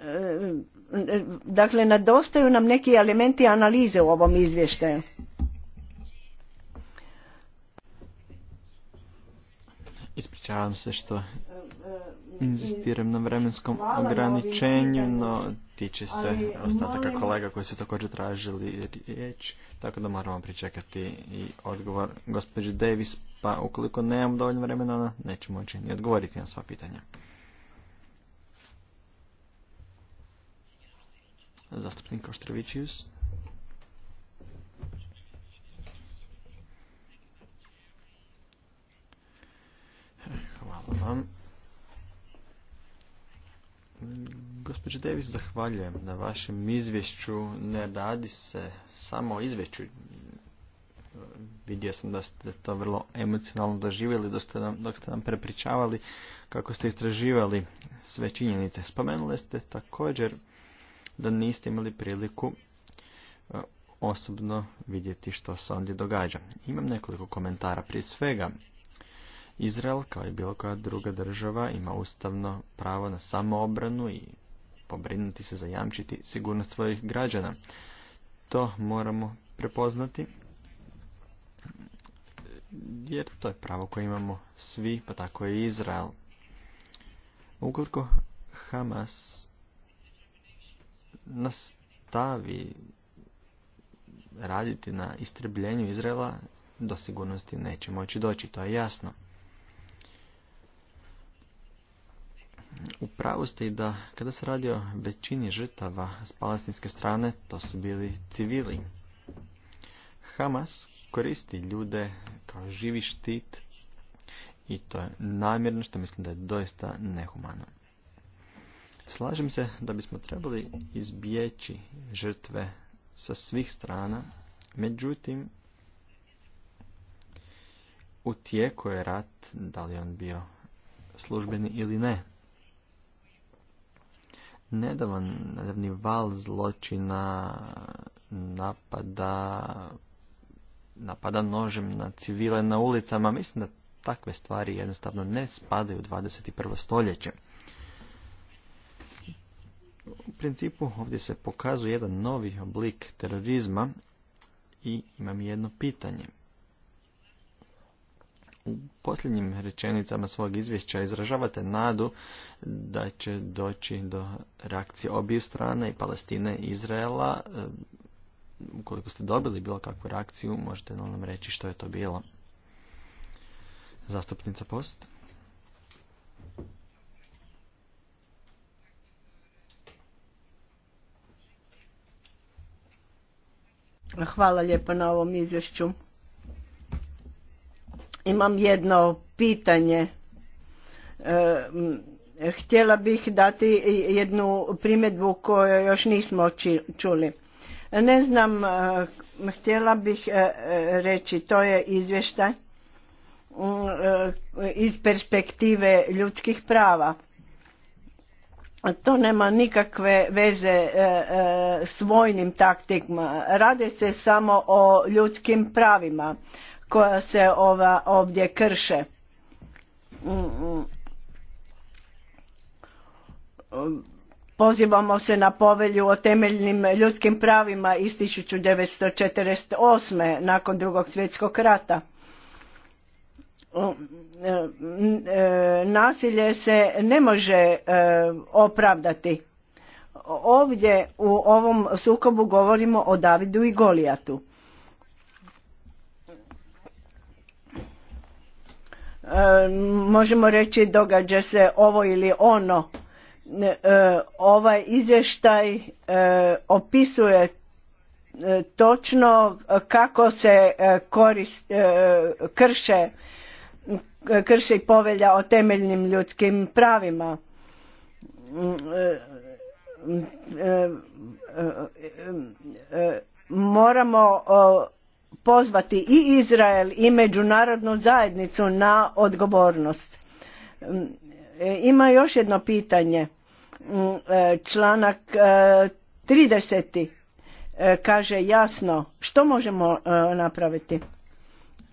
Speaker 3: Dakle, nadostaju nam neki elementi analize u ovom izvještaju.
Speaker 2: Ispričavam se što insistiram na vremenskom ograničenju, no tiče se ostataka kolega koji su također tražili riječ, tako da moramo pričekati i odgovor gospođe Davis, pa ukoliko nemam dovoljno vremena, neću moći ni odgovoriti na sva pitanja. zastupnik Oštrevićius. Hvala vam. Gospođo Davis, zahvaljujem na vašem izvješću. Ne radi se samo o izvješću. Vidio sam da ste to vrlo emocionalno doživjeli nam, dok ste nam prepričavali kako ste istraživali sve činjenice. Spomenuli ste također da niste imali priliku e, osobno vidjeti što se ondje događa. Imam nekoliko komentara. Prije svega, Izrael, kao i bilo koja druga država, ima ustavno pravo na samoobranu i pobrinuti se zajamčiti sigurnost svojih građana. To moramo prepoznati, jer to je pravo koje imamo svi, pa tako i Izrael. Ukoliko Hamas nastavi raditi na istrebljenju Izraela, do sigurnosti neće moći doći, to je jasno. U pravu ste i da kada se radi o većini žrtava s palestinske strane, to su bili civili. Hamas koristi ljude kao živi štit i to je namjerno što mislim da je doista nehumano. Slažem se da bismo trebali izbjeći žrtve sa svih strana, međutim, u tijeku je rat, da li on bio službeni ili ne. Nedavan, nedavni val zločina, napada, napada nožem na civile na ulicama, mislim da takve stvari jednostavno ne spadaju u 21. stoljeće. U principu ovdje se pokazuje jedan novi oblik terorizma i imam jedno pitanje. U posljednjim rečenicama svog izvješća izražavate nadu da će doći do reakcije obje strane i Palestine i Izraela. Ukoliko ste dobili bilo kakvu reakciju, možete nam reći što je to bilo. Zastupnica Post.
Speaker 3: Hvala lijepo na ovom izvješću. Imam jedno pitanje. E, htjela bih dati jednu primjedbu koju još nismo čuli. Ne znam, e, htjela bih e, reći, to je izvještaj iz perspektive ljudskih prava to nema nikakve veze e, e, s vojnim taktikama. Radi se samo o ljudskim pravima koja se ova ovdje krše. Pozivamo se na povelju o temeljnim ljudskim pravima iz 1948. nakon drugog svjetskog rata. E, e, nasilje se ne može e, opravdati. Ovdje u ovom sukobu govorimo o Davidu i Golijatu. Možemo reći događa se ovo ili ono. Ovaj izvještaj opisuje točno kako se korist, krše krši povelja o temeljnim ljudskim pravima moramo pozvati i Izrael i međunarodnu zajednicu na odgovornost. Ima još jedno pitanje. Članak 30. E, e, kaže jasno što možemo e, napraviti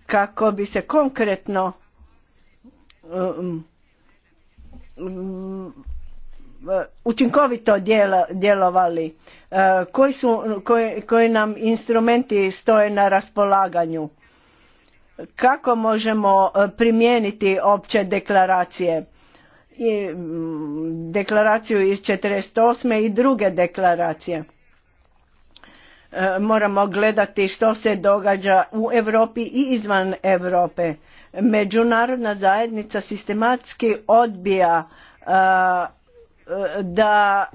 Speaker 3: kako bi se konkretno Um, um, učinkovito djelovali uh, koji, su, koji, koji nam instrumenti stoje na raspolaganju kako možemo uh, primijeniti opće deklaracije i mm, deklaraciju iz 48. i druge deklaracije uh, moramo gledati što se događa u Europi i izvan Europe Međunarodna zajednica sistematski odbija e, e, da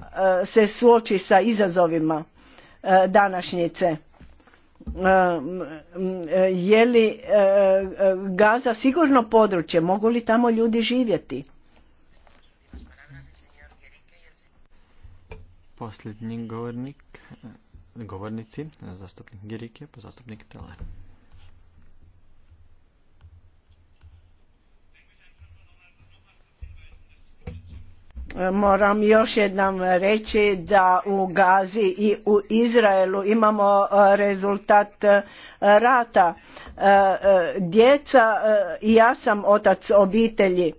Speaker 3: e, se suoči sa izazovima današnjice. Je li Gaza sigurno područje? Mogu li tamo ljudi živjeti?
Speaker 2: Posljednji govornik, govornici, zastupnik Girike, zastupnik
Speaker 3: Moram još jednom reći da u Gazi i u Izraelu imamo e, rezultat e, rata. E, djeca i ja sam otac obitelji.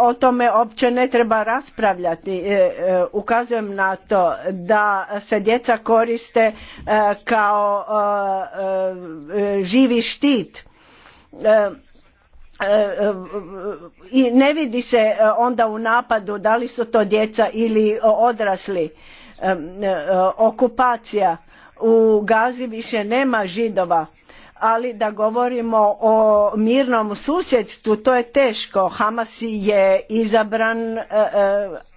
Speaker 3: O, tome opće ne treba raspravljati. Ukazujem na to da se djeca koriste kao živi štit E, e, i ne vidi se e, onda u napadu da li su to djeca ili odrasli okupacija u Gazi više nema židova ali da govorimo o mirnom susjedstvu to je teško Hamas je izabran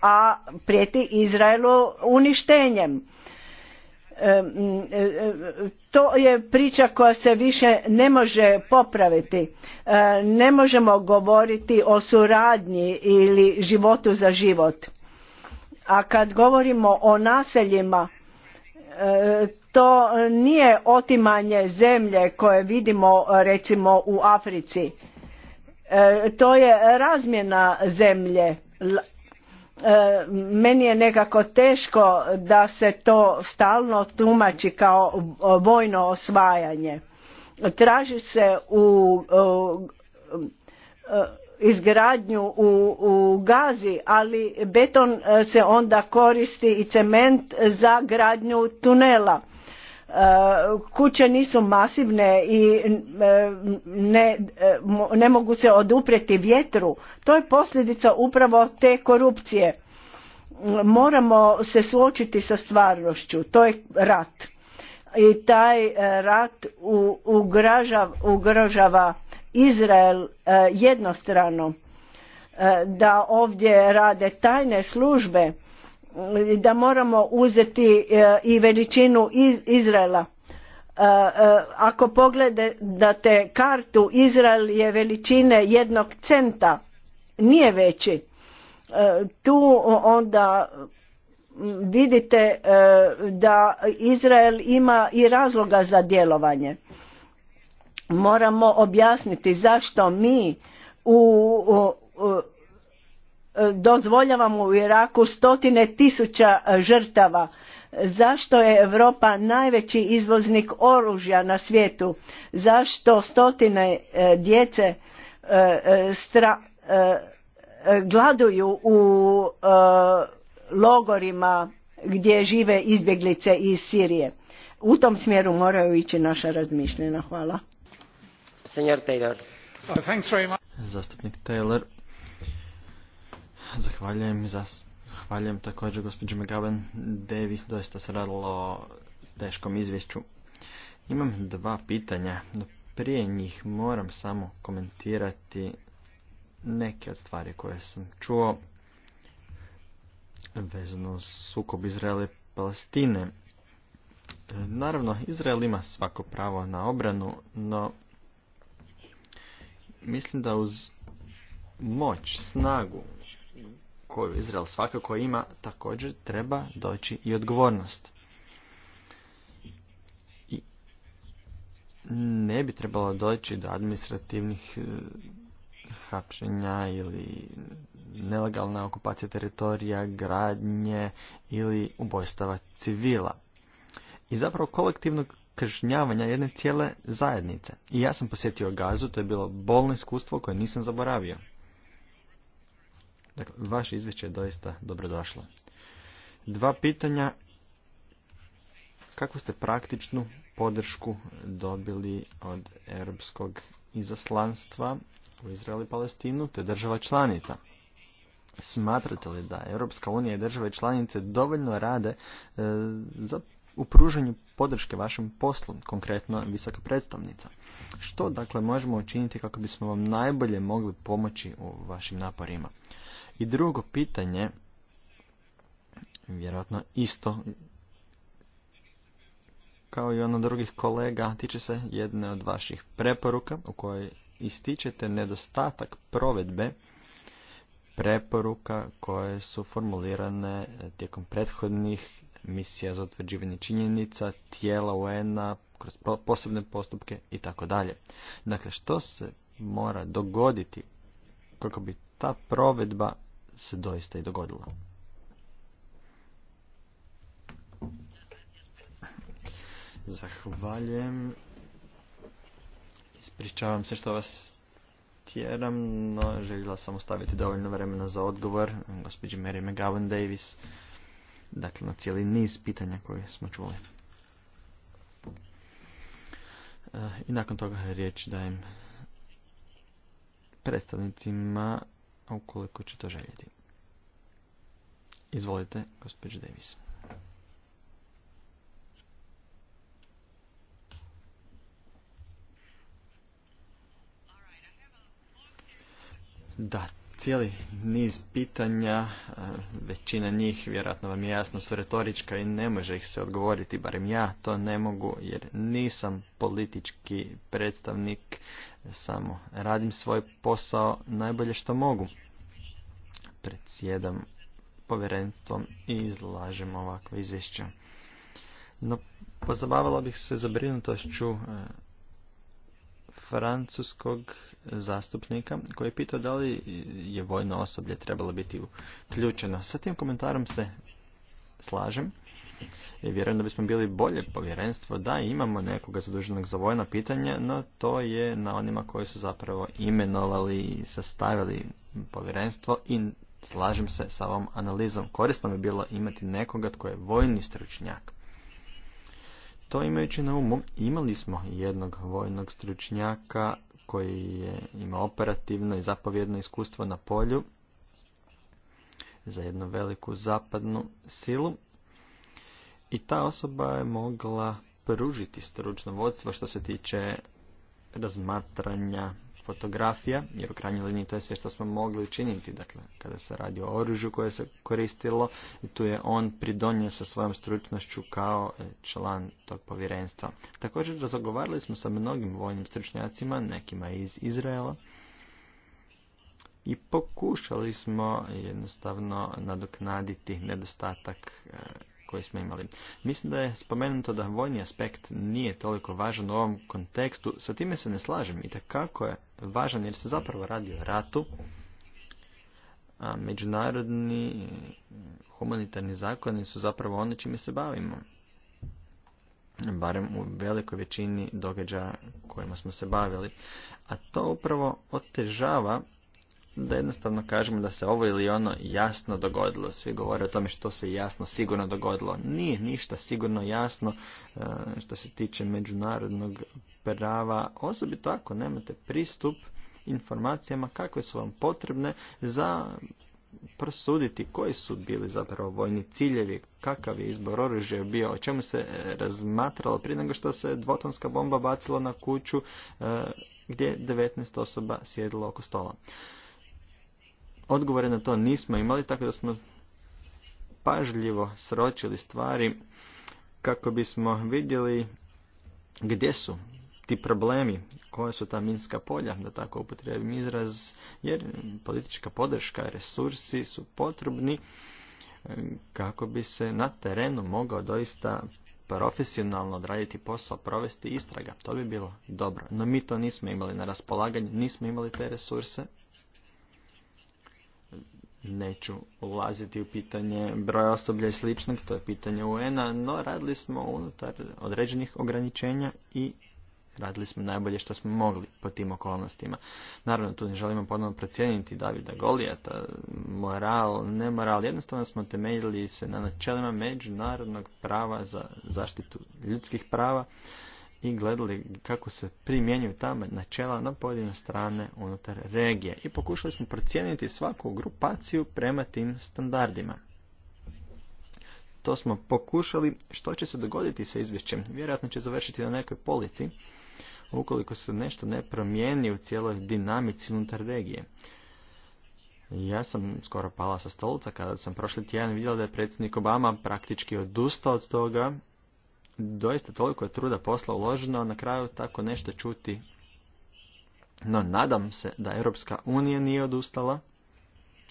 Speaker 3: a prijeti Izraelu uništenjem to je priča koja se više ne može popraviti ne možemo govoriti o suradnji ili životu za život a kad govorimo o naseljima to nije otimanje zemlje koje vidimo recimo u Africi to je razmjena zemlje E, meni je nekako teško da se to stalno tumači kao vojno osvajanje. Traži se u, e, izgradnju u, u Gazi, ali beton se onda koristi i cement za gradnju tunela kuće nisu masivne i e, ne, e, ne mogu se oduprijeti vjetru to je posljedica upravo te korupcije moramo se suočiti sa stvarnošću to je rat i taj e, rat ugrožava Izrael jednostrano da ovdje rade tajne službe da moramo uzeti e, i veličinu Izraela. E, e, ako pogledate kartu, Izrael je veličine jednog centa, nije veći. Tu onda vidite da Izrael ima i razloga za djelovanje. Moramo objasniti zašto mi u, u dozvoljavamo u Iraku stotine tisuća e, žrtava zašto je Europa najveći izvoznik oružja na svijetu zašto stotine e, djece e, stra, gladuju u logorima gdje žive izbjeglice iz Sirije u tom smjeru moraju ići naša razmišljena hvala
Speaker 1: Taylor.
Speaker 2: Uh, Taylor, Zahvaljujem, zahvaljujem također gospođo Megaben Davis, doista se radilo o teškom izvješću. Imam dva pitanja, no prije njih moram samo komentirati neke od stvari koje sam čuo vezano sukob Izraela i Palestine. Naravno, Izrael ima svako pravo na obranu, no mislim da uz moć, snagu koju Izrael svakako ima, također treba doći i odgovornost. I ne bi trebalo doći do administrativnih e, hapšenja ili nelegalna okupacija teritorija, gradnje ili ubojstava civila. I zapravo kolektivnog kažnjavanja jedne cijele zajednice. I ja sam posjetio gazu, to je bilo bolno iskustvo koje nisam zaboravio. Dakle, vaše izvješće je doista dobrodošlo. Dva pitanja. Kako ste praktičnu podršku dobili od europskog izaslanstva u Izrael i Palestinu te država članica? Smatrate li da Europska unija i države članice dovoljno rade e, za u pružanju podrške vašem poslu, konkretno visoka predstavnica. Što dakle možemo učiniti kako bismo vam najbolje mogli pomoći u vašim naporima? I drugo pitanje, vjerojatno isto kao i ono drugih kolega, tiče se jedne od vaših preporuka u kojoj ističete nedostatak provedbe preporuka koje su formulirane tijekom prethodnih misija za utvrđivanje činjenica, tijela UN-a, kroz posebne postupke i tako dalje. Dakle, što se mora dogoditi kako bi ta provedba se doista i dogodila. Zahvaljujem. Ispričavam se što vas tjeram, no željela sam ostaviti dovoljno vremena za odgovor gospođi Mary McGowan Davis. Dakle, na cijeli niz pitanja koje smo čuli. E, I nakon toga riječ dajem predstavnicima ukoliko će to željeti. Izvolite, gospođo Davis. Da, cijeli niz pitanja, većina njih, vjerojatno vam je jasno, su retorička i ne može ih se odgovoriti, barem ja to ne mogu jer nisam politički predstavnik samo radim svoj posao najbolje što mogu. Predsjedam povjerenstvom i izlažem ovakve izvješće. No, pozabavila bih se zabrinutošću e, francuskog zastupnika koji je pitao da li je vojno osoblje trebalo biti uključeno. Sa tim komentarom se slažem, i vjerujem da bismo bili bolje povjerenstvo da imamo nekoga zaduženog za vojna pitanja, no to je na onima koji su zapravo imenovali i sastavili povjerenstvo i slažem se sa ovom analizom. Korisno bi bilo imati nekoga tko je vojni stručnjak. To imajući na umu, imali smo jednog vojnog stručnjaka koji je, ima operativno i zapovjedno iskustvo na polju za jednu veliku zapadnu silu i ta osoba je mogla pružiti stručno vodstvo što se tiče razmatranja fotografija, jer u krajnjoj liniji to je sve što smo mogli učiniti. Dakle, kada se radi o oružju koje se koristilo, i tu je on pridonio sa svojom stručnošću kao e, član tog povjerenstva. Također razgovarali smo sa mnogim vojnim stručnjacima, nekima iz Izraela, i pokušali smo jednostavno nadoknaditi nedostatak e, koji smo imali. Mislim da je spomenuto da vojni aspekt nije toliko važan u ovom kontekstu, sa time se ne slažem i kako je važan jer se zapravo radi o ratu, a međunarodni humanitarni zakoni su zapravo ono čime se bavimo. Barem u velikoj većini događaja kojima smo se bavili. A to upravo otežava da jednostavno kažemo da se ovo ili ono jasno dogodilo. Svi govore o tome što se jasno sigurno dogodilo. Nije ništa sigurno jasno e, što se tiče međunarodnog prava, osobito ako nemate pristup informacijama kakve su vam potrebne za prosuditi koji su bili zapravo vojni ciljevi, kakav je izbor oružja bio, o čemu se razmatralo prije nego što se dvotonska bomba bacila na kuću e, gdje je 19 osoba sjedilo oko stola odgovore na to nismo imali, tako da smo pažljivo sročili stvari kako bismo vidjeli gdje su ti problemi, koje su ta minska polja, da tako upotrijebim izraz, jer politička podrška, resursi su potrebni e, kako bi se na terenu mogao doista profesionalno odraditi posao, provesti istraga. To bi bilo dobro. No mi to nismo imali na raspolaganju, nismo imali te resurse Neću ulaziti u pitanje broja osoblja i sličnog, to je pitanje UN-a, no radili smo unutar određenih ograničenja i radili smo najbolje što smo mogli po tim okolnostima. Naravno, tu ne želimo ponovno procijeniti Davida Golijata, moral, nemoral. Jednostavno smo temeljili se na načelima međunarodnog prava za zaštitu ljudskih prava i gledali kako se primjenjuju tamo načela na pojedine strane unutar regije i pokušali smo procijeniti svaku grupaciju prema tim standardima. To smo pokušali što će se dogoditi sa izvješćem. Vjerojatno će završiti na nekoj polici ukoliko se nešto ne promijeni u cijeloj dinamici unutar regije. Ja sam skoro pala sa stolica kada sam prošli tjedan vidjela da je predsjednik Obama praktički odustao od toga doista toliko je truda posla uloženo, na kraju tako nešto čuti. No nadam se da Europska unija nije odustala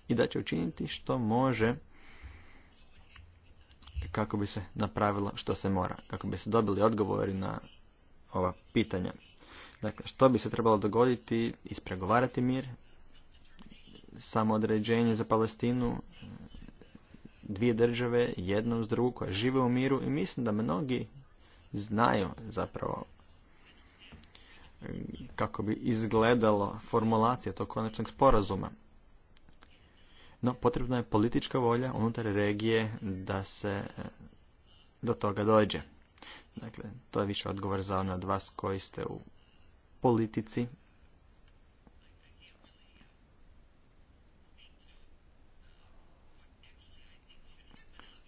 Speaker 2: i da će učiniti što može kako bi se napravilo što se mora, kako bi se dobili odgovori na ova pitanja. Dakle, što bi se trebalo dogoditi, ispregovarati mir, samo određenje za Palestinu, dvije države, jedna uz drugu koja žive u miru i mislim da mnogi znaju zapravo mm, kako bi izgledalo formulacija tog konačnog sporazuma. No, potrebna je politička volja unutar regije da se eh, do toga dođe. Dakle, to je više odgovor za one vas koji ste u politici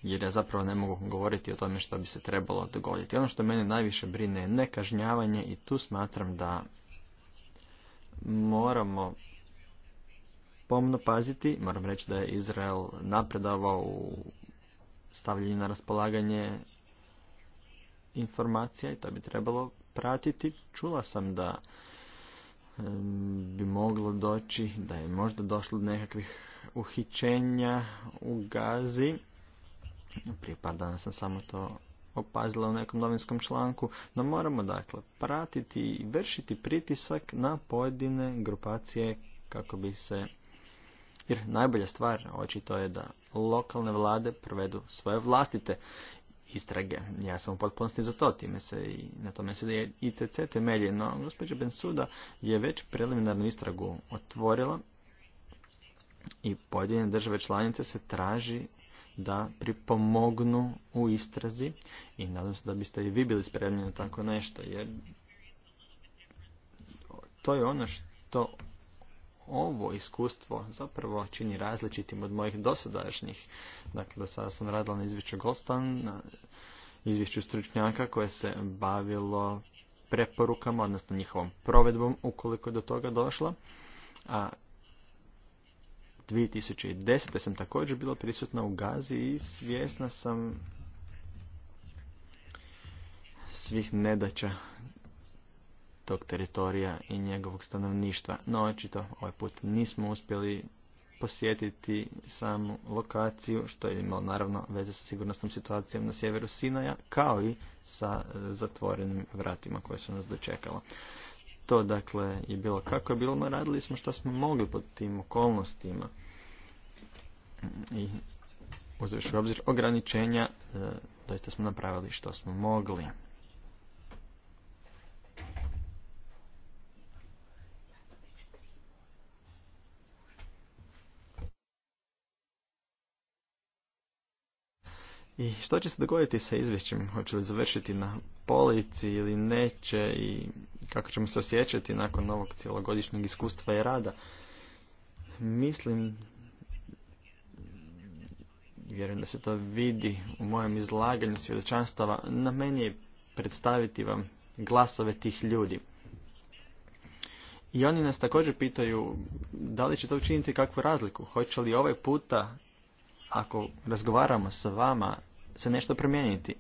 Speaker 2: jer ja zapravo ne mogu govoriti o tome što bi se trebalo dogoditi. Ono što mene najviše brine je nekažnjavanje i tu smatram da moramo pomno paziti. Moram reći da je Izrael napredavao u stavljanju na raspolaganje informacija i to bi trebalo pratiti. Čula sam da bi moglo doći, da je možda došlo do nekakvih uhićenja u Gazi prije par dana sam samo to opazila u nekom novinskom članku, no moramo dakle pratiti i vršiti pritisak na pojedine grupacije kako bi se jer najbolja stvar očito je da lokalne vlade provedu svoje vlastite istrage. Ja sam u potpunosti za to, time se i na tome se je ICC temelji, no gospođa Bensuda je već preliminarnu istragu otvorila i pojedine države članice se traži da pripomognu u istrazi i nadam se da biste i vi bili spremni na tako nešto jer to je ono što ovo iskustvo zapravo čini različitim od mojih dosadašnjih. Dakle, do sada sam radila na izvješću gostan, na izvješću stručnjaka koje se bavilo preporukama, odnosno njihovom provedbom ukoliko je do toga došla. A 2010. sam također bila prisutna u Gazi i svjesna sam svih nedaća tog teritorija i njegovog stanovništva. No, očito, ovaj put nismo uspjeli posjetiti samu lokaciju, što je imalo naravno veze sa sigurnosnom situacijom na sjeveru Sinaja, kao i sa e, zatvorenim vratima koje su nas dočekalo to dakle je bilo kako je bilo, no radili smo što smo mogli pod tim okolnostima. I uzreši u obzir ograničenja, e, doista smo napravili što smo mogli. I što će se dogoditi sa izvješćem? Hoće li završiti na polici ili neće i kako ćemo se osjećati nakon ovog cijelogodišnjeg iskustva i rada? Mislim, vjerujem da se to vidi u mojem izlaganju svjedočanstava, na meni je predstaviti vam glasove tih ljudi. I oni nas također pitaju da li će to učiniti kakvu razliku. Hoće li ovaj puta, ako razgovaramo sa vama, se nešto promijeniti.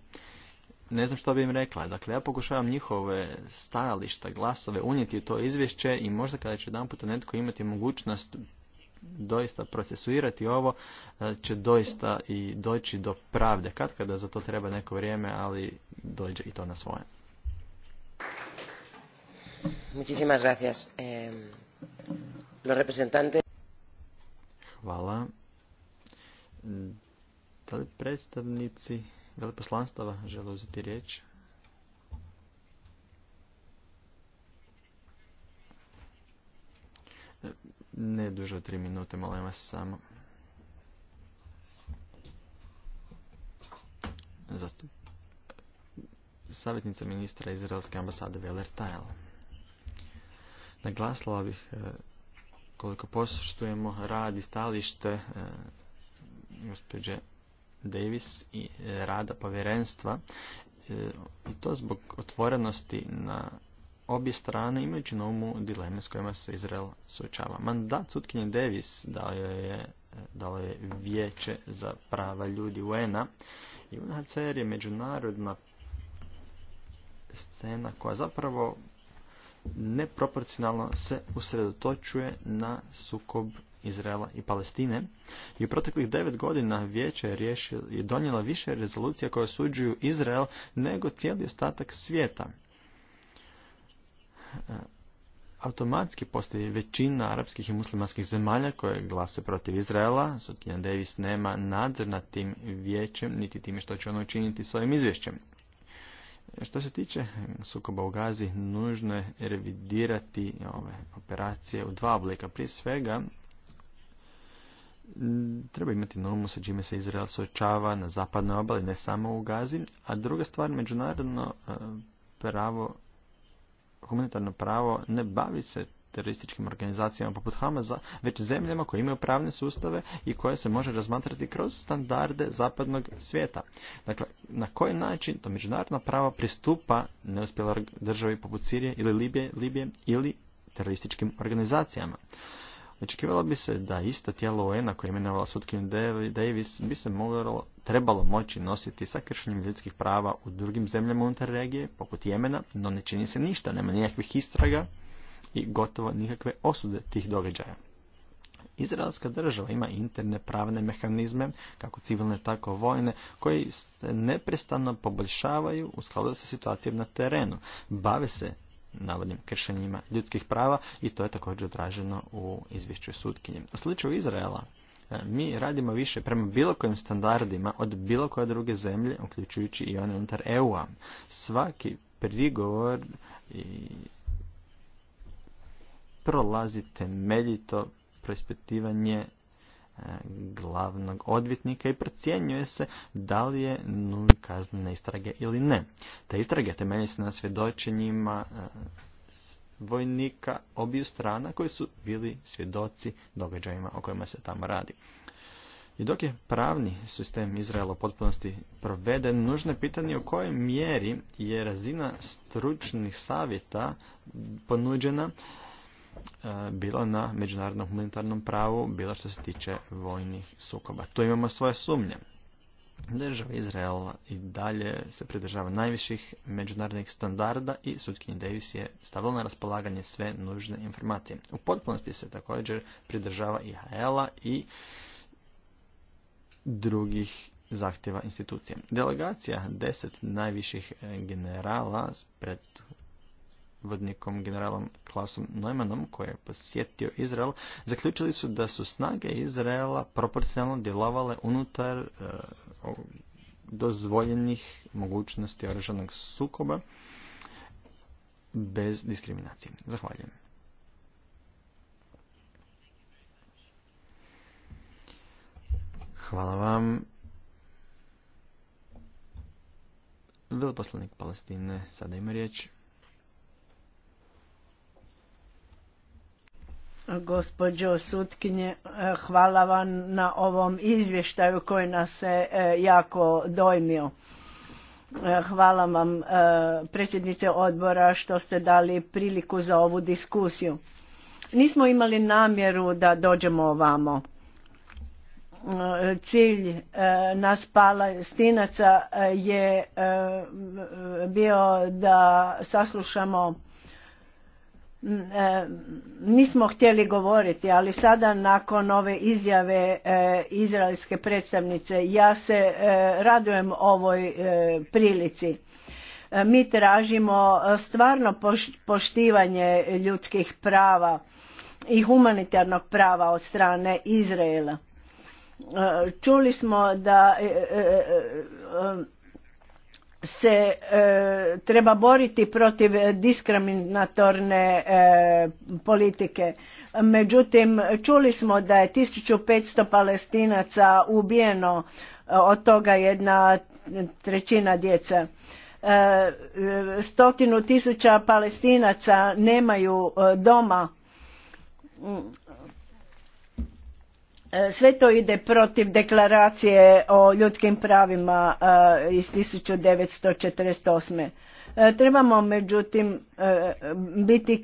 Speaker 2: Ne znam što bi im rekla. Dakle, ja pokušavam njihove stajališta, glasove unijeti u to izvješće i možda kada će jedan puta netko imati mogućnost doista procesuirati ovo, e, će doista i doći do pravde. Kad kada za to treba neko vrijeme, ali dođe i to na svoje. Muchísimas gracias. Eh,
Speaker 1: los representantes.
Speaker 2: Hvala. Da li predstavnici veleposlanstava žele uzeti riječ? Ne duže od tri minute, molim vas samo. Savjetnica ministra Izraelske ambasade Veler Tajl. Naglasila bih e, koliko poštujemo rad i stalište e, gospođe Davis i e, rada povjerenstva e, i to zbog otvorenosti na obje strane imajući na umu dileme s kojima se Izrael suočava. Mandat sutkinje Davis dao je, e, dao vijeće za prava ljudi u ENA i UNHCR je međunarodna scena koja zapravo neproporcionalno se usredotočuje na sukob Izraela i Palestine. I u proteklih devet godina vijeće je, donijela više rezolucija koje osuđuju Izrael nego cijeli ostatak svijeta. E, automatski postoji većina arapskih i muslimanskih zemalja koje glasuju protiv Izraela. Sutjan Davis nema nadzor nad tim vijećem, niti time što će ono učiniti s ovim izvješćem. Što se tiče sukoba u Gazi, nužno je revidirati ove operacije u dva oblika. Prije svega, Mm, treba imati na umu sa čime se Izrael suočava na zapadnoj obali, ne samo u Gazi. A druga stvar, međunarodno e, pravo, humanitarno pravo ne bavi se terorističkim organizacijama poput Hamaza, već zemljama koje imaju pravne sustave i koje se može razmatrati kroz standarde zapadnog svijeta. Dakle, na koji način to međunarodno pravo pristupa neuspjeloj državi poput Sirije ili Libije, Libije ili terorističkim organizacijama. Očekivalo bi se da isto tijelo UN-a koje je imenovala sutkin Davis bi se moglo, trebalo moći nositi sa kršenjem ljudskih prava u drugim zemljama unutar regije, poput Jemena, no ne čini se ništa, nema nikakvih istraga i gotovo nikakve osude tih događaja. Izraelska država ima interne pravne mehanizme, kako civilne tako vojne, koji se neprestano poboljšavaju u skladu sa situacijom na terenu. Bave se navodnim kršenjima ljudskih prava i to je također odraženo u izvješću sutkinje. U slučaju Izraela e, mi radimo više prema bilo kojim standardima od bilo koje druge zemlje, uključujući i one unutar EU-a. Svaki prigovor i prolazi temeljito preispitivanje glavnog odvjetnika i procjenjuje se da li je nulj kaznene istrage ili ne. Te istrage temelji se na svjedočenjima e, vojnika obiju strana koji su bili svjedoci događajima o kojima se tamo radi. I dok je pravni sistem Izraela u potpunosti proveden, nužno je pitanje u kojoj mjeri je razina stručnih savjeta ponuđena E, bilo na međunarodnom humanitarnom pravu, bilo što se tiče vojnih sukoba. Tu imamo svoje sumnje. Država Izrael i dalje se pridržava najviših međunarodnih standarda i Sutkin Davis je stavila na raspolaganje sve nužne informacije. U potpunosti se također pridržava i a i drugih zahtjeva institucija. Delegacija deset najviših e, generala pred vodnikom generalom Klasom Neumannom koji je posjetio Izrael, zaključili su da su snage Izraela proporcionalno djelovale unutar eh, dozvoljenih mogućnosti oružanog sukoba bez diskriminacije. Zahvaljujem. Hvala vam. Veleposlanik Palestine sada ima riječ.
Speaker 3: Gospođo Sutkinje, e, hvala vam na ovom izvještaju koji nas se e, jako dojmio. E, hvala vam predsjednice odbora što ste dali priliku za ovu diskusiju. Nismo imali namjeru da dođemo ovamo. Cilj nas palestinaca je bio da saslušamo Mm, e, nismo htjeli govoriti, ali sada nakon ove izjave e, izraelske predstavnice ja se e, radujem ovoj prilici. Mi tražimo stvarno poštivanje ljudskih prava i humanitarnog prava od strane Izraela. Čuli smo da se e, treba boriti protiv diskriminatorne e, politike. Međutim, čuli smo da je 1500 palestinaca ubijeno, e, od toga jedna trećina djeca. stotinu tisuća palestinaca nemaju doma E, sve to ide protiv deklaracije o ljudskim pravima e, iz 1948. E, trebamo međutim biti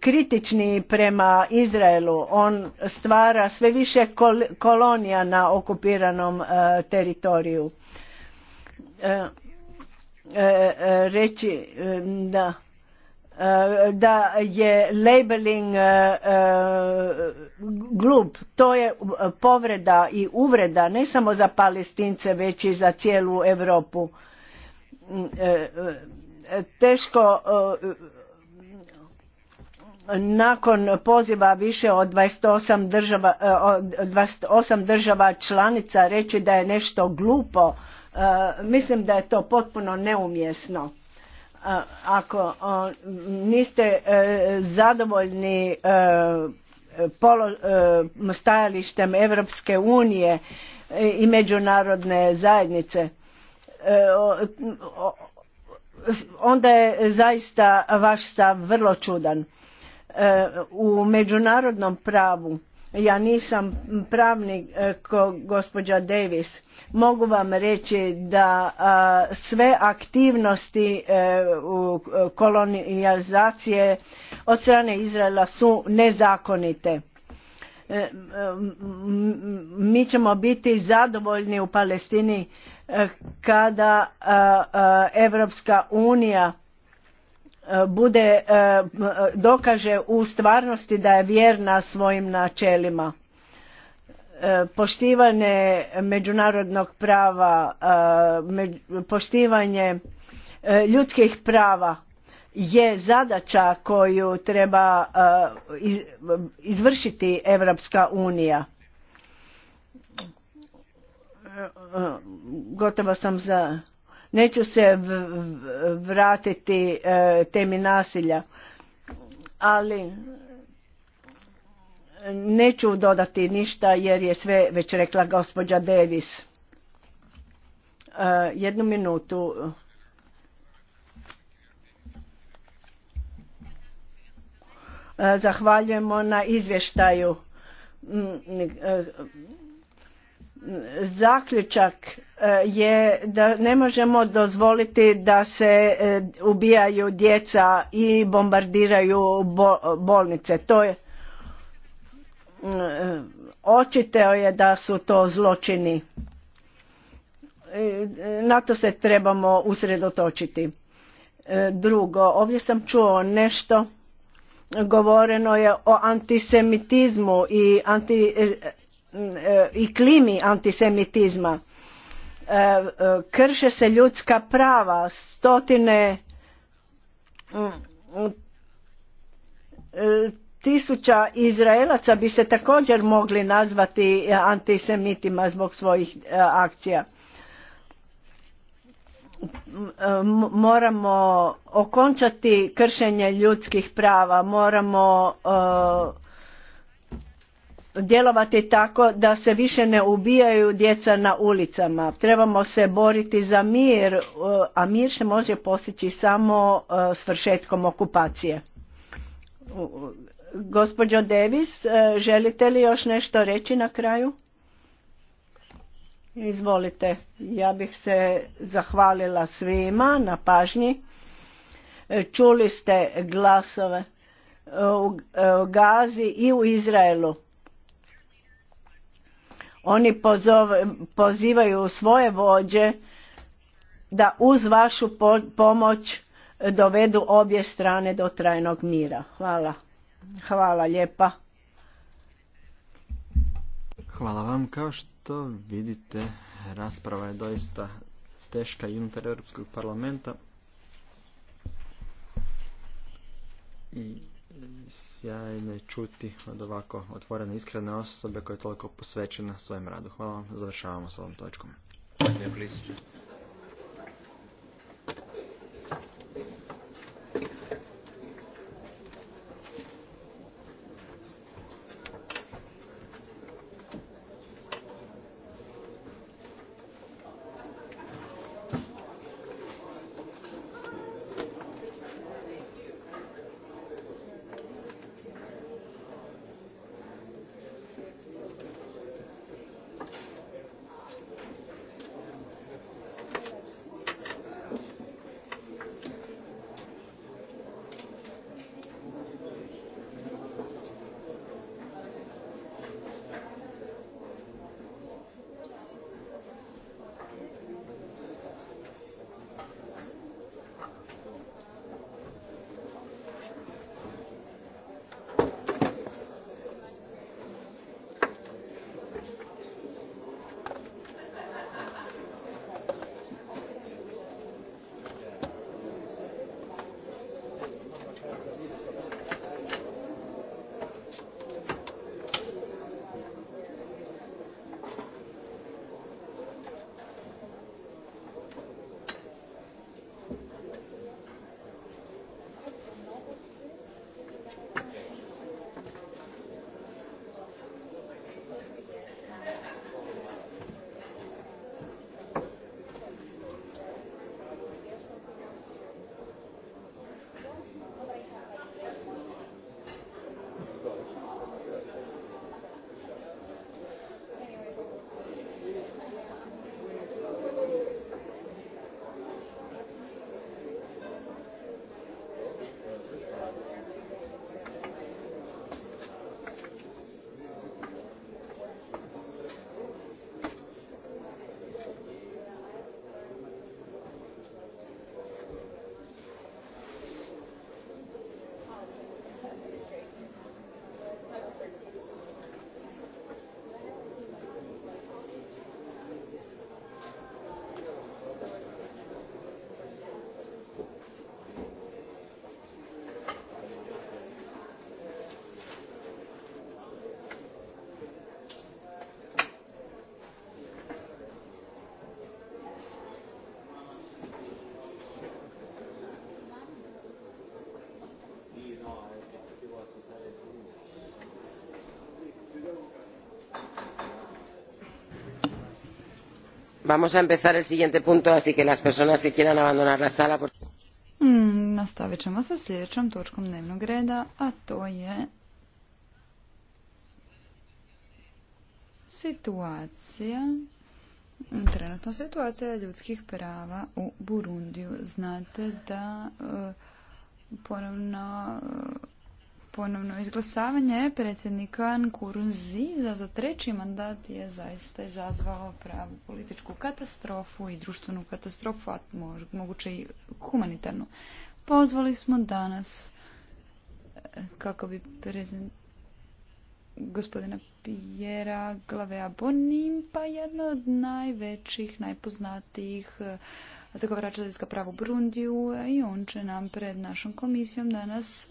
Speaker 3: kritični prema Izraelu. On stvara sve više kolonija na okupiranom teritoriju. Reći da Eh, da je labeling eh, eh, glup. To je povreda i uvreda ne samo za palestince već i za cijelu Europu. Mm, teško nakon poziva više od 28 država, 28 država članica reći da je nešto glupo. Mislim da je to potpuno neumjesno ako niste e, zadovoljni e, e, stajalištem Europske unije i međunarodne zajednice onda je zaista vaš stav vrlo čudan. U međunarodnom pravu ja nisam pravnik e, ko gospođa Davis. Mogu vam reći da sve aktivnosti e, u kolonizacije od strane Izraela su nezakonite. E, mi ćemo biti zadovoljni u Palestini e, kada a, Evropska unija bude e, dokaže u stvarnosti da je vjerna svojim načelima e, poštivanje međunarodnog prava e, poštivanje ljudskih prava je zadaća koju treba izvršiti Evropska unija gotovo sam za Neću se vratiti e, temi nasilja, ali neću dodati ništa jer je sve već rekla gospođa Davis. E, jednu minutu. E, zahvaljujemo na izvještaju. Mm, zaključak E, je da ne možemo dozvoliti da se e, ubijaju djeca i bombardiraju bolnice. To je mm, e, očito je da su to zločini. Na to se trebamo usredotočiti. Drugo, ovdje sam čuo nešto govoreno je o antisemitizmu i, anti, i klimi antisemitizma E, e, krše se ljudska prava, stotine mm, mm, e, tisuća Izraelaca bi se također mogli nazvati antisemitima zbog svojih akcija. Moramo okončati kršenje ljudskih prava, moramo djelovati tako da se više ne ubijaju djeca na ulicama. Trebamo se boriti za mir, e, a mir se može postići samo e, svršetkom okupacije. Gospođo Davis, e, želite li još nešto reći na kraju? Izvolite, ja bih se zahvalila svima na pažnji. Čuli ste glasove u Gazi i u Izraelu oni pozove, pozivaju svoje vođe da uz vašu po, pomoć dovedu obje strane do trajnog mira. Hvala. Hvala lijepa.
Speaker 2: Hvala vam. Kao što vidite, rasprava je doista teška i unutar Europskog parlamenta. I sjajno je čuti od ovako otvorene iskrene osobe koja je toliko posvećena svojem radu. Hvala vam, završavamo s ovom točkom.
Speaker 1: Vamos a empezar el siguiente punto, así que las personas que quieran abandonar la sala... Por...
Speaker 4: Mm, nastavit ćemo sa sljedećom točkom dnevnog reda, a to je situacija, trenutna situacija ljudskih prava u Burundiju. Znate da e, ponovno ponovno izglasavanje predsjednika Nkurunzi za, za treći mandat je zaista izazvalo pravu političku katastrofu i društvenu katastrofu, a moguće i humanitarnu. Pozvali smo danas e, kako bi prezent gospodina Pijera Glavea Bonim, pa jedno od najvećih, najpoznatijih e, zagovarača ljudska prava u brundiju e, i on će nam pred našom komisijom danas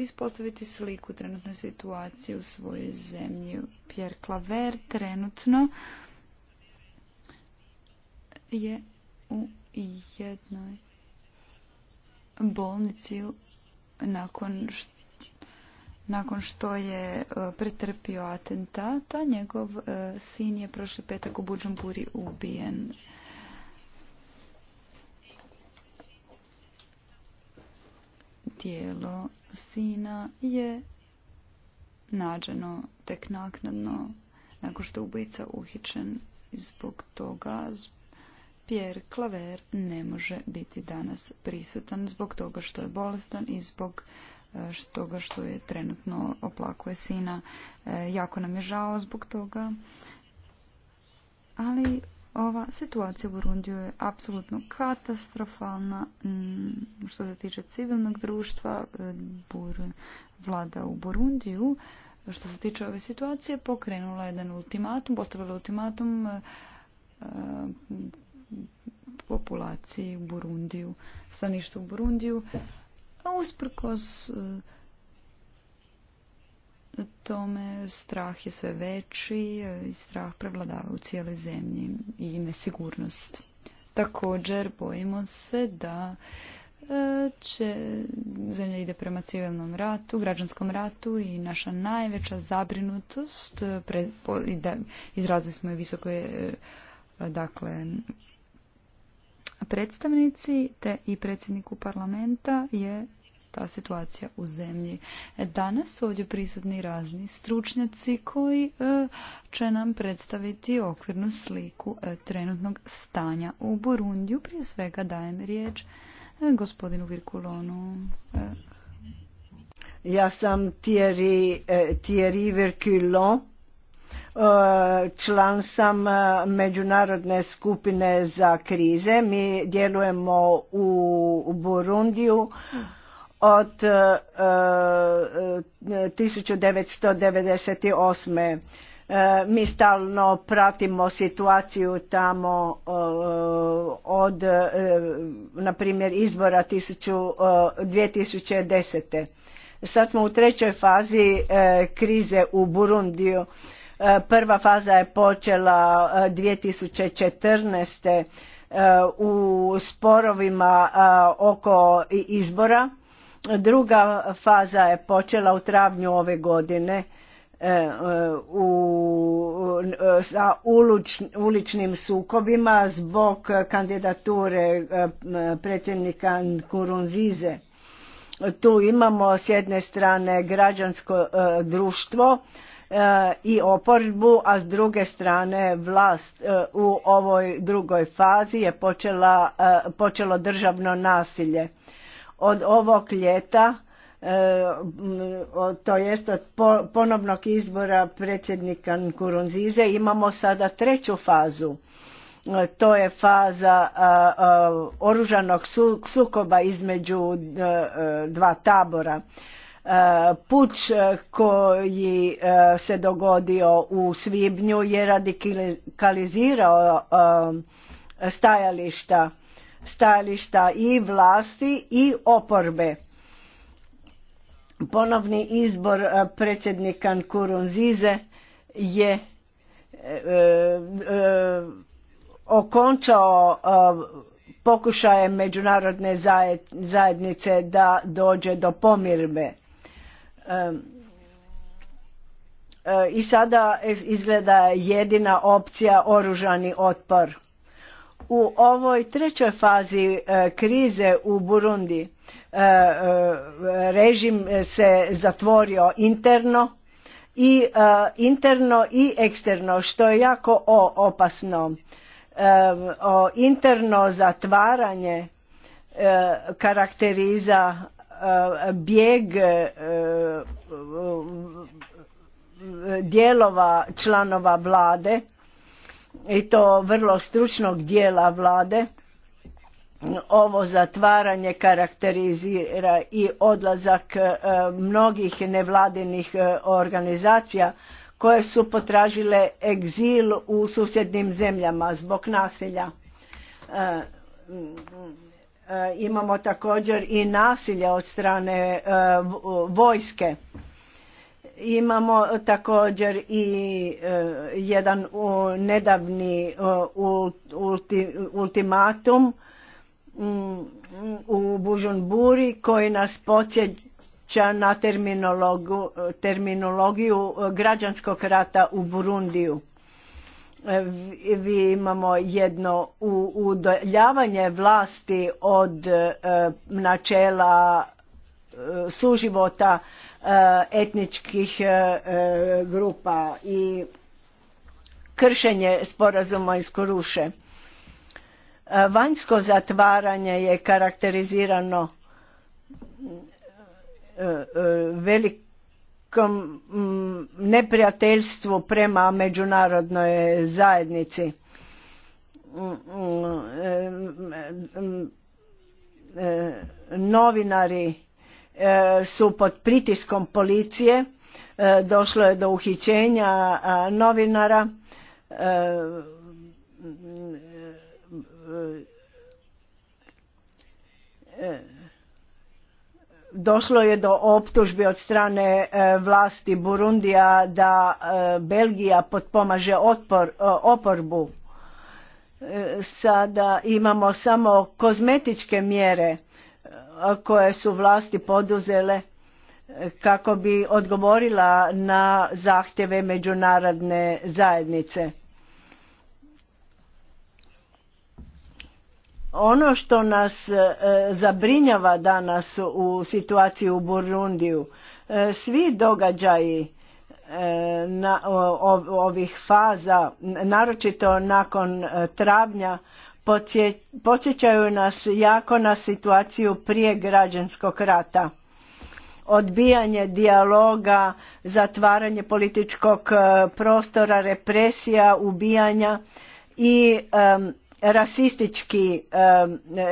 Speaker 4: ispostaviti sliku trenutne situacije u svojoj zemlji. Pierre Claver trenutno je u jednoj bolnici nakon što nakon što je e, pretrpio atentata, njegov e, sin je prošli petak u Buđumburi ubijen. tijelo sina je nađeno tek naknadno nakon što je ubojica uhićen zbog toga Pierre Claver ne može biti danas prisutan zbog toga što je bolestan i zbog e, toga što je trenutno oplakuje sina. E, jako nam je žao zbog toga. Ali ova situacija u Burundiju je apsolutno katastrofalna mm, što se tiče civilnog društva. E, vlada u Burundiju što se tiče ove situacije pokrenula jedan ultimatum, postavila ultimatum e, e, populaciji u Burundiju, staništu u Burundiju, a usprkos tome strah je sve veći i strah prevladava u cijeloj zemlji i nesigurnost. Također bojimo se da e, će zemlja ide prema civilnom ratu, građanskom ratu i naša najveća zabrinutost i da, izrazili smo je visokoj e, dakle predstavnici te i predsjedniku parlamenta je ta situacija u zemlji. E, danas su ovdje prisutni razni stručnjaci koji e, će nam predstaviti okvirnu sliku e, trenutnog stanja u Burundiju. Prije svega dajem riječ gospodinu Virkulonu.
Speaker 3: Ja sam Thierry, Thierry Virkulon, član sam međunarodne skupine za krize. Mi djelujemo u Burundiju od 1998. E, e, e, mi stalno pratimo situaciju tamo od, na primjer, izbora 2010. Sad smo u trećoj fazi krize u Burundiju. Prva faza je počela 2014. u sporovima oko izbora Druga faza je počela u travnju ove godine e, e, u, e, sa uličnim sukobima zbog kandidature predsjednika Kurunzize. Tu imamo s jedne strane građansko društvo i oporbu, a s druge strane vlast u ovoj drugoj fazi je počela, počelo državno nasilje od ovog ljeta, e, to jest od ponovnog izbora predsjednika Nkurunzize, imamo sada treću fazu. E, to je faza oružanog sukoba između e, dva tabora. Puć koji se dogodio u Svibnju je radikalizirao stajališta stajališta i vlasti i oporbe. Ponovni izbor eh, predsjednika Nkurunzize je eh, eh, okončao pokušaje međunarodne zajednice da dođe do pomirbe. I sada izgleda jedina opcija oružani otpor u ovoj trećoj fazi e, krize u Burundi e, e, režim se zatvorio interno i interno i eksterno što je jako opasno. Interno zatvaranje karakteriza bijeg dijelova članova vlade i to vrlo stručnog dijela vlade ovo zatvaranje karakterizira i odlazak e, mnogih nevladinih e, organizacija koje su potražile egzil u susjednim zemljama zbog nasilja. E, imamo također i nasilje od strane vojske Imamo također i e, jedan nedavni e, ultimatum mm, u Bužunburi koji nas podsjeća na terminologiju građanskog rata u Burundiju. E, vi imamo jedno udaljavanje vlasti od načela suživota Eh, etničkih eh, eh, grupa i kršenje sporazuma iz Koruše. Vanjsko zatvaranje je karakterizirano velikom mm, neprijateljstvu prema međunarodnoj zajednici. Mm, mm, novinari E, su pod pritiskom policije, e, došlo je do uhićenja novinara, e, došlo je do optužbi od strane vlasti Burundija da Belgija potpomaže otpor, oporbu. Sada imamo samo kozmetičke mjere koje su vlasti poduzele kako bi odgovorila na zahtjeve međunarodne zajednice. Ono što nas e, zabrinjava danas u situaciji u Burundiju, e, svi događaji e, ovih faza, naročito nakon travnja, podsjećaju nas jako na situaciju prije građanskog rata. Odbijanje dijaloga, zatvaranje političkog e, prostora, represija, ubijanja i rasistički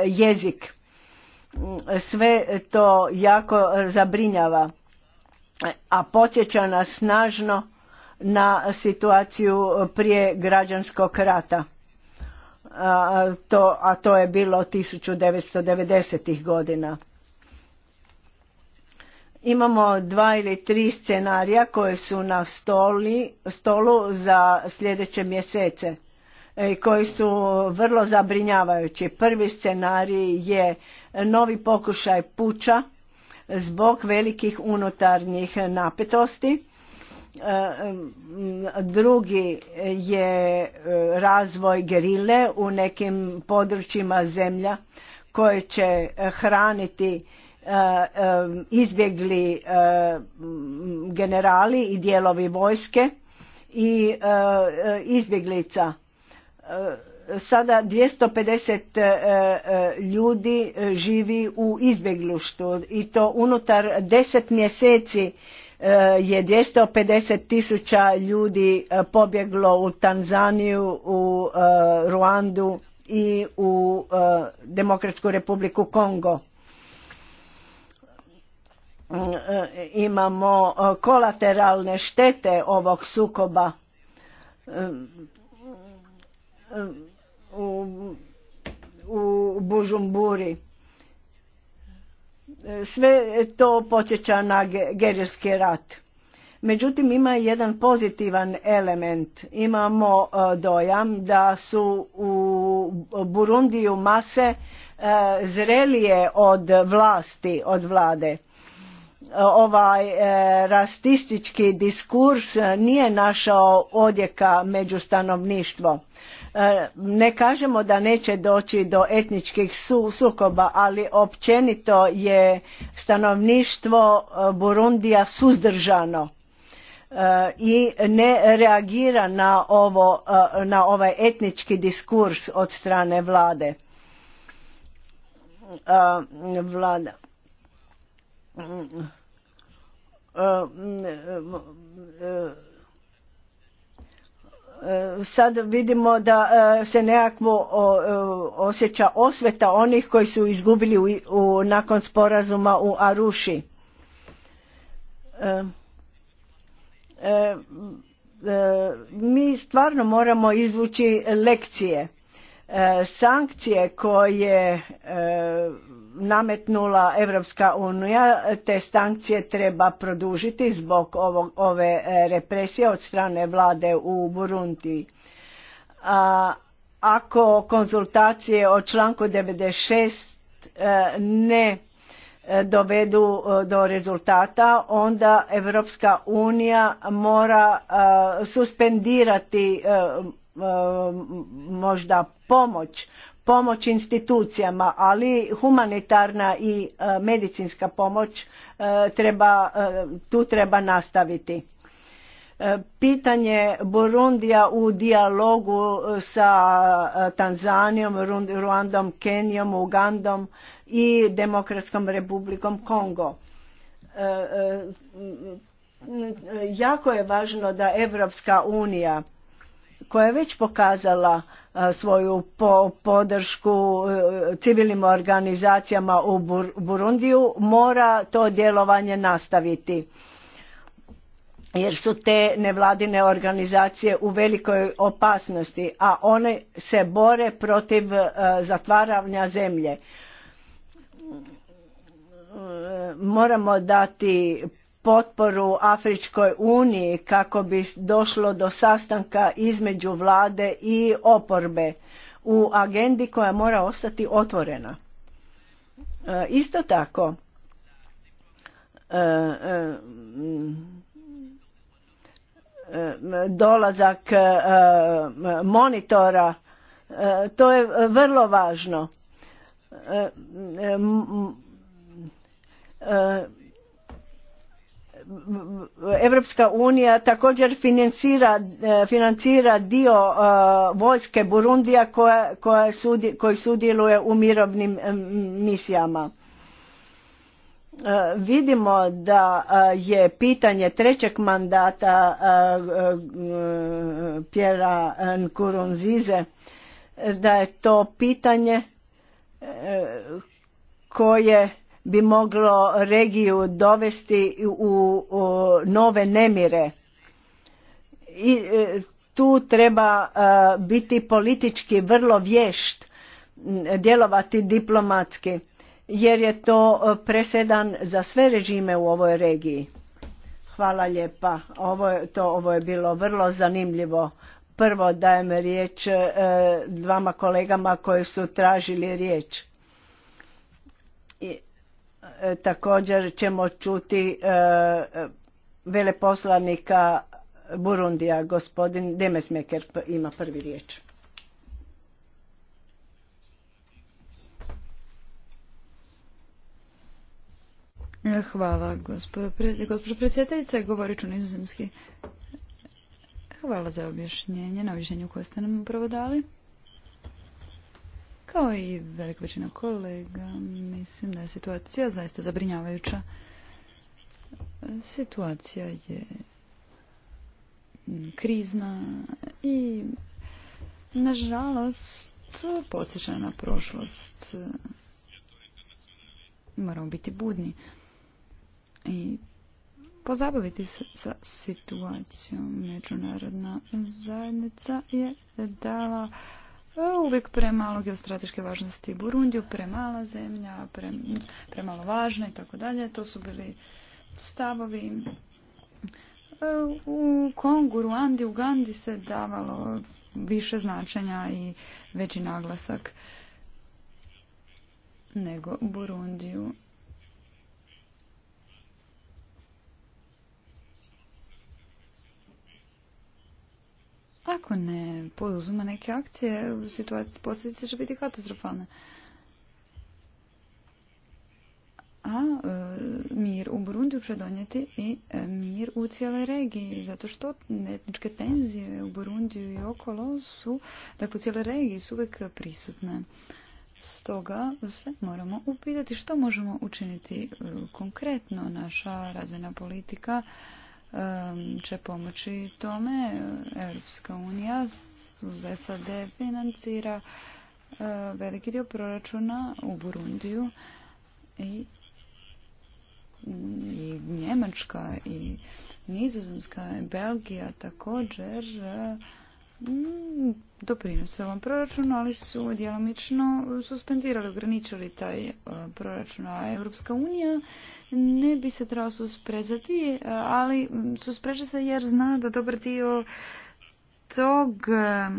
Speaker 3: jezik. Sve to jako zabrinjava, a podsjeća nas snažno na situaciju prije građanskog rata a to, a to je bilo 1990. godina. Imamo dva ili tri scenarija koje su na stolu za sljedeće mjesece i e, koji su vrlo zabrinjavajući. Prvi scenarij je novi pokušaj puča zbog velikih unutarnjih napetosti E, drugi je e, razvoj gerile u nekim područjima zemlja koje će e, hraniti izbjegli generali i dijelovi vojske i izbjeglica. Sada 250 ljudi živi u izbjegluštu i to unutar 10 mjeseci E, je 250 tisuća ljudi e, pobjeglo u Tanzaniju, u e, Ruandu i u Demokratsku republiku Kongo. Imamo kolateralne štete ovog sukoba u Bužumburi sve to podsjeća na gerilski rat. Međutim, ima jedan pozitivan element. Imamo e, dojam da su u Burundiju mase e, zrelije od vlasti, od vlade. Ovaj e, rastistički diskurs nije našao odjeka među stanovništvo. E, ne kažemo da neće doći do etničkih sukoba, ali općenito je stanovništvo e, Burundija suzdržano e, i ne reagira na, ovo, na ovaj etnički diskurs od strane vlade. Vlada E, sad vidimo da e, se nekakvo e, osjeća osveta onih koji su izgubili u, nakon sporazuma u Aruši. mi stvarno moramo izvući lekcije E, sankcije koje e, nametnula Europska unija, te sankcije treba produžiti zbog ove e, represije od strane vlade u Burundi. A, ako konzultacije o članku 96 ne dovedu do rezultata, onda Europska unija mora suspendirati E, možda pomoć, pomoć institucijama, ali humanitarna i e, medicinska pomoć e, treba, tu treba nastaviti. Pitanje Burundija u dijalogu sa Tanzanijom, Ruandom, Kenijom, Ugandom i Demokratskom republikom Kongo. Jako je važno da Evropska unija koja je već pokazala e, svoju podršku e, civilnim organizacijama u Burundiju mora to djelovanje nastaviti jer su te nevladine organizacije u velikoj opasnosti a one se bore protiv e, zatvaranja zemlje moramo dati potporu Afričkoj uniji kako bi došlo do sastanka između vlade i oporbe u agendi koja mora ostati otvorena. E, isto tako, e, e, dolazak e, monitora, e, to je vrlo važno. M, Evropska unija također financira, e, dio e, vojske Burundija koja, koji sudjeluje u mirovnim misijama. E, vidimo da je pitanje trećeg mandata Pjera Nkurunzize, da je to pitanje koje bi moglo regiju dovesti u nove nemire i e, tu treba e, biti politički vrlo vješt djelovati diplomatski jer je to e, presedan za sve režime u ovoj regiji hvala lijepa ovo je, to ovo je bilo vrlo zanimljivo prvo dajem riječ dvama kolegama koji su tražili riječ I, E, također ćemo čuti e, e, veleposlanika Burundija, gospodin Demesmeker ima prvi riječ.
Speaker 4: Hvala, gospođo predsjedateljice. Govorit ću nizozemski. Hvala za objašnjenje, na objašnjenju koje ste nam upravo dali. Kao i velika većina kolega, mislim da je situacija zaista zabrinjavajuća. Situacija je mm, krizna i nažalost podsjeća na prošlost. Moramo biti budni i pozabaviti se sa situacijom. Međunarodna zajednica je dala E, uvijek premalo geostrateške važnosti Burundiju, premala zemlja, premalo važna i tako dalje. To su bili stavovi. E, u Kongu, Ruandi, Ugandi se davalo više značenja i veći naglasak nego Burundiju Ako ne poduzuma neke akcije, posljedice će biti katastrofalne. A e, mir u Burundiju će donijeti i e, mir u cijeloj regiji, zato što etničke tenzije u Burundiju i okolo su, dakle u cijeloj regiji su uvijek prisutne. Stoga se moramo upitati što možemo učiniti e, konkretno naša razvojna politika će pomoći tome. Europska unija uz SAD financira e, veliki dio proračuna u Burundiju i, i Njemačka i Nizozemska i Belgija također e, Mm, doprinose ovom proračunu, ali su djelomično suspendirali, ograničili taj e, proračun. A Europska unija ne bi se trebala susprezati, e, ali suspreže se jer zna da dobar dio tog e,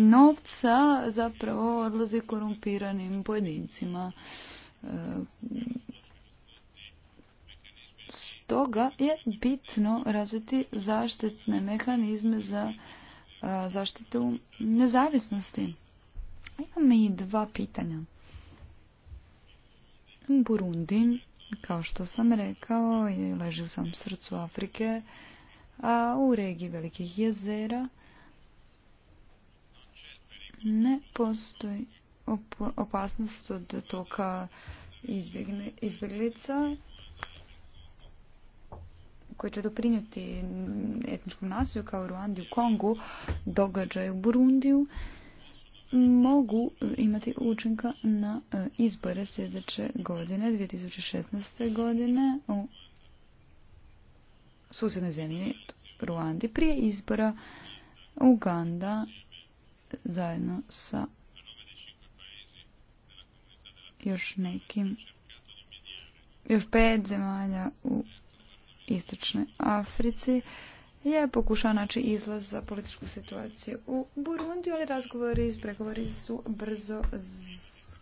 Speaker 4: novca zapravo odlazi korumpiranim pojedincima. Stoga je bitno razviti zaštitne mehanizme za E, zaštitu nezavisnosti. Imam i dva pitanja. Burundi, kao što sam rekao, leži u samom srcu Afrike, a u regiji velikih jezera ne postoji opasnost od toka izbjeglica koji će doprinijeti etničkom nasilju kao u Ruandi u Kongu, događaju u Burundiju, mogu imati učinka na e, izbore sljedeće godine, 2016. godine u susjednoj zemlji Ruandi prije izbora Uganda zajedno sa još nekim još pet zemalja u istočnoj Africi je pokušao naći izlaz za političku situaciju u Burundi, ali razgovori i pregovori su brzo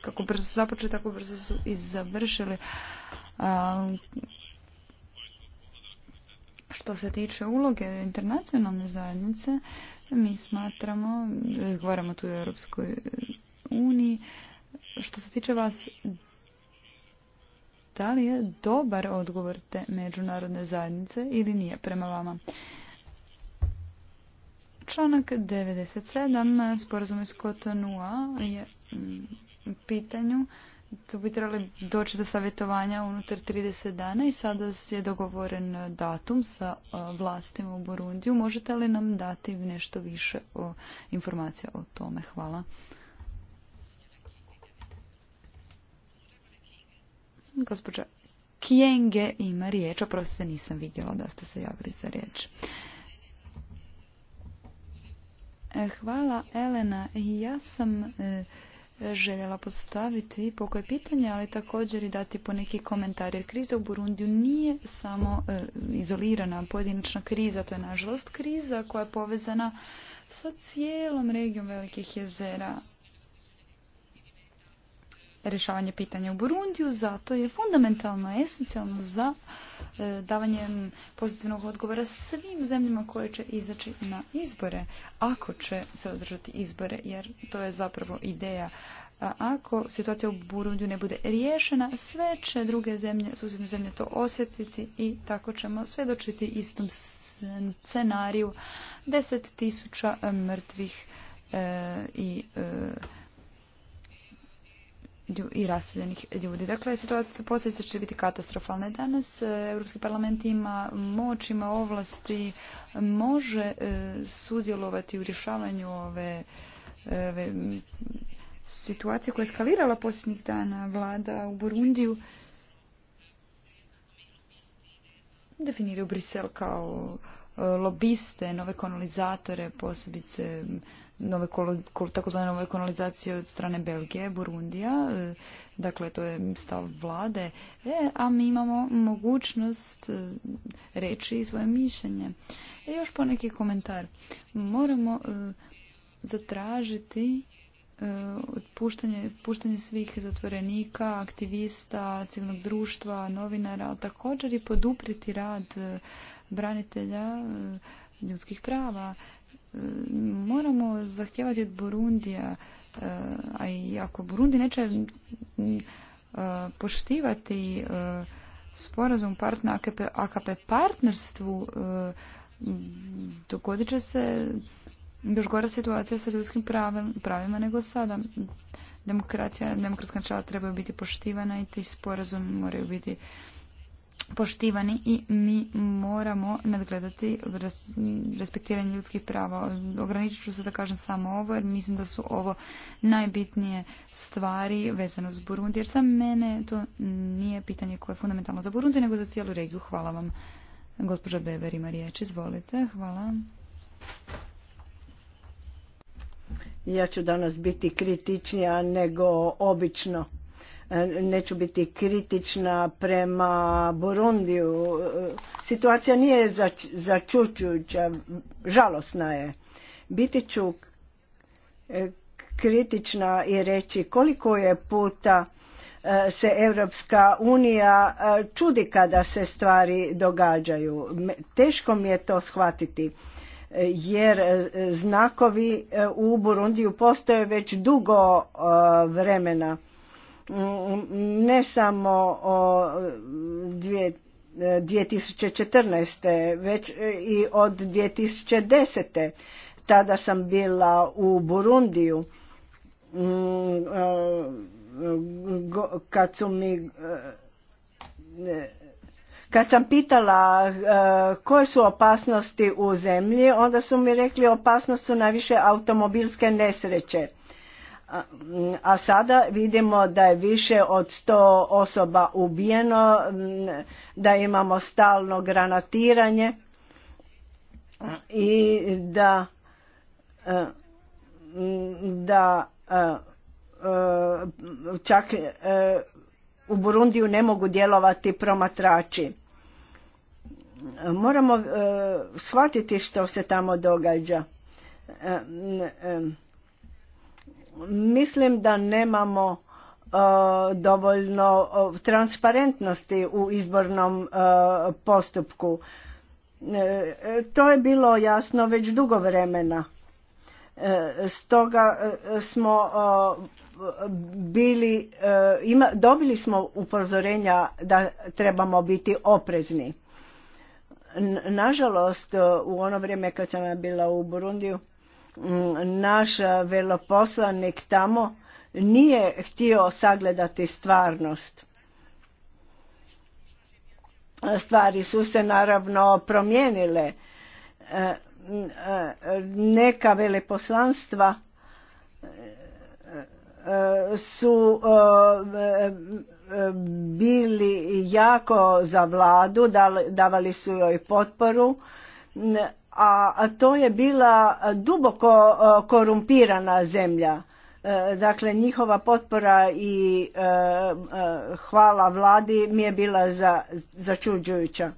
Speaker 4: kako brzo su započeli, tako brzo su i završili. što se tiče uloge internacionalne zajednice, mi smatramo, razgovaramo tu u Europskoj uniji, što se tiče vas da li je dobar odgovor te međunarodne zajednice ili nije prema vama. Članak 97 sporazum iz Kotonua je u mm, pitanju. Tu bi trebali doći do savjetovanja unutar 30 dana i sada je dogovoren datum sa vlastima u Borundiju. Možete li nam dati nešto više o informacija o tome? Hvala. Gospođa Kijenge ima riječ. Oprostite, nisam vidjela da ste se javili za riječ. E, hvala, Elena. Ja sam e, željela postaviti pokoje pitanje, ali također i dati po neki komentar. Jer kriza u Burundiju nije samo e, izolirana pojedinačna kriza, to je nažalost kriza koja je povezana sa cijelom regijom velikih jezera rješavanje pitanja u Burundiju, zato je fundamentalno, esencijalno za e, davanje pozitivnog odgovora svim zemljama koje će izaći na izbore, ako će se održati izbore, jer to je zapravo ideja. ako situacija u Burundiju ne bude riješena, sve će druge zemlje, susjedne zemlje to osjetiti i tako ćemo svedočiti istom scenariju deset tisuća mrtvih e, i e, i raseljenih ljudi. Dakle, situacija posljedica će biti katastrofalna. Danas e, Europski parlament ima moć, ima ovlasti, može e, sudjelovati u rješavanju ove, situacije koja je eskalirala posljednjih dana vlada u Burundiju. Definiraju Brisel kao e, lobiste, nove kanalizatore posebice nove, takozvane nove kolonizacije od strane Belgije, Burundija, e, dakle to je stav vlade, e, a mi imamo mogućnost e, reći i svoje mišljenje. I e, još poneki komentar. Moramo zatražiti puštanje, puštanje svih zatvorenika, aktivista, civilnog društva, novinara, ali također i podupriti rad branitelja ljudskih prava moramo zahtijevati od Burundija, e, a i ako Burundi neće e, poštivati e, sporazum partner AKP, AKP partnerstvu, dogodit će se još gora situacija sa ljudskim pravima nego sada. Demokracija, demokratska načela trebaju biti poštivana i ti sporazumi moraju biti poštivani i mi moramo nadgledati respektiranje ljudskih prava. Ograničit ću se da kažem samo ovo jer mislim da su ovo najbitnije stvari vezano s Burundi jer za mene to nije pitanje koje je fundamentalno za Burundi nego za cijelu regiju. Hvala vam. Gospođa Beber ima riječ. Izvolite. Hvala.
Speaker 3: Ja ću danas biti kritičnija nego obično neću biti kritična prema Burundiju. Situacija nije začućujuća, žalosna je. Biti ću e, kritična i reći koliko je puta e, se Europska unija e, čudi kada se stvari događaju. Teško mi je to shvatiti jer znakovi u Burundiju postoje već dugo vremena Mm, ne samo o dvije 2014. E, već e, i od 2010. Tada sam bila u Burundiju mm, e, kad su mi kad sam pitala koje su opasnosti u zemlji, onda su mi rekli opasnost su najviše automobilske nesreće a sada vidimo da je više od 100 osoba ubijeno, da imamo stalno granatiranje i da e, da e, e, čak u Burundiju ne mogu djelovati promatrači. Moramo shvatiti što se tamo događa. Mislim da nemamo uh, dovoljno uh, transparentnosti u izbornom uh, postupku. To je bilo jasno već dugo vremena. Stoga smo bili, dobili smo upozorenja da trebamo biti oprezni. Nažalost, u ono vrijeme kad sam bila u Burundiju, Mm, naš e, veloposlanik tamo nije htio sagledati stvarnost. Stvari su se naravno promijenile. E, mm, e, neka veleposlanstva su bili jako za vladu, davali su joj potporu a to je bila duboko e, korumpirana zemlja. E, dakle, njihova potpora i e, hvala vladi mi je bila začuđujuća.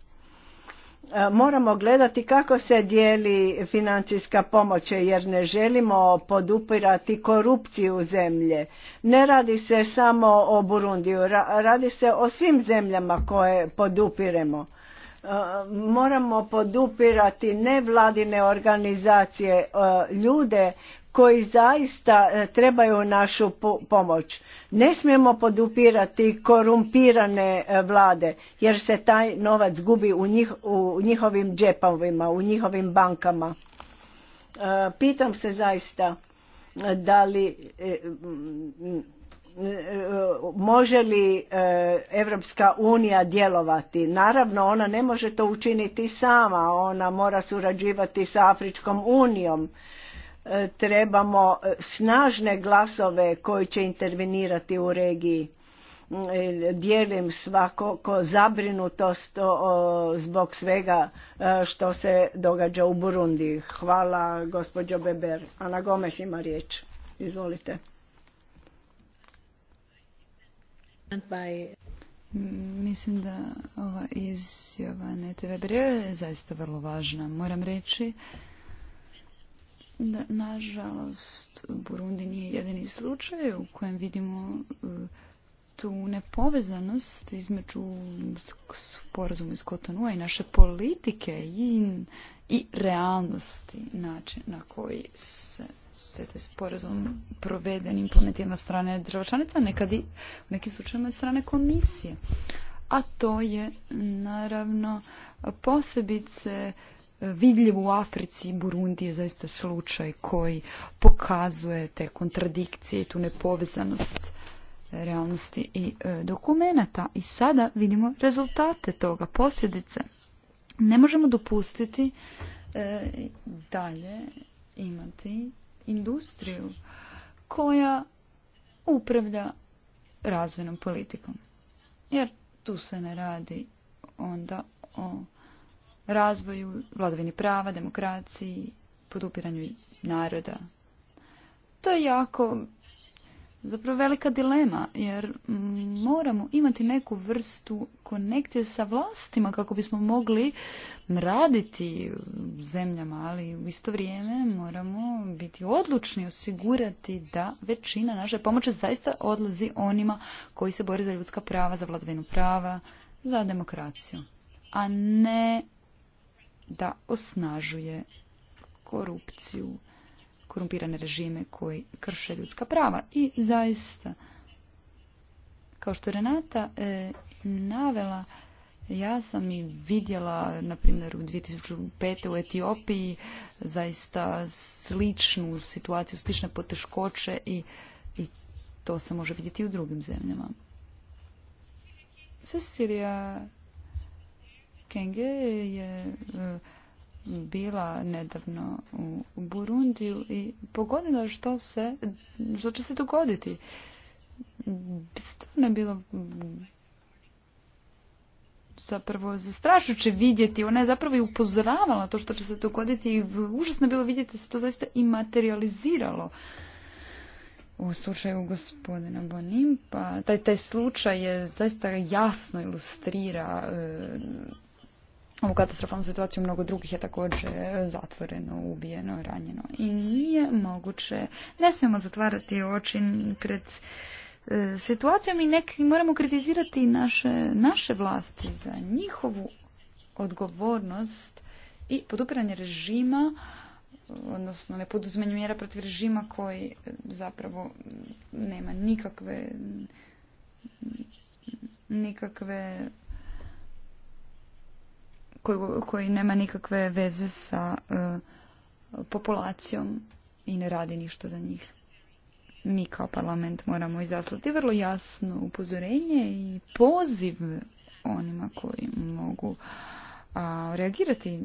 Speaker 3: Moramo gledati kako se dijeli financijska pomoć jer ne želimo podupirati korupciju zemlje. Ne radi se samo o Burundiju, radi se o svim zemljama koje podupiremo E, moramo podupirati nevladine organizacije, e, ljude koji zaista e, trebaju našu pomoć. Ne smijemo podupirati korumpirane vlade jer se taj novac gubi u, u njihovim džepovima, u njihovim bankama. Pitam se zaista da li može li e, Evropska unija djelovati? Naravno, ona ne može to učiniti sama, ona mora surađivati sa Afričkom unijom. E, trebamo e, snažne glasove koji će intervenirati u regiji. Dijelim svako zabrinutost zbog svega što se događa u Burundi. Hvala gospođo Beber. Ana Gomes ima riječ. Izvolite.
Speaker 4: Mislim da ova izjava Nete je zaista vrlo važna. Moram reći da, nažalost, Burundi nije jedini slučaj u kojem vidimo e, tu nepovezanost između sporazuma iz Kotonua i naše politike i i realnosti način na koji se se te sporazum proveden implementiran od strane država članica, nekad i u nekim slučajevima od strane komisije. A to je naravno posebice vidljivo u Africi i Burundi je zaista slučaj koji pokazuje te kontradikcije i tu nepovezanost realnosti i e, dokumenata. I sada vidimo rezultate toga, posljedice. Ne možemo dopustiti e, dalje imati industriju koja upravlja razvojnom politikom. Jer tu se ne radi onda o razvoju, vladavini prava, demokraciji, podupiranju naroda. To je jako zapravo velika dilema jer moramo imati neku vrstu konekcije sa vlastima kako bismo mogli raditi zemljama, ali u isto vrijeme moramo biti odlučni osigurati da većina naše pomoći zaista odlazi onima koji se bore za ljudska prava, za vladavinu prava, za demokraciju, a ne da osnažuje korupciju korumpirane režime koji krše ljudska prava. I zaista, kao što Renata e, navela, ja sam i vidjela, na primjer, u 2005. u Etiopiji zaista sličnu situaciju, slične poteškoće i, i to se može vidjeti i u drugim zemljama. Kenge je e, bila nedavno u Burundiju i pogodila što se, što će se dogoditi. Stvarno je bilo zapravo zastrašujuće vidjeti, ona je zapravo i upozoravala to što će se dogoditi i užasno je bilo vidjeti da se to zaista i materializiralo. U slučaju gospodina Bonimpa, taj, taj slučaj je zaista jasno ilustrira e, ovu katastrofalnu situaciju mnogo drugih je također e, zatvoreno, ubijeno, ranjeno. I nije moguće, ne smijemo zatvarati oči pred e, situacijom i nek, moramo kritizirati naše, naše vlasti za njihovu odgovornost i podupiranje režima odnosno ne poduzmenju mjera protiv režima koji e, zapravo nema nikakve nikakve koji, nema nikakve veze sa e, populacijom i ne radi ništa za njih. Mi kao parlament moramo izaslati vrlo jasno upozorenje i poziv onima koji mogu reagirati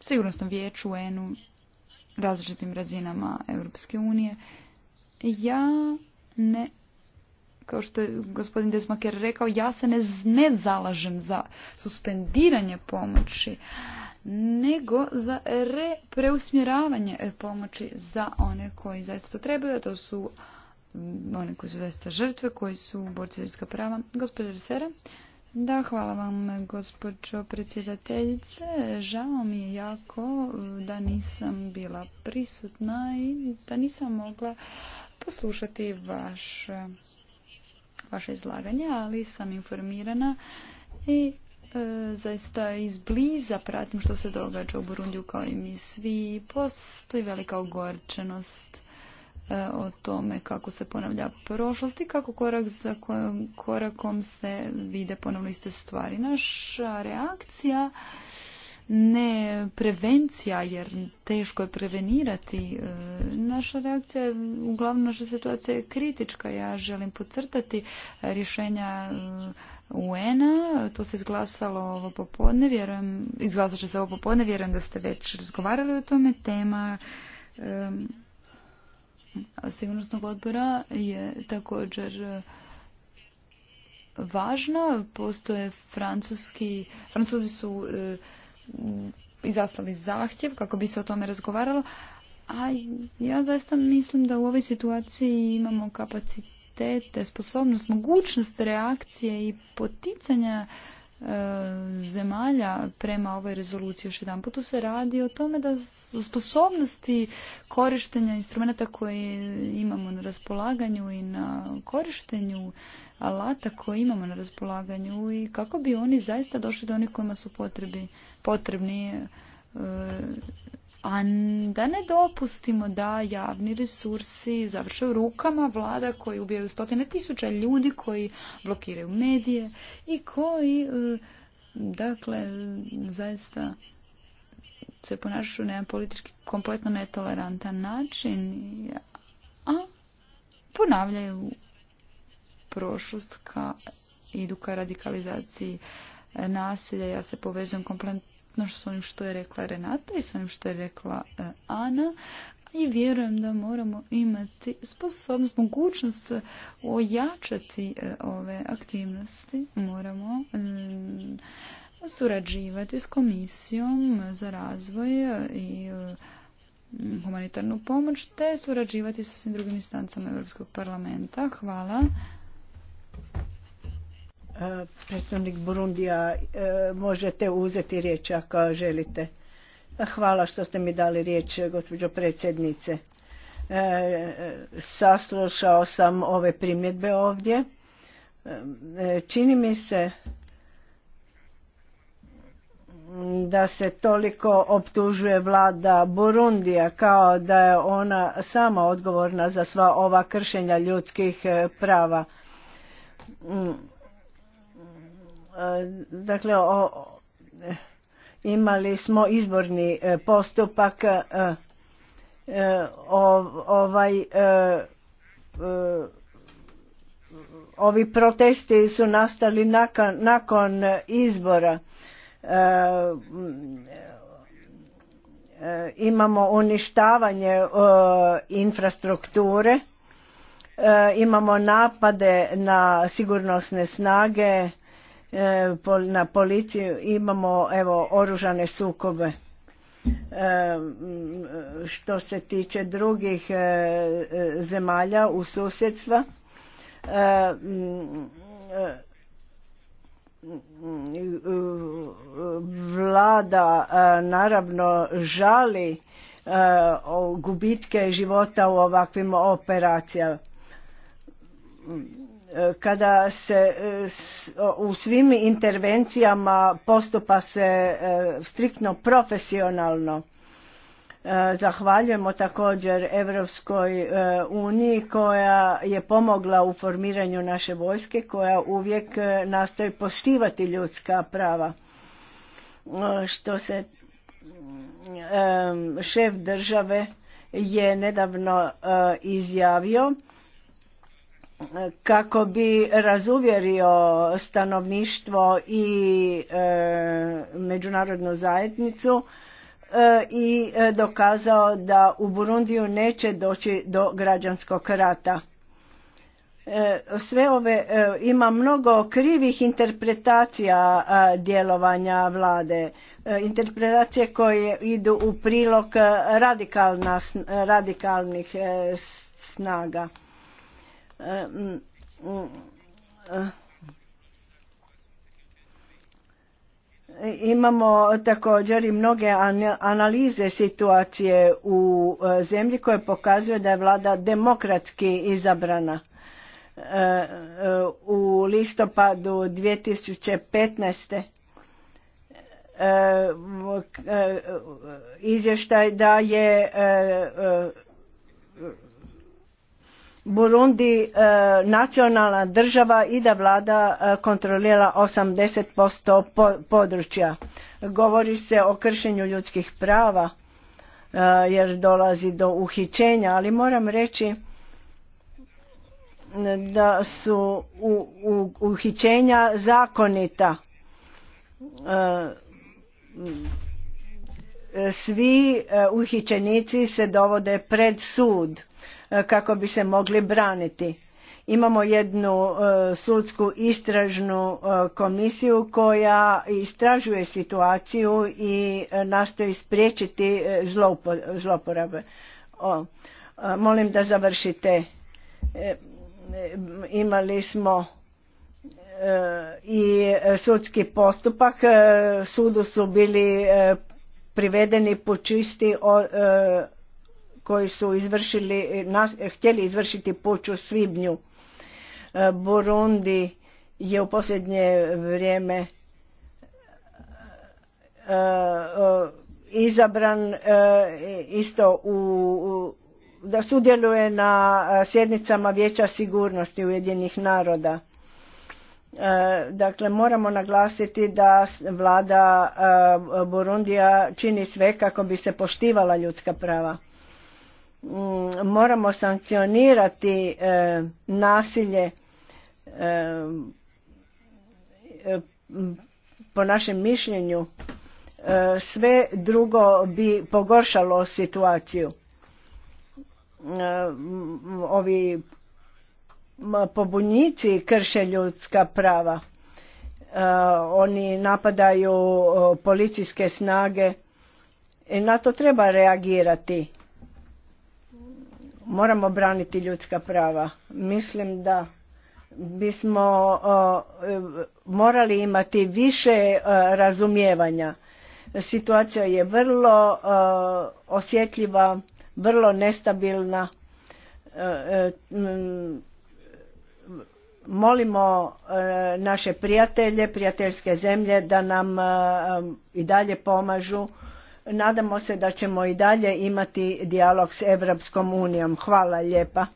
Speaker 4: sigurnosnom vijeću, UN-u, različitim razinama Europske unije. Ja ne kao što je gospodin Desmaker rekao, ja se ne, ne zalažem za suspendiranje pomoći, nego za preusmjeravanje e, pomoći za one koji zaista to trebaju, a to su mm, one koji su zaista žrtve, koji su borci za ljudska prava. Gospodin sere da, hvala vam gospođo predsjedateljice. Žao mi je jako da nisam bila prisutna i da nisam mogla poslušati vaš vaše izlaganje, ali sam informirana i e, zaista izbliza pratim što se događa u Burundiju kao i mi svi. Postoji velika ogorčenost e, o tome kako se ponavlja prošlost i kako korak za korakom se vide ponovno iste stvari. Naša reakcija ne prevencija, jer teško je prevenirati. E, naša reakcija je, uglavnom naša situacija je kritička. Ja želim pocrtati rješenja e, UN-a, to se izglasalo ovo popodne, vjerujem, izglasat će se ovo popodne, vjerujem da ste već razgovarali o tome, tema e, sigurnosnog odbora je također važna. Postoje francuski, francuzi su izaslali zahtjev kako bi se o tome razgovaralo, a ja zaista mislim da u ovoj situaciji imamo kapacitete, sposobnost, mogućnost reakcije i poticanja zemalja prema ovoj rezoluciji još jedan put. Tu se radi o tome da u sposobnosti korištenja instrumenta koje imamo na raspolaganju i na korištenju alata koje imamo na raspolaganju i kako bi oni zaista došli do onih kojima su potrebi, potrebni e, a da ne dopustimo da javni resursi završe u rukama vlada koji ubijaju stotine tisuća ljudi koji blokiraju medije i koji e, dakle zaista se ponašaju na jedan politički kompletno netolerantan način a ponavljaju prošlost ka idu ka radikalizaciji nasilja ja se povezujem kompletno s onim što je rekla Renata i s onim što je rekla e, Ana i vjerujem da moramo imati sposobnost, mogućnost ojačati e, ove aktivnosti. Moramo mm, surađivati s komisijom za razvoj e, i humanitarnu pomoć te surađivati sa svim drugim instancama Europskog parlamenta. Hvala. E, predstavnik Burundija, e, možete uzeti riječ
Speaker 3: ako želite. Hvala što ste mi dali riječ, gospođo predsjednice. E, saslušao sam ove primjedbe ovdje. Čini mi se da se toliko optužuje vlada Burundija kao da je ona sama odgovorna za sva ova kršenja ljudskih prava mm. Dakle, imali smo izborni e, postupak e, e, ovaj ovi protesti su nastali nakon, nakon izbora imamo uništavanje infrastrukture imamo napade na sigurnosne snage E, na policiju imamo evo oružane sukobe e, što se tiče drugih e, zemalja u susjedstva vlada naravno žali gubitke života u ovakvim operacijama kada se e, u svim intervencijama postupa se e, striktno profesionalno. E, zahvaljujemo također Europskoj uniji koja je pomogla u formiranju naše vojske koja uvijek nastoji poštivati ljudska prava. Što se šef države je nedavno izjavio kako bi razuvjerio stanovništvo i e, međunarodnu zajednicu e, i e, dokazao da u Burundiju neće doći do građanskog rata. Sve ove, ima mnogo krivih interpretacija djelovanja vlade, interpretacije koje idu u prilog radikalnih snaga. E, mm, mm, eh, imamo također i mnoge analize situacije u eh, zemlji koje pokazuje da je vlada demokratski izabrana. Eh, u listopadu 2015. izvještaj da je Burundi e, nacionalna država i da vlada e, kontrolira 80% područja. Govori se o kršenju ljudskih prava e, jer dolazi do uhićenja, ali moram reći da su uhićenja zakonita. Svi uhićenici se dovode pred sud E, kako bi se mogli braniti. Imamo jednu e, sudsku istražnu e, komisiju koja istražuje situaciju i nastoji spriječiti zloporabe. molim da završite. Imali smo i sudski postupak. Sudu su bili privedeni počisti koji su izvršili, htjeli izvršiti puć u Svibnju. E, Burundi je u posljednje vrijeme e, e, izabran isto u, da sudjeluje na sjednicama Vijeća sigurnosti Ujedinjenih naroda. Dakle, moramo naglasiti da vlada Burundija čini sve kako bi se poštivala ljudska prava. Mm, moramo sankcionirati e, nasilje e, e, po našem mišljenju sve drugo bi pogoršalo situaciju ovi pobunjici krše ljudska prava oni napadaju policijske snage i na to treba reagirati moramo braniti ljudska prava. Mislim da bismo e, morali imati više e, razumijevanja. Situacija je vrlo e, osjetljiva, vrlo nestabilna. molimo naše prijatelje, prijateljske zemlje da nam i dalje pomažu Nadamo se da ćemo i dalje imati dijalog s Evropskom unijom. Hvala lijepa.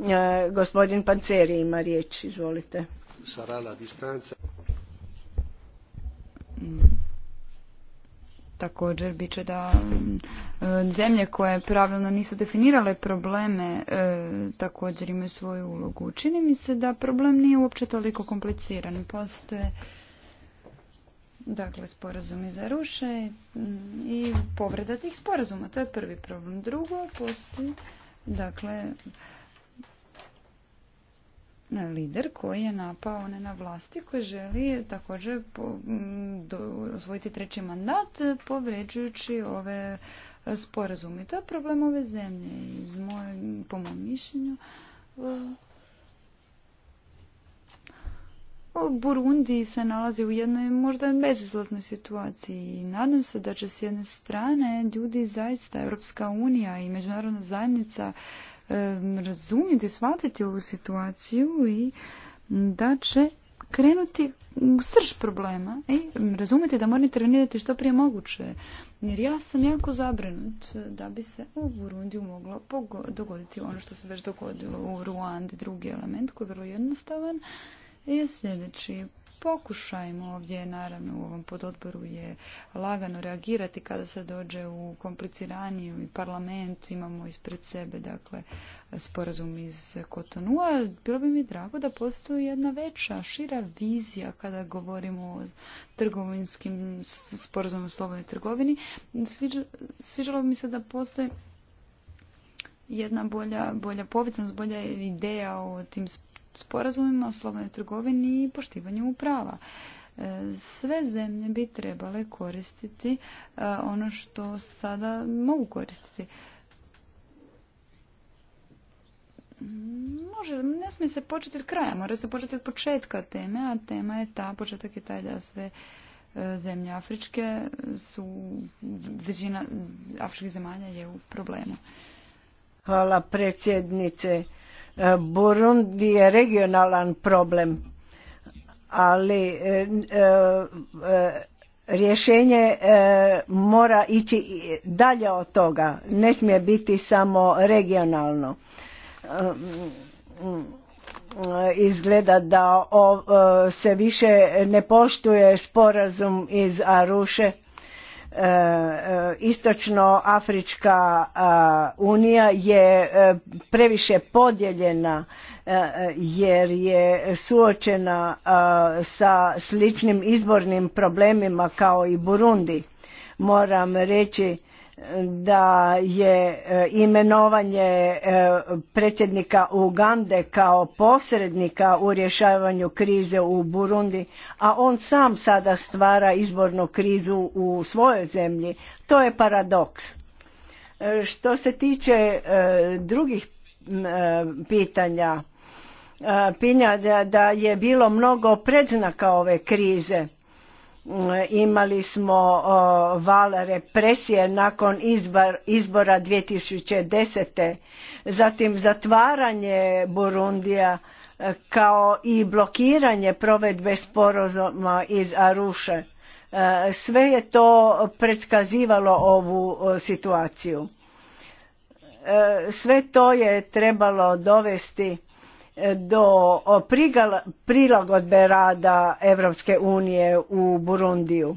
Speaker 3: E, gospodin Panceri ima riječ, izvolite.
Speaker 1: Sarala distanca.
Speaker 4: Također bit će da e, zemlje koje pravilno nisu definirale probleme e, također imaju svoju ulogu. Čini mi se da problem nije uopće toliko kompliciran. Postoje Dakle, sporazumi za ruše i povreda tih sporazuma. To je prvi problem. Drugo, postoji dakle, lider koji je napao one na vlasti koji želi također mm, osvojiti treći mandat povređujući ove sporazumi. To je problem ove zemlje iz po mom mišljenju Burundi se nalazi u jednoj možda bezizlaznoj situaciji i nadam se da će s jedne strane ljudi zaista Europska unija i međunarodna zajednica razumjeti, shvatiti ovu situaciju i da će krenuti u srž problema i razumjeti da morate trenirati što prije moguće. Jer ja sam jako zabrinut da bi se u Burundiju moglo dogoditi ono što se već dogodilo u Ruandi, drugi element koji je vrlo jednostavan je sljedeći. Pokušajmo ovdje, naravno u ovom pododboru je lagano reagirati kada se dođe u kompliciraniju i parlament, imamo ispred sebe dakle sporazum iz Kotonua. Bilo bi mi drago da postoji jedna veća, šira vizija kada govorimo o trgovinskim sporazumom o slobodnoj trgovini. Sviđalo bi mi se da postoji jedna bolja, bolja povijesnost, bolja ideja o tim sporazumima o slobodnoj trgovini i poštivanju prava. E, sve zemlje bi trebale koristiti e, ono što sada mogu koristiti. Može, ne smije se početi od kraja, mora se početi od početka teme, a tema je ta, početak je taj da sve e, zemlje Afričke su, većina afričkih zemalja je u problemu. Hvala
Speaker 3: predsjednice. Burundi je regionalan problem, ali e, e, e, rješenje mora ići dalje od toga, ne smije biti samo regionalno. Izgleda da se više ne poštuje sporazum iz Aruše E, e, istočnoafrička e, unija je previše podijeljena jer je suočena sa sličnim izbornim problemima kao i Burundi. Moram reći da je e, imenovanje e, predsjednika Ugande kao posrednika u rješavanju krize u Burundi, a on sam sada stvara izbornu krizu u svojoj zemlji, to je paradoks. E, što se tiče drugih pitanja, pinja da je bilo mnogo predznaka ove krize imali smo val represije nakon izbora 2010. zatim zatvaranje Burundija e, kao i blokiranje provedbe sporazuma iz Aruše. E, sve je to predskazivalo ovu situaciju. E, sve to je trebalo dovesti do prilagodbe rada Europske unije u Burundiju.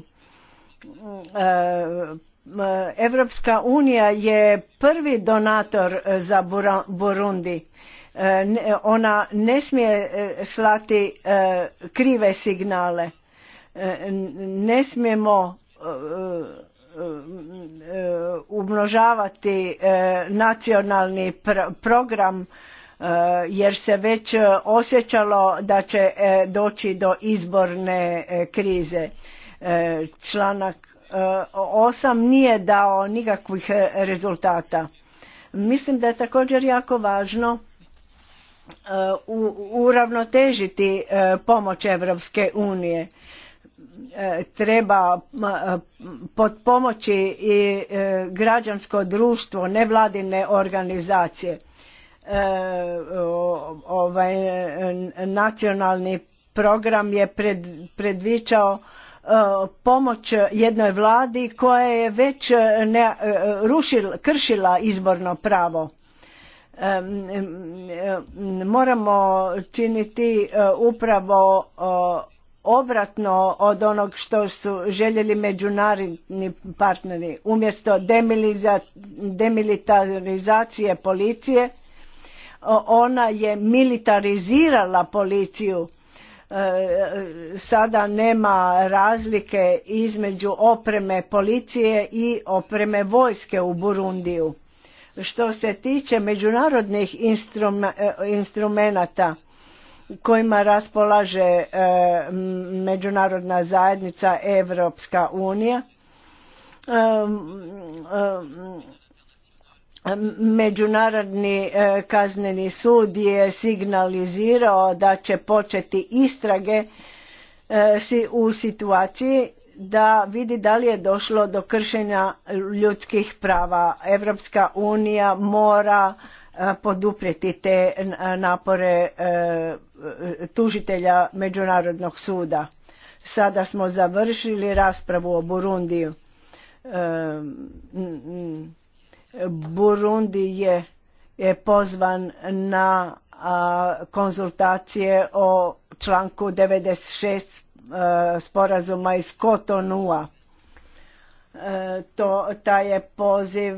Speaker 3: E, Evropska unija je prvi donator za Burundi. E, ona ne smije e, slati krive signale. Ne smijemo umnožavati nacionalni program Eh, jer se već eh, osjećalo da će eh, doći do izborne krize. Članak 8 nije dao nikakvih rezultata. Mislim da je također jako važno uravnotežiti pomoć Evropske unije. Treba pod pomoći i građansko društvo, nevladine organizacije E, ovaj nacionalni program je pred, predviđao e, pomoć jednoj vladi koja je već e, ne, kršila izborno pravo. Moramo činiti upravo obratno od onog što su željeli međunarodni partneri. Umjesto demilitarizacije policije ona je militarizirala policiju e, sada nema razlike između opreme policije i opreme vojske u Burundiju. Što se tiče međunarodnih e, instrumenata kojima raspolaže e, međunarodna zajednica Evropska unija, Međunarodni e, kazneni sud je signalizirao da će početi istrage e, u situaciji da vidi da li je došlo do kršenja ljudskih prava. Evropska unija mora e, poduprijeti te napore tužitelja Međunarodnog suda. Sada smo završili raspravu o Burundiju. Burundi je, je pozvan na a, konzultacije o članku 96 a, e, sporazuma iz Kotonua. E, to, ta je poziv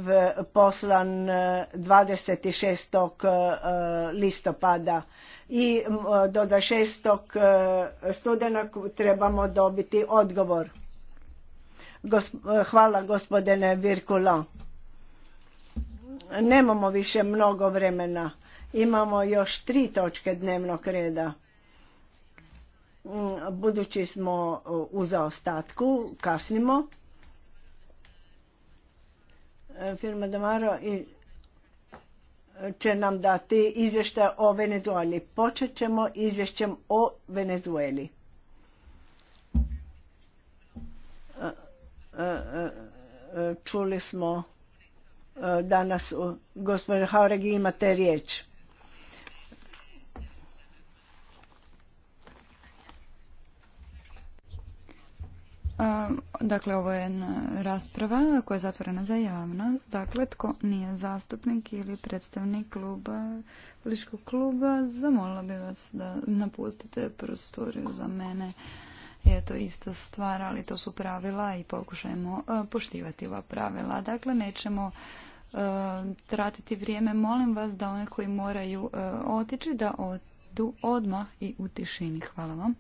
Speaker 3: poslan 26. E, listopada i do 26. studenog trebamo dobiti odgovor. hvala gospodine Virkula. Nemamo više mnogo vremena. Imamo još tri točke dnevnog reda. Mm, budući smo e, u zaostatku, kasnimo. E, firma Damaro e, će nam dati izvještaj o Venezueli. Počet ćemo izvješćem o Venezueli. Čuli smo E, danas. Gospodin Hauregi, imate
Speaker 4: riječ. Dakle, ovo je jedna rasprava koja je zatvorena za javno. Dakle, tko nije zastupnik ili predstavnik kluba, političkog kluba, zamolila bi vas da napustite prostoriju za mene je to ista stvar, ali to su pravila i pokušajmo e, poštivati ova pravila. Dakle, nećemo e, tratiti vrijeme. Molim vas da one koji moraju e, otići da odu odmah i u tišini. Hvala vam.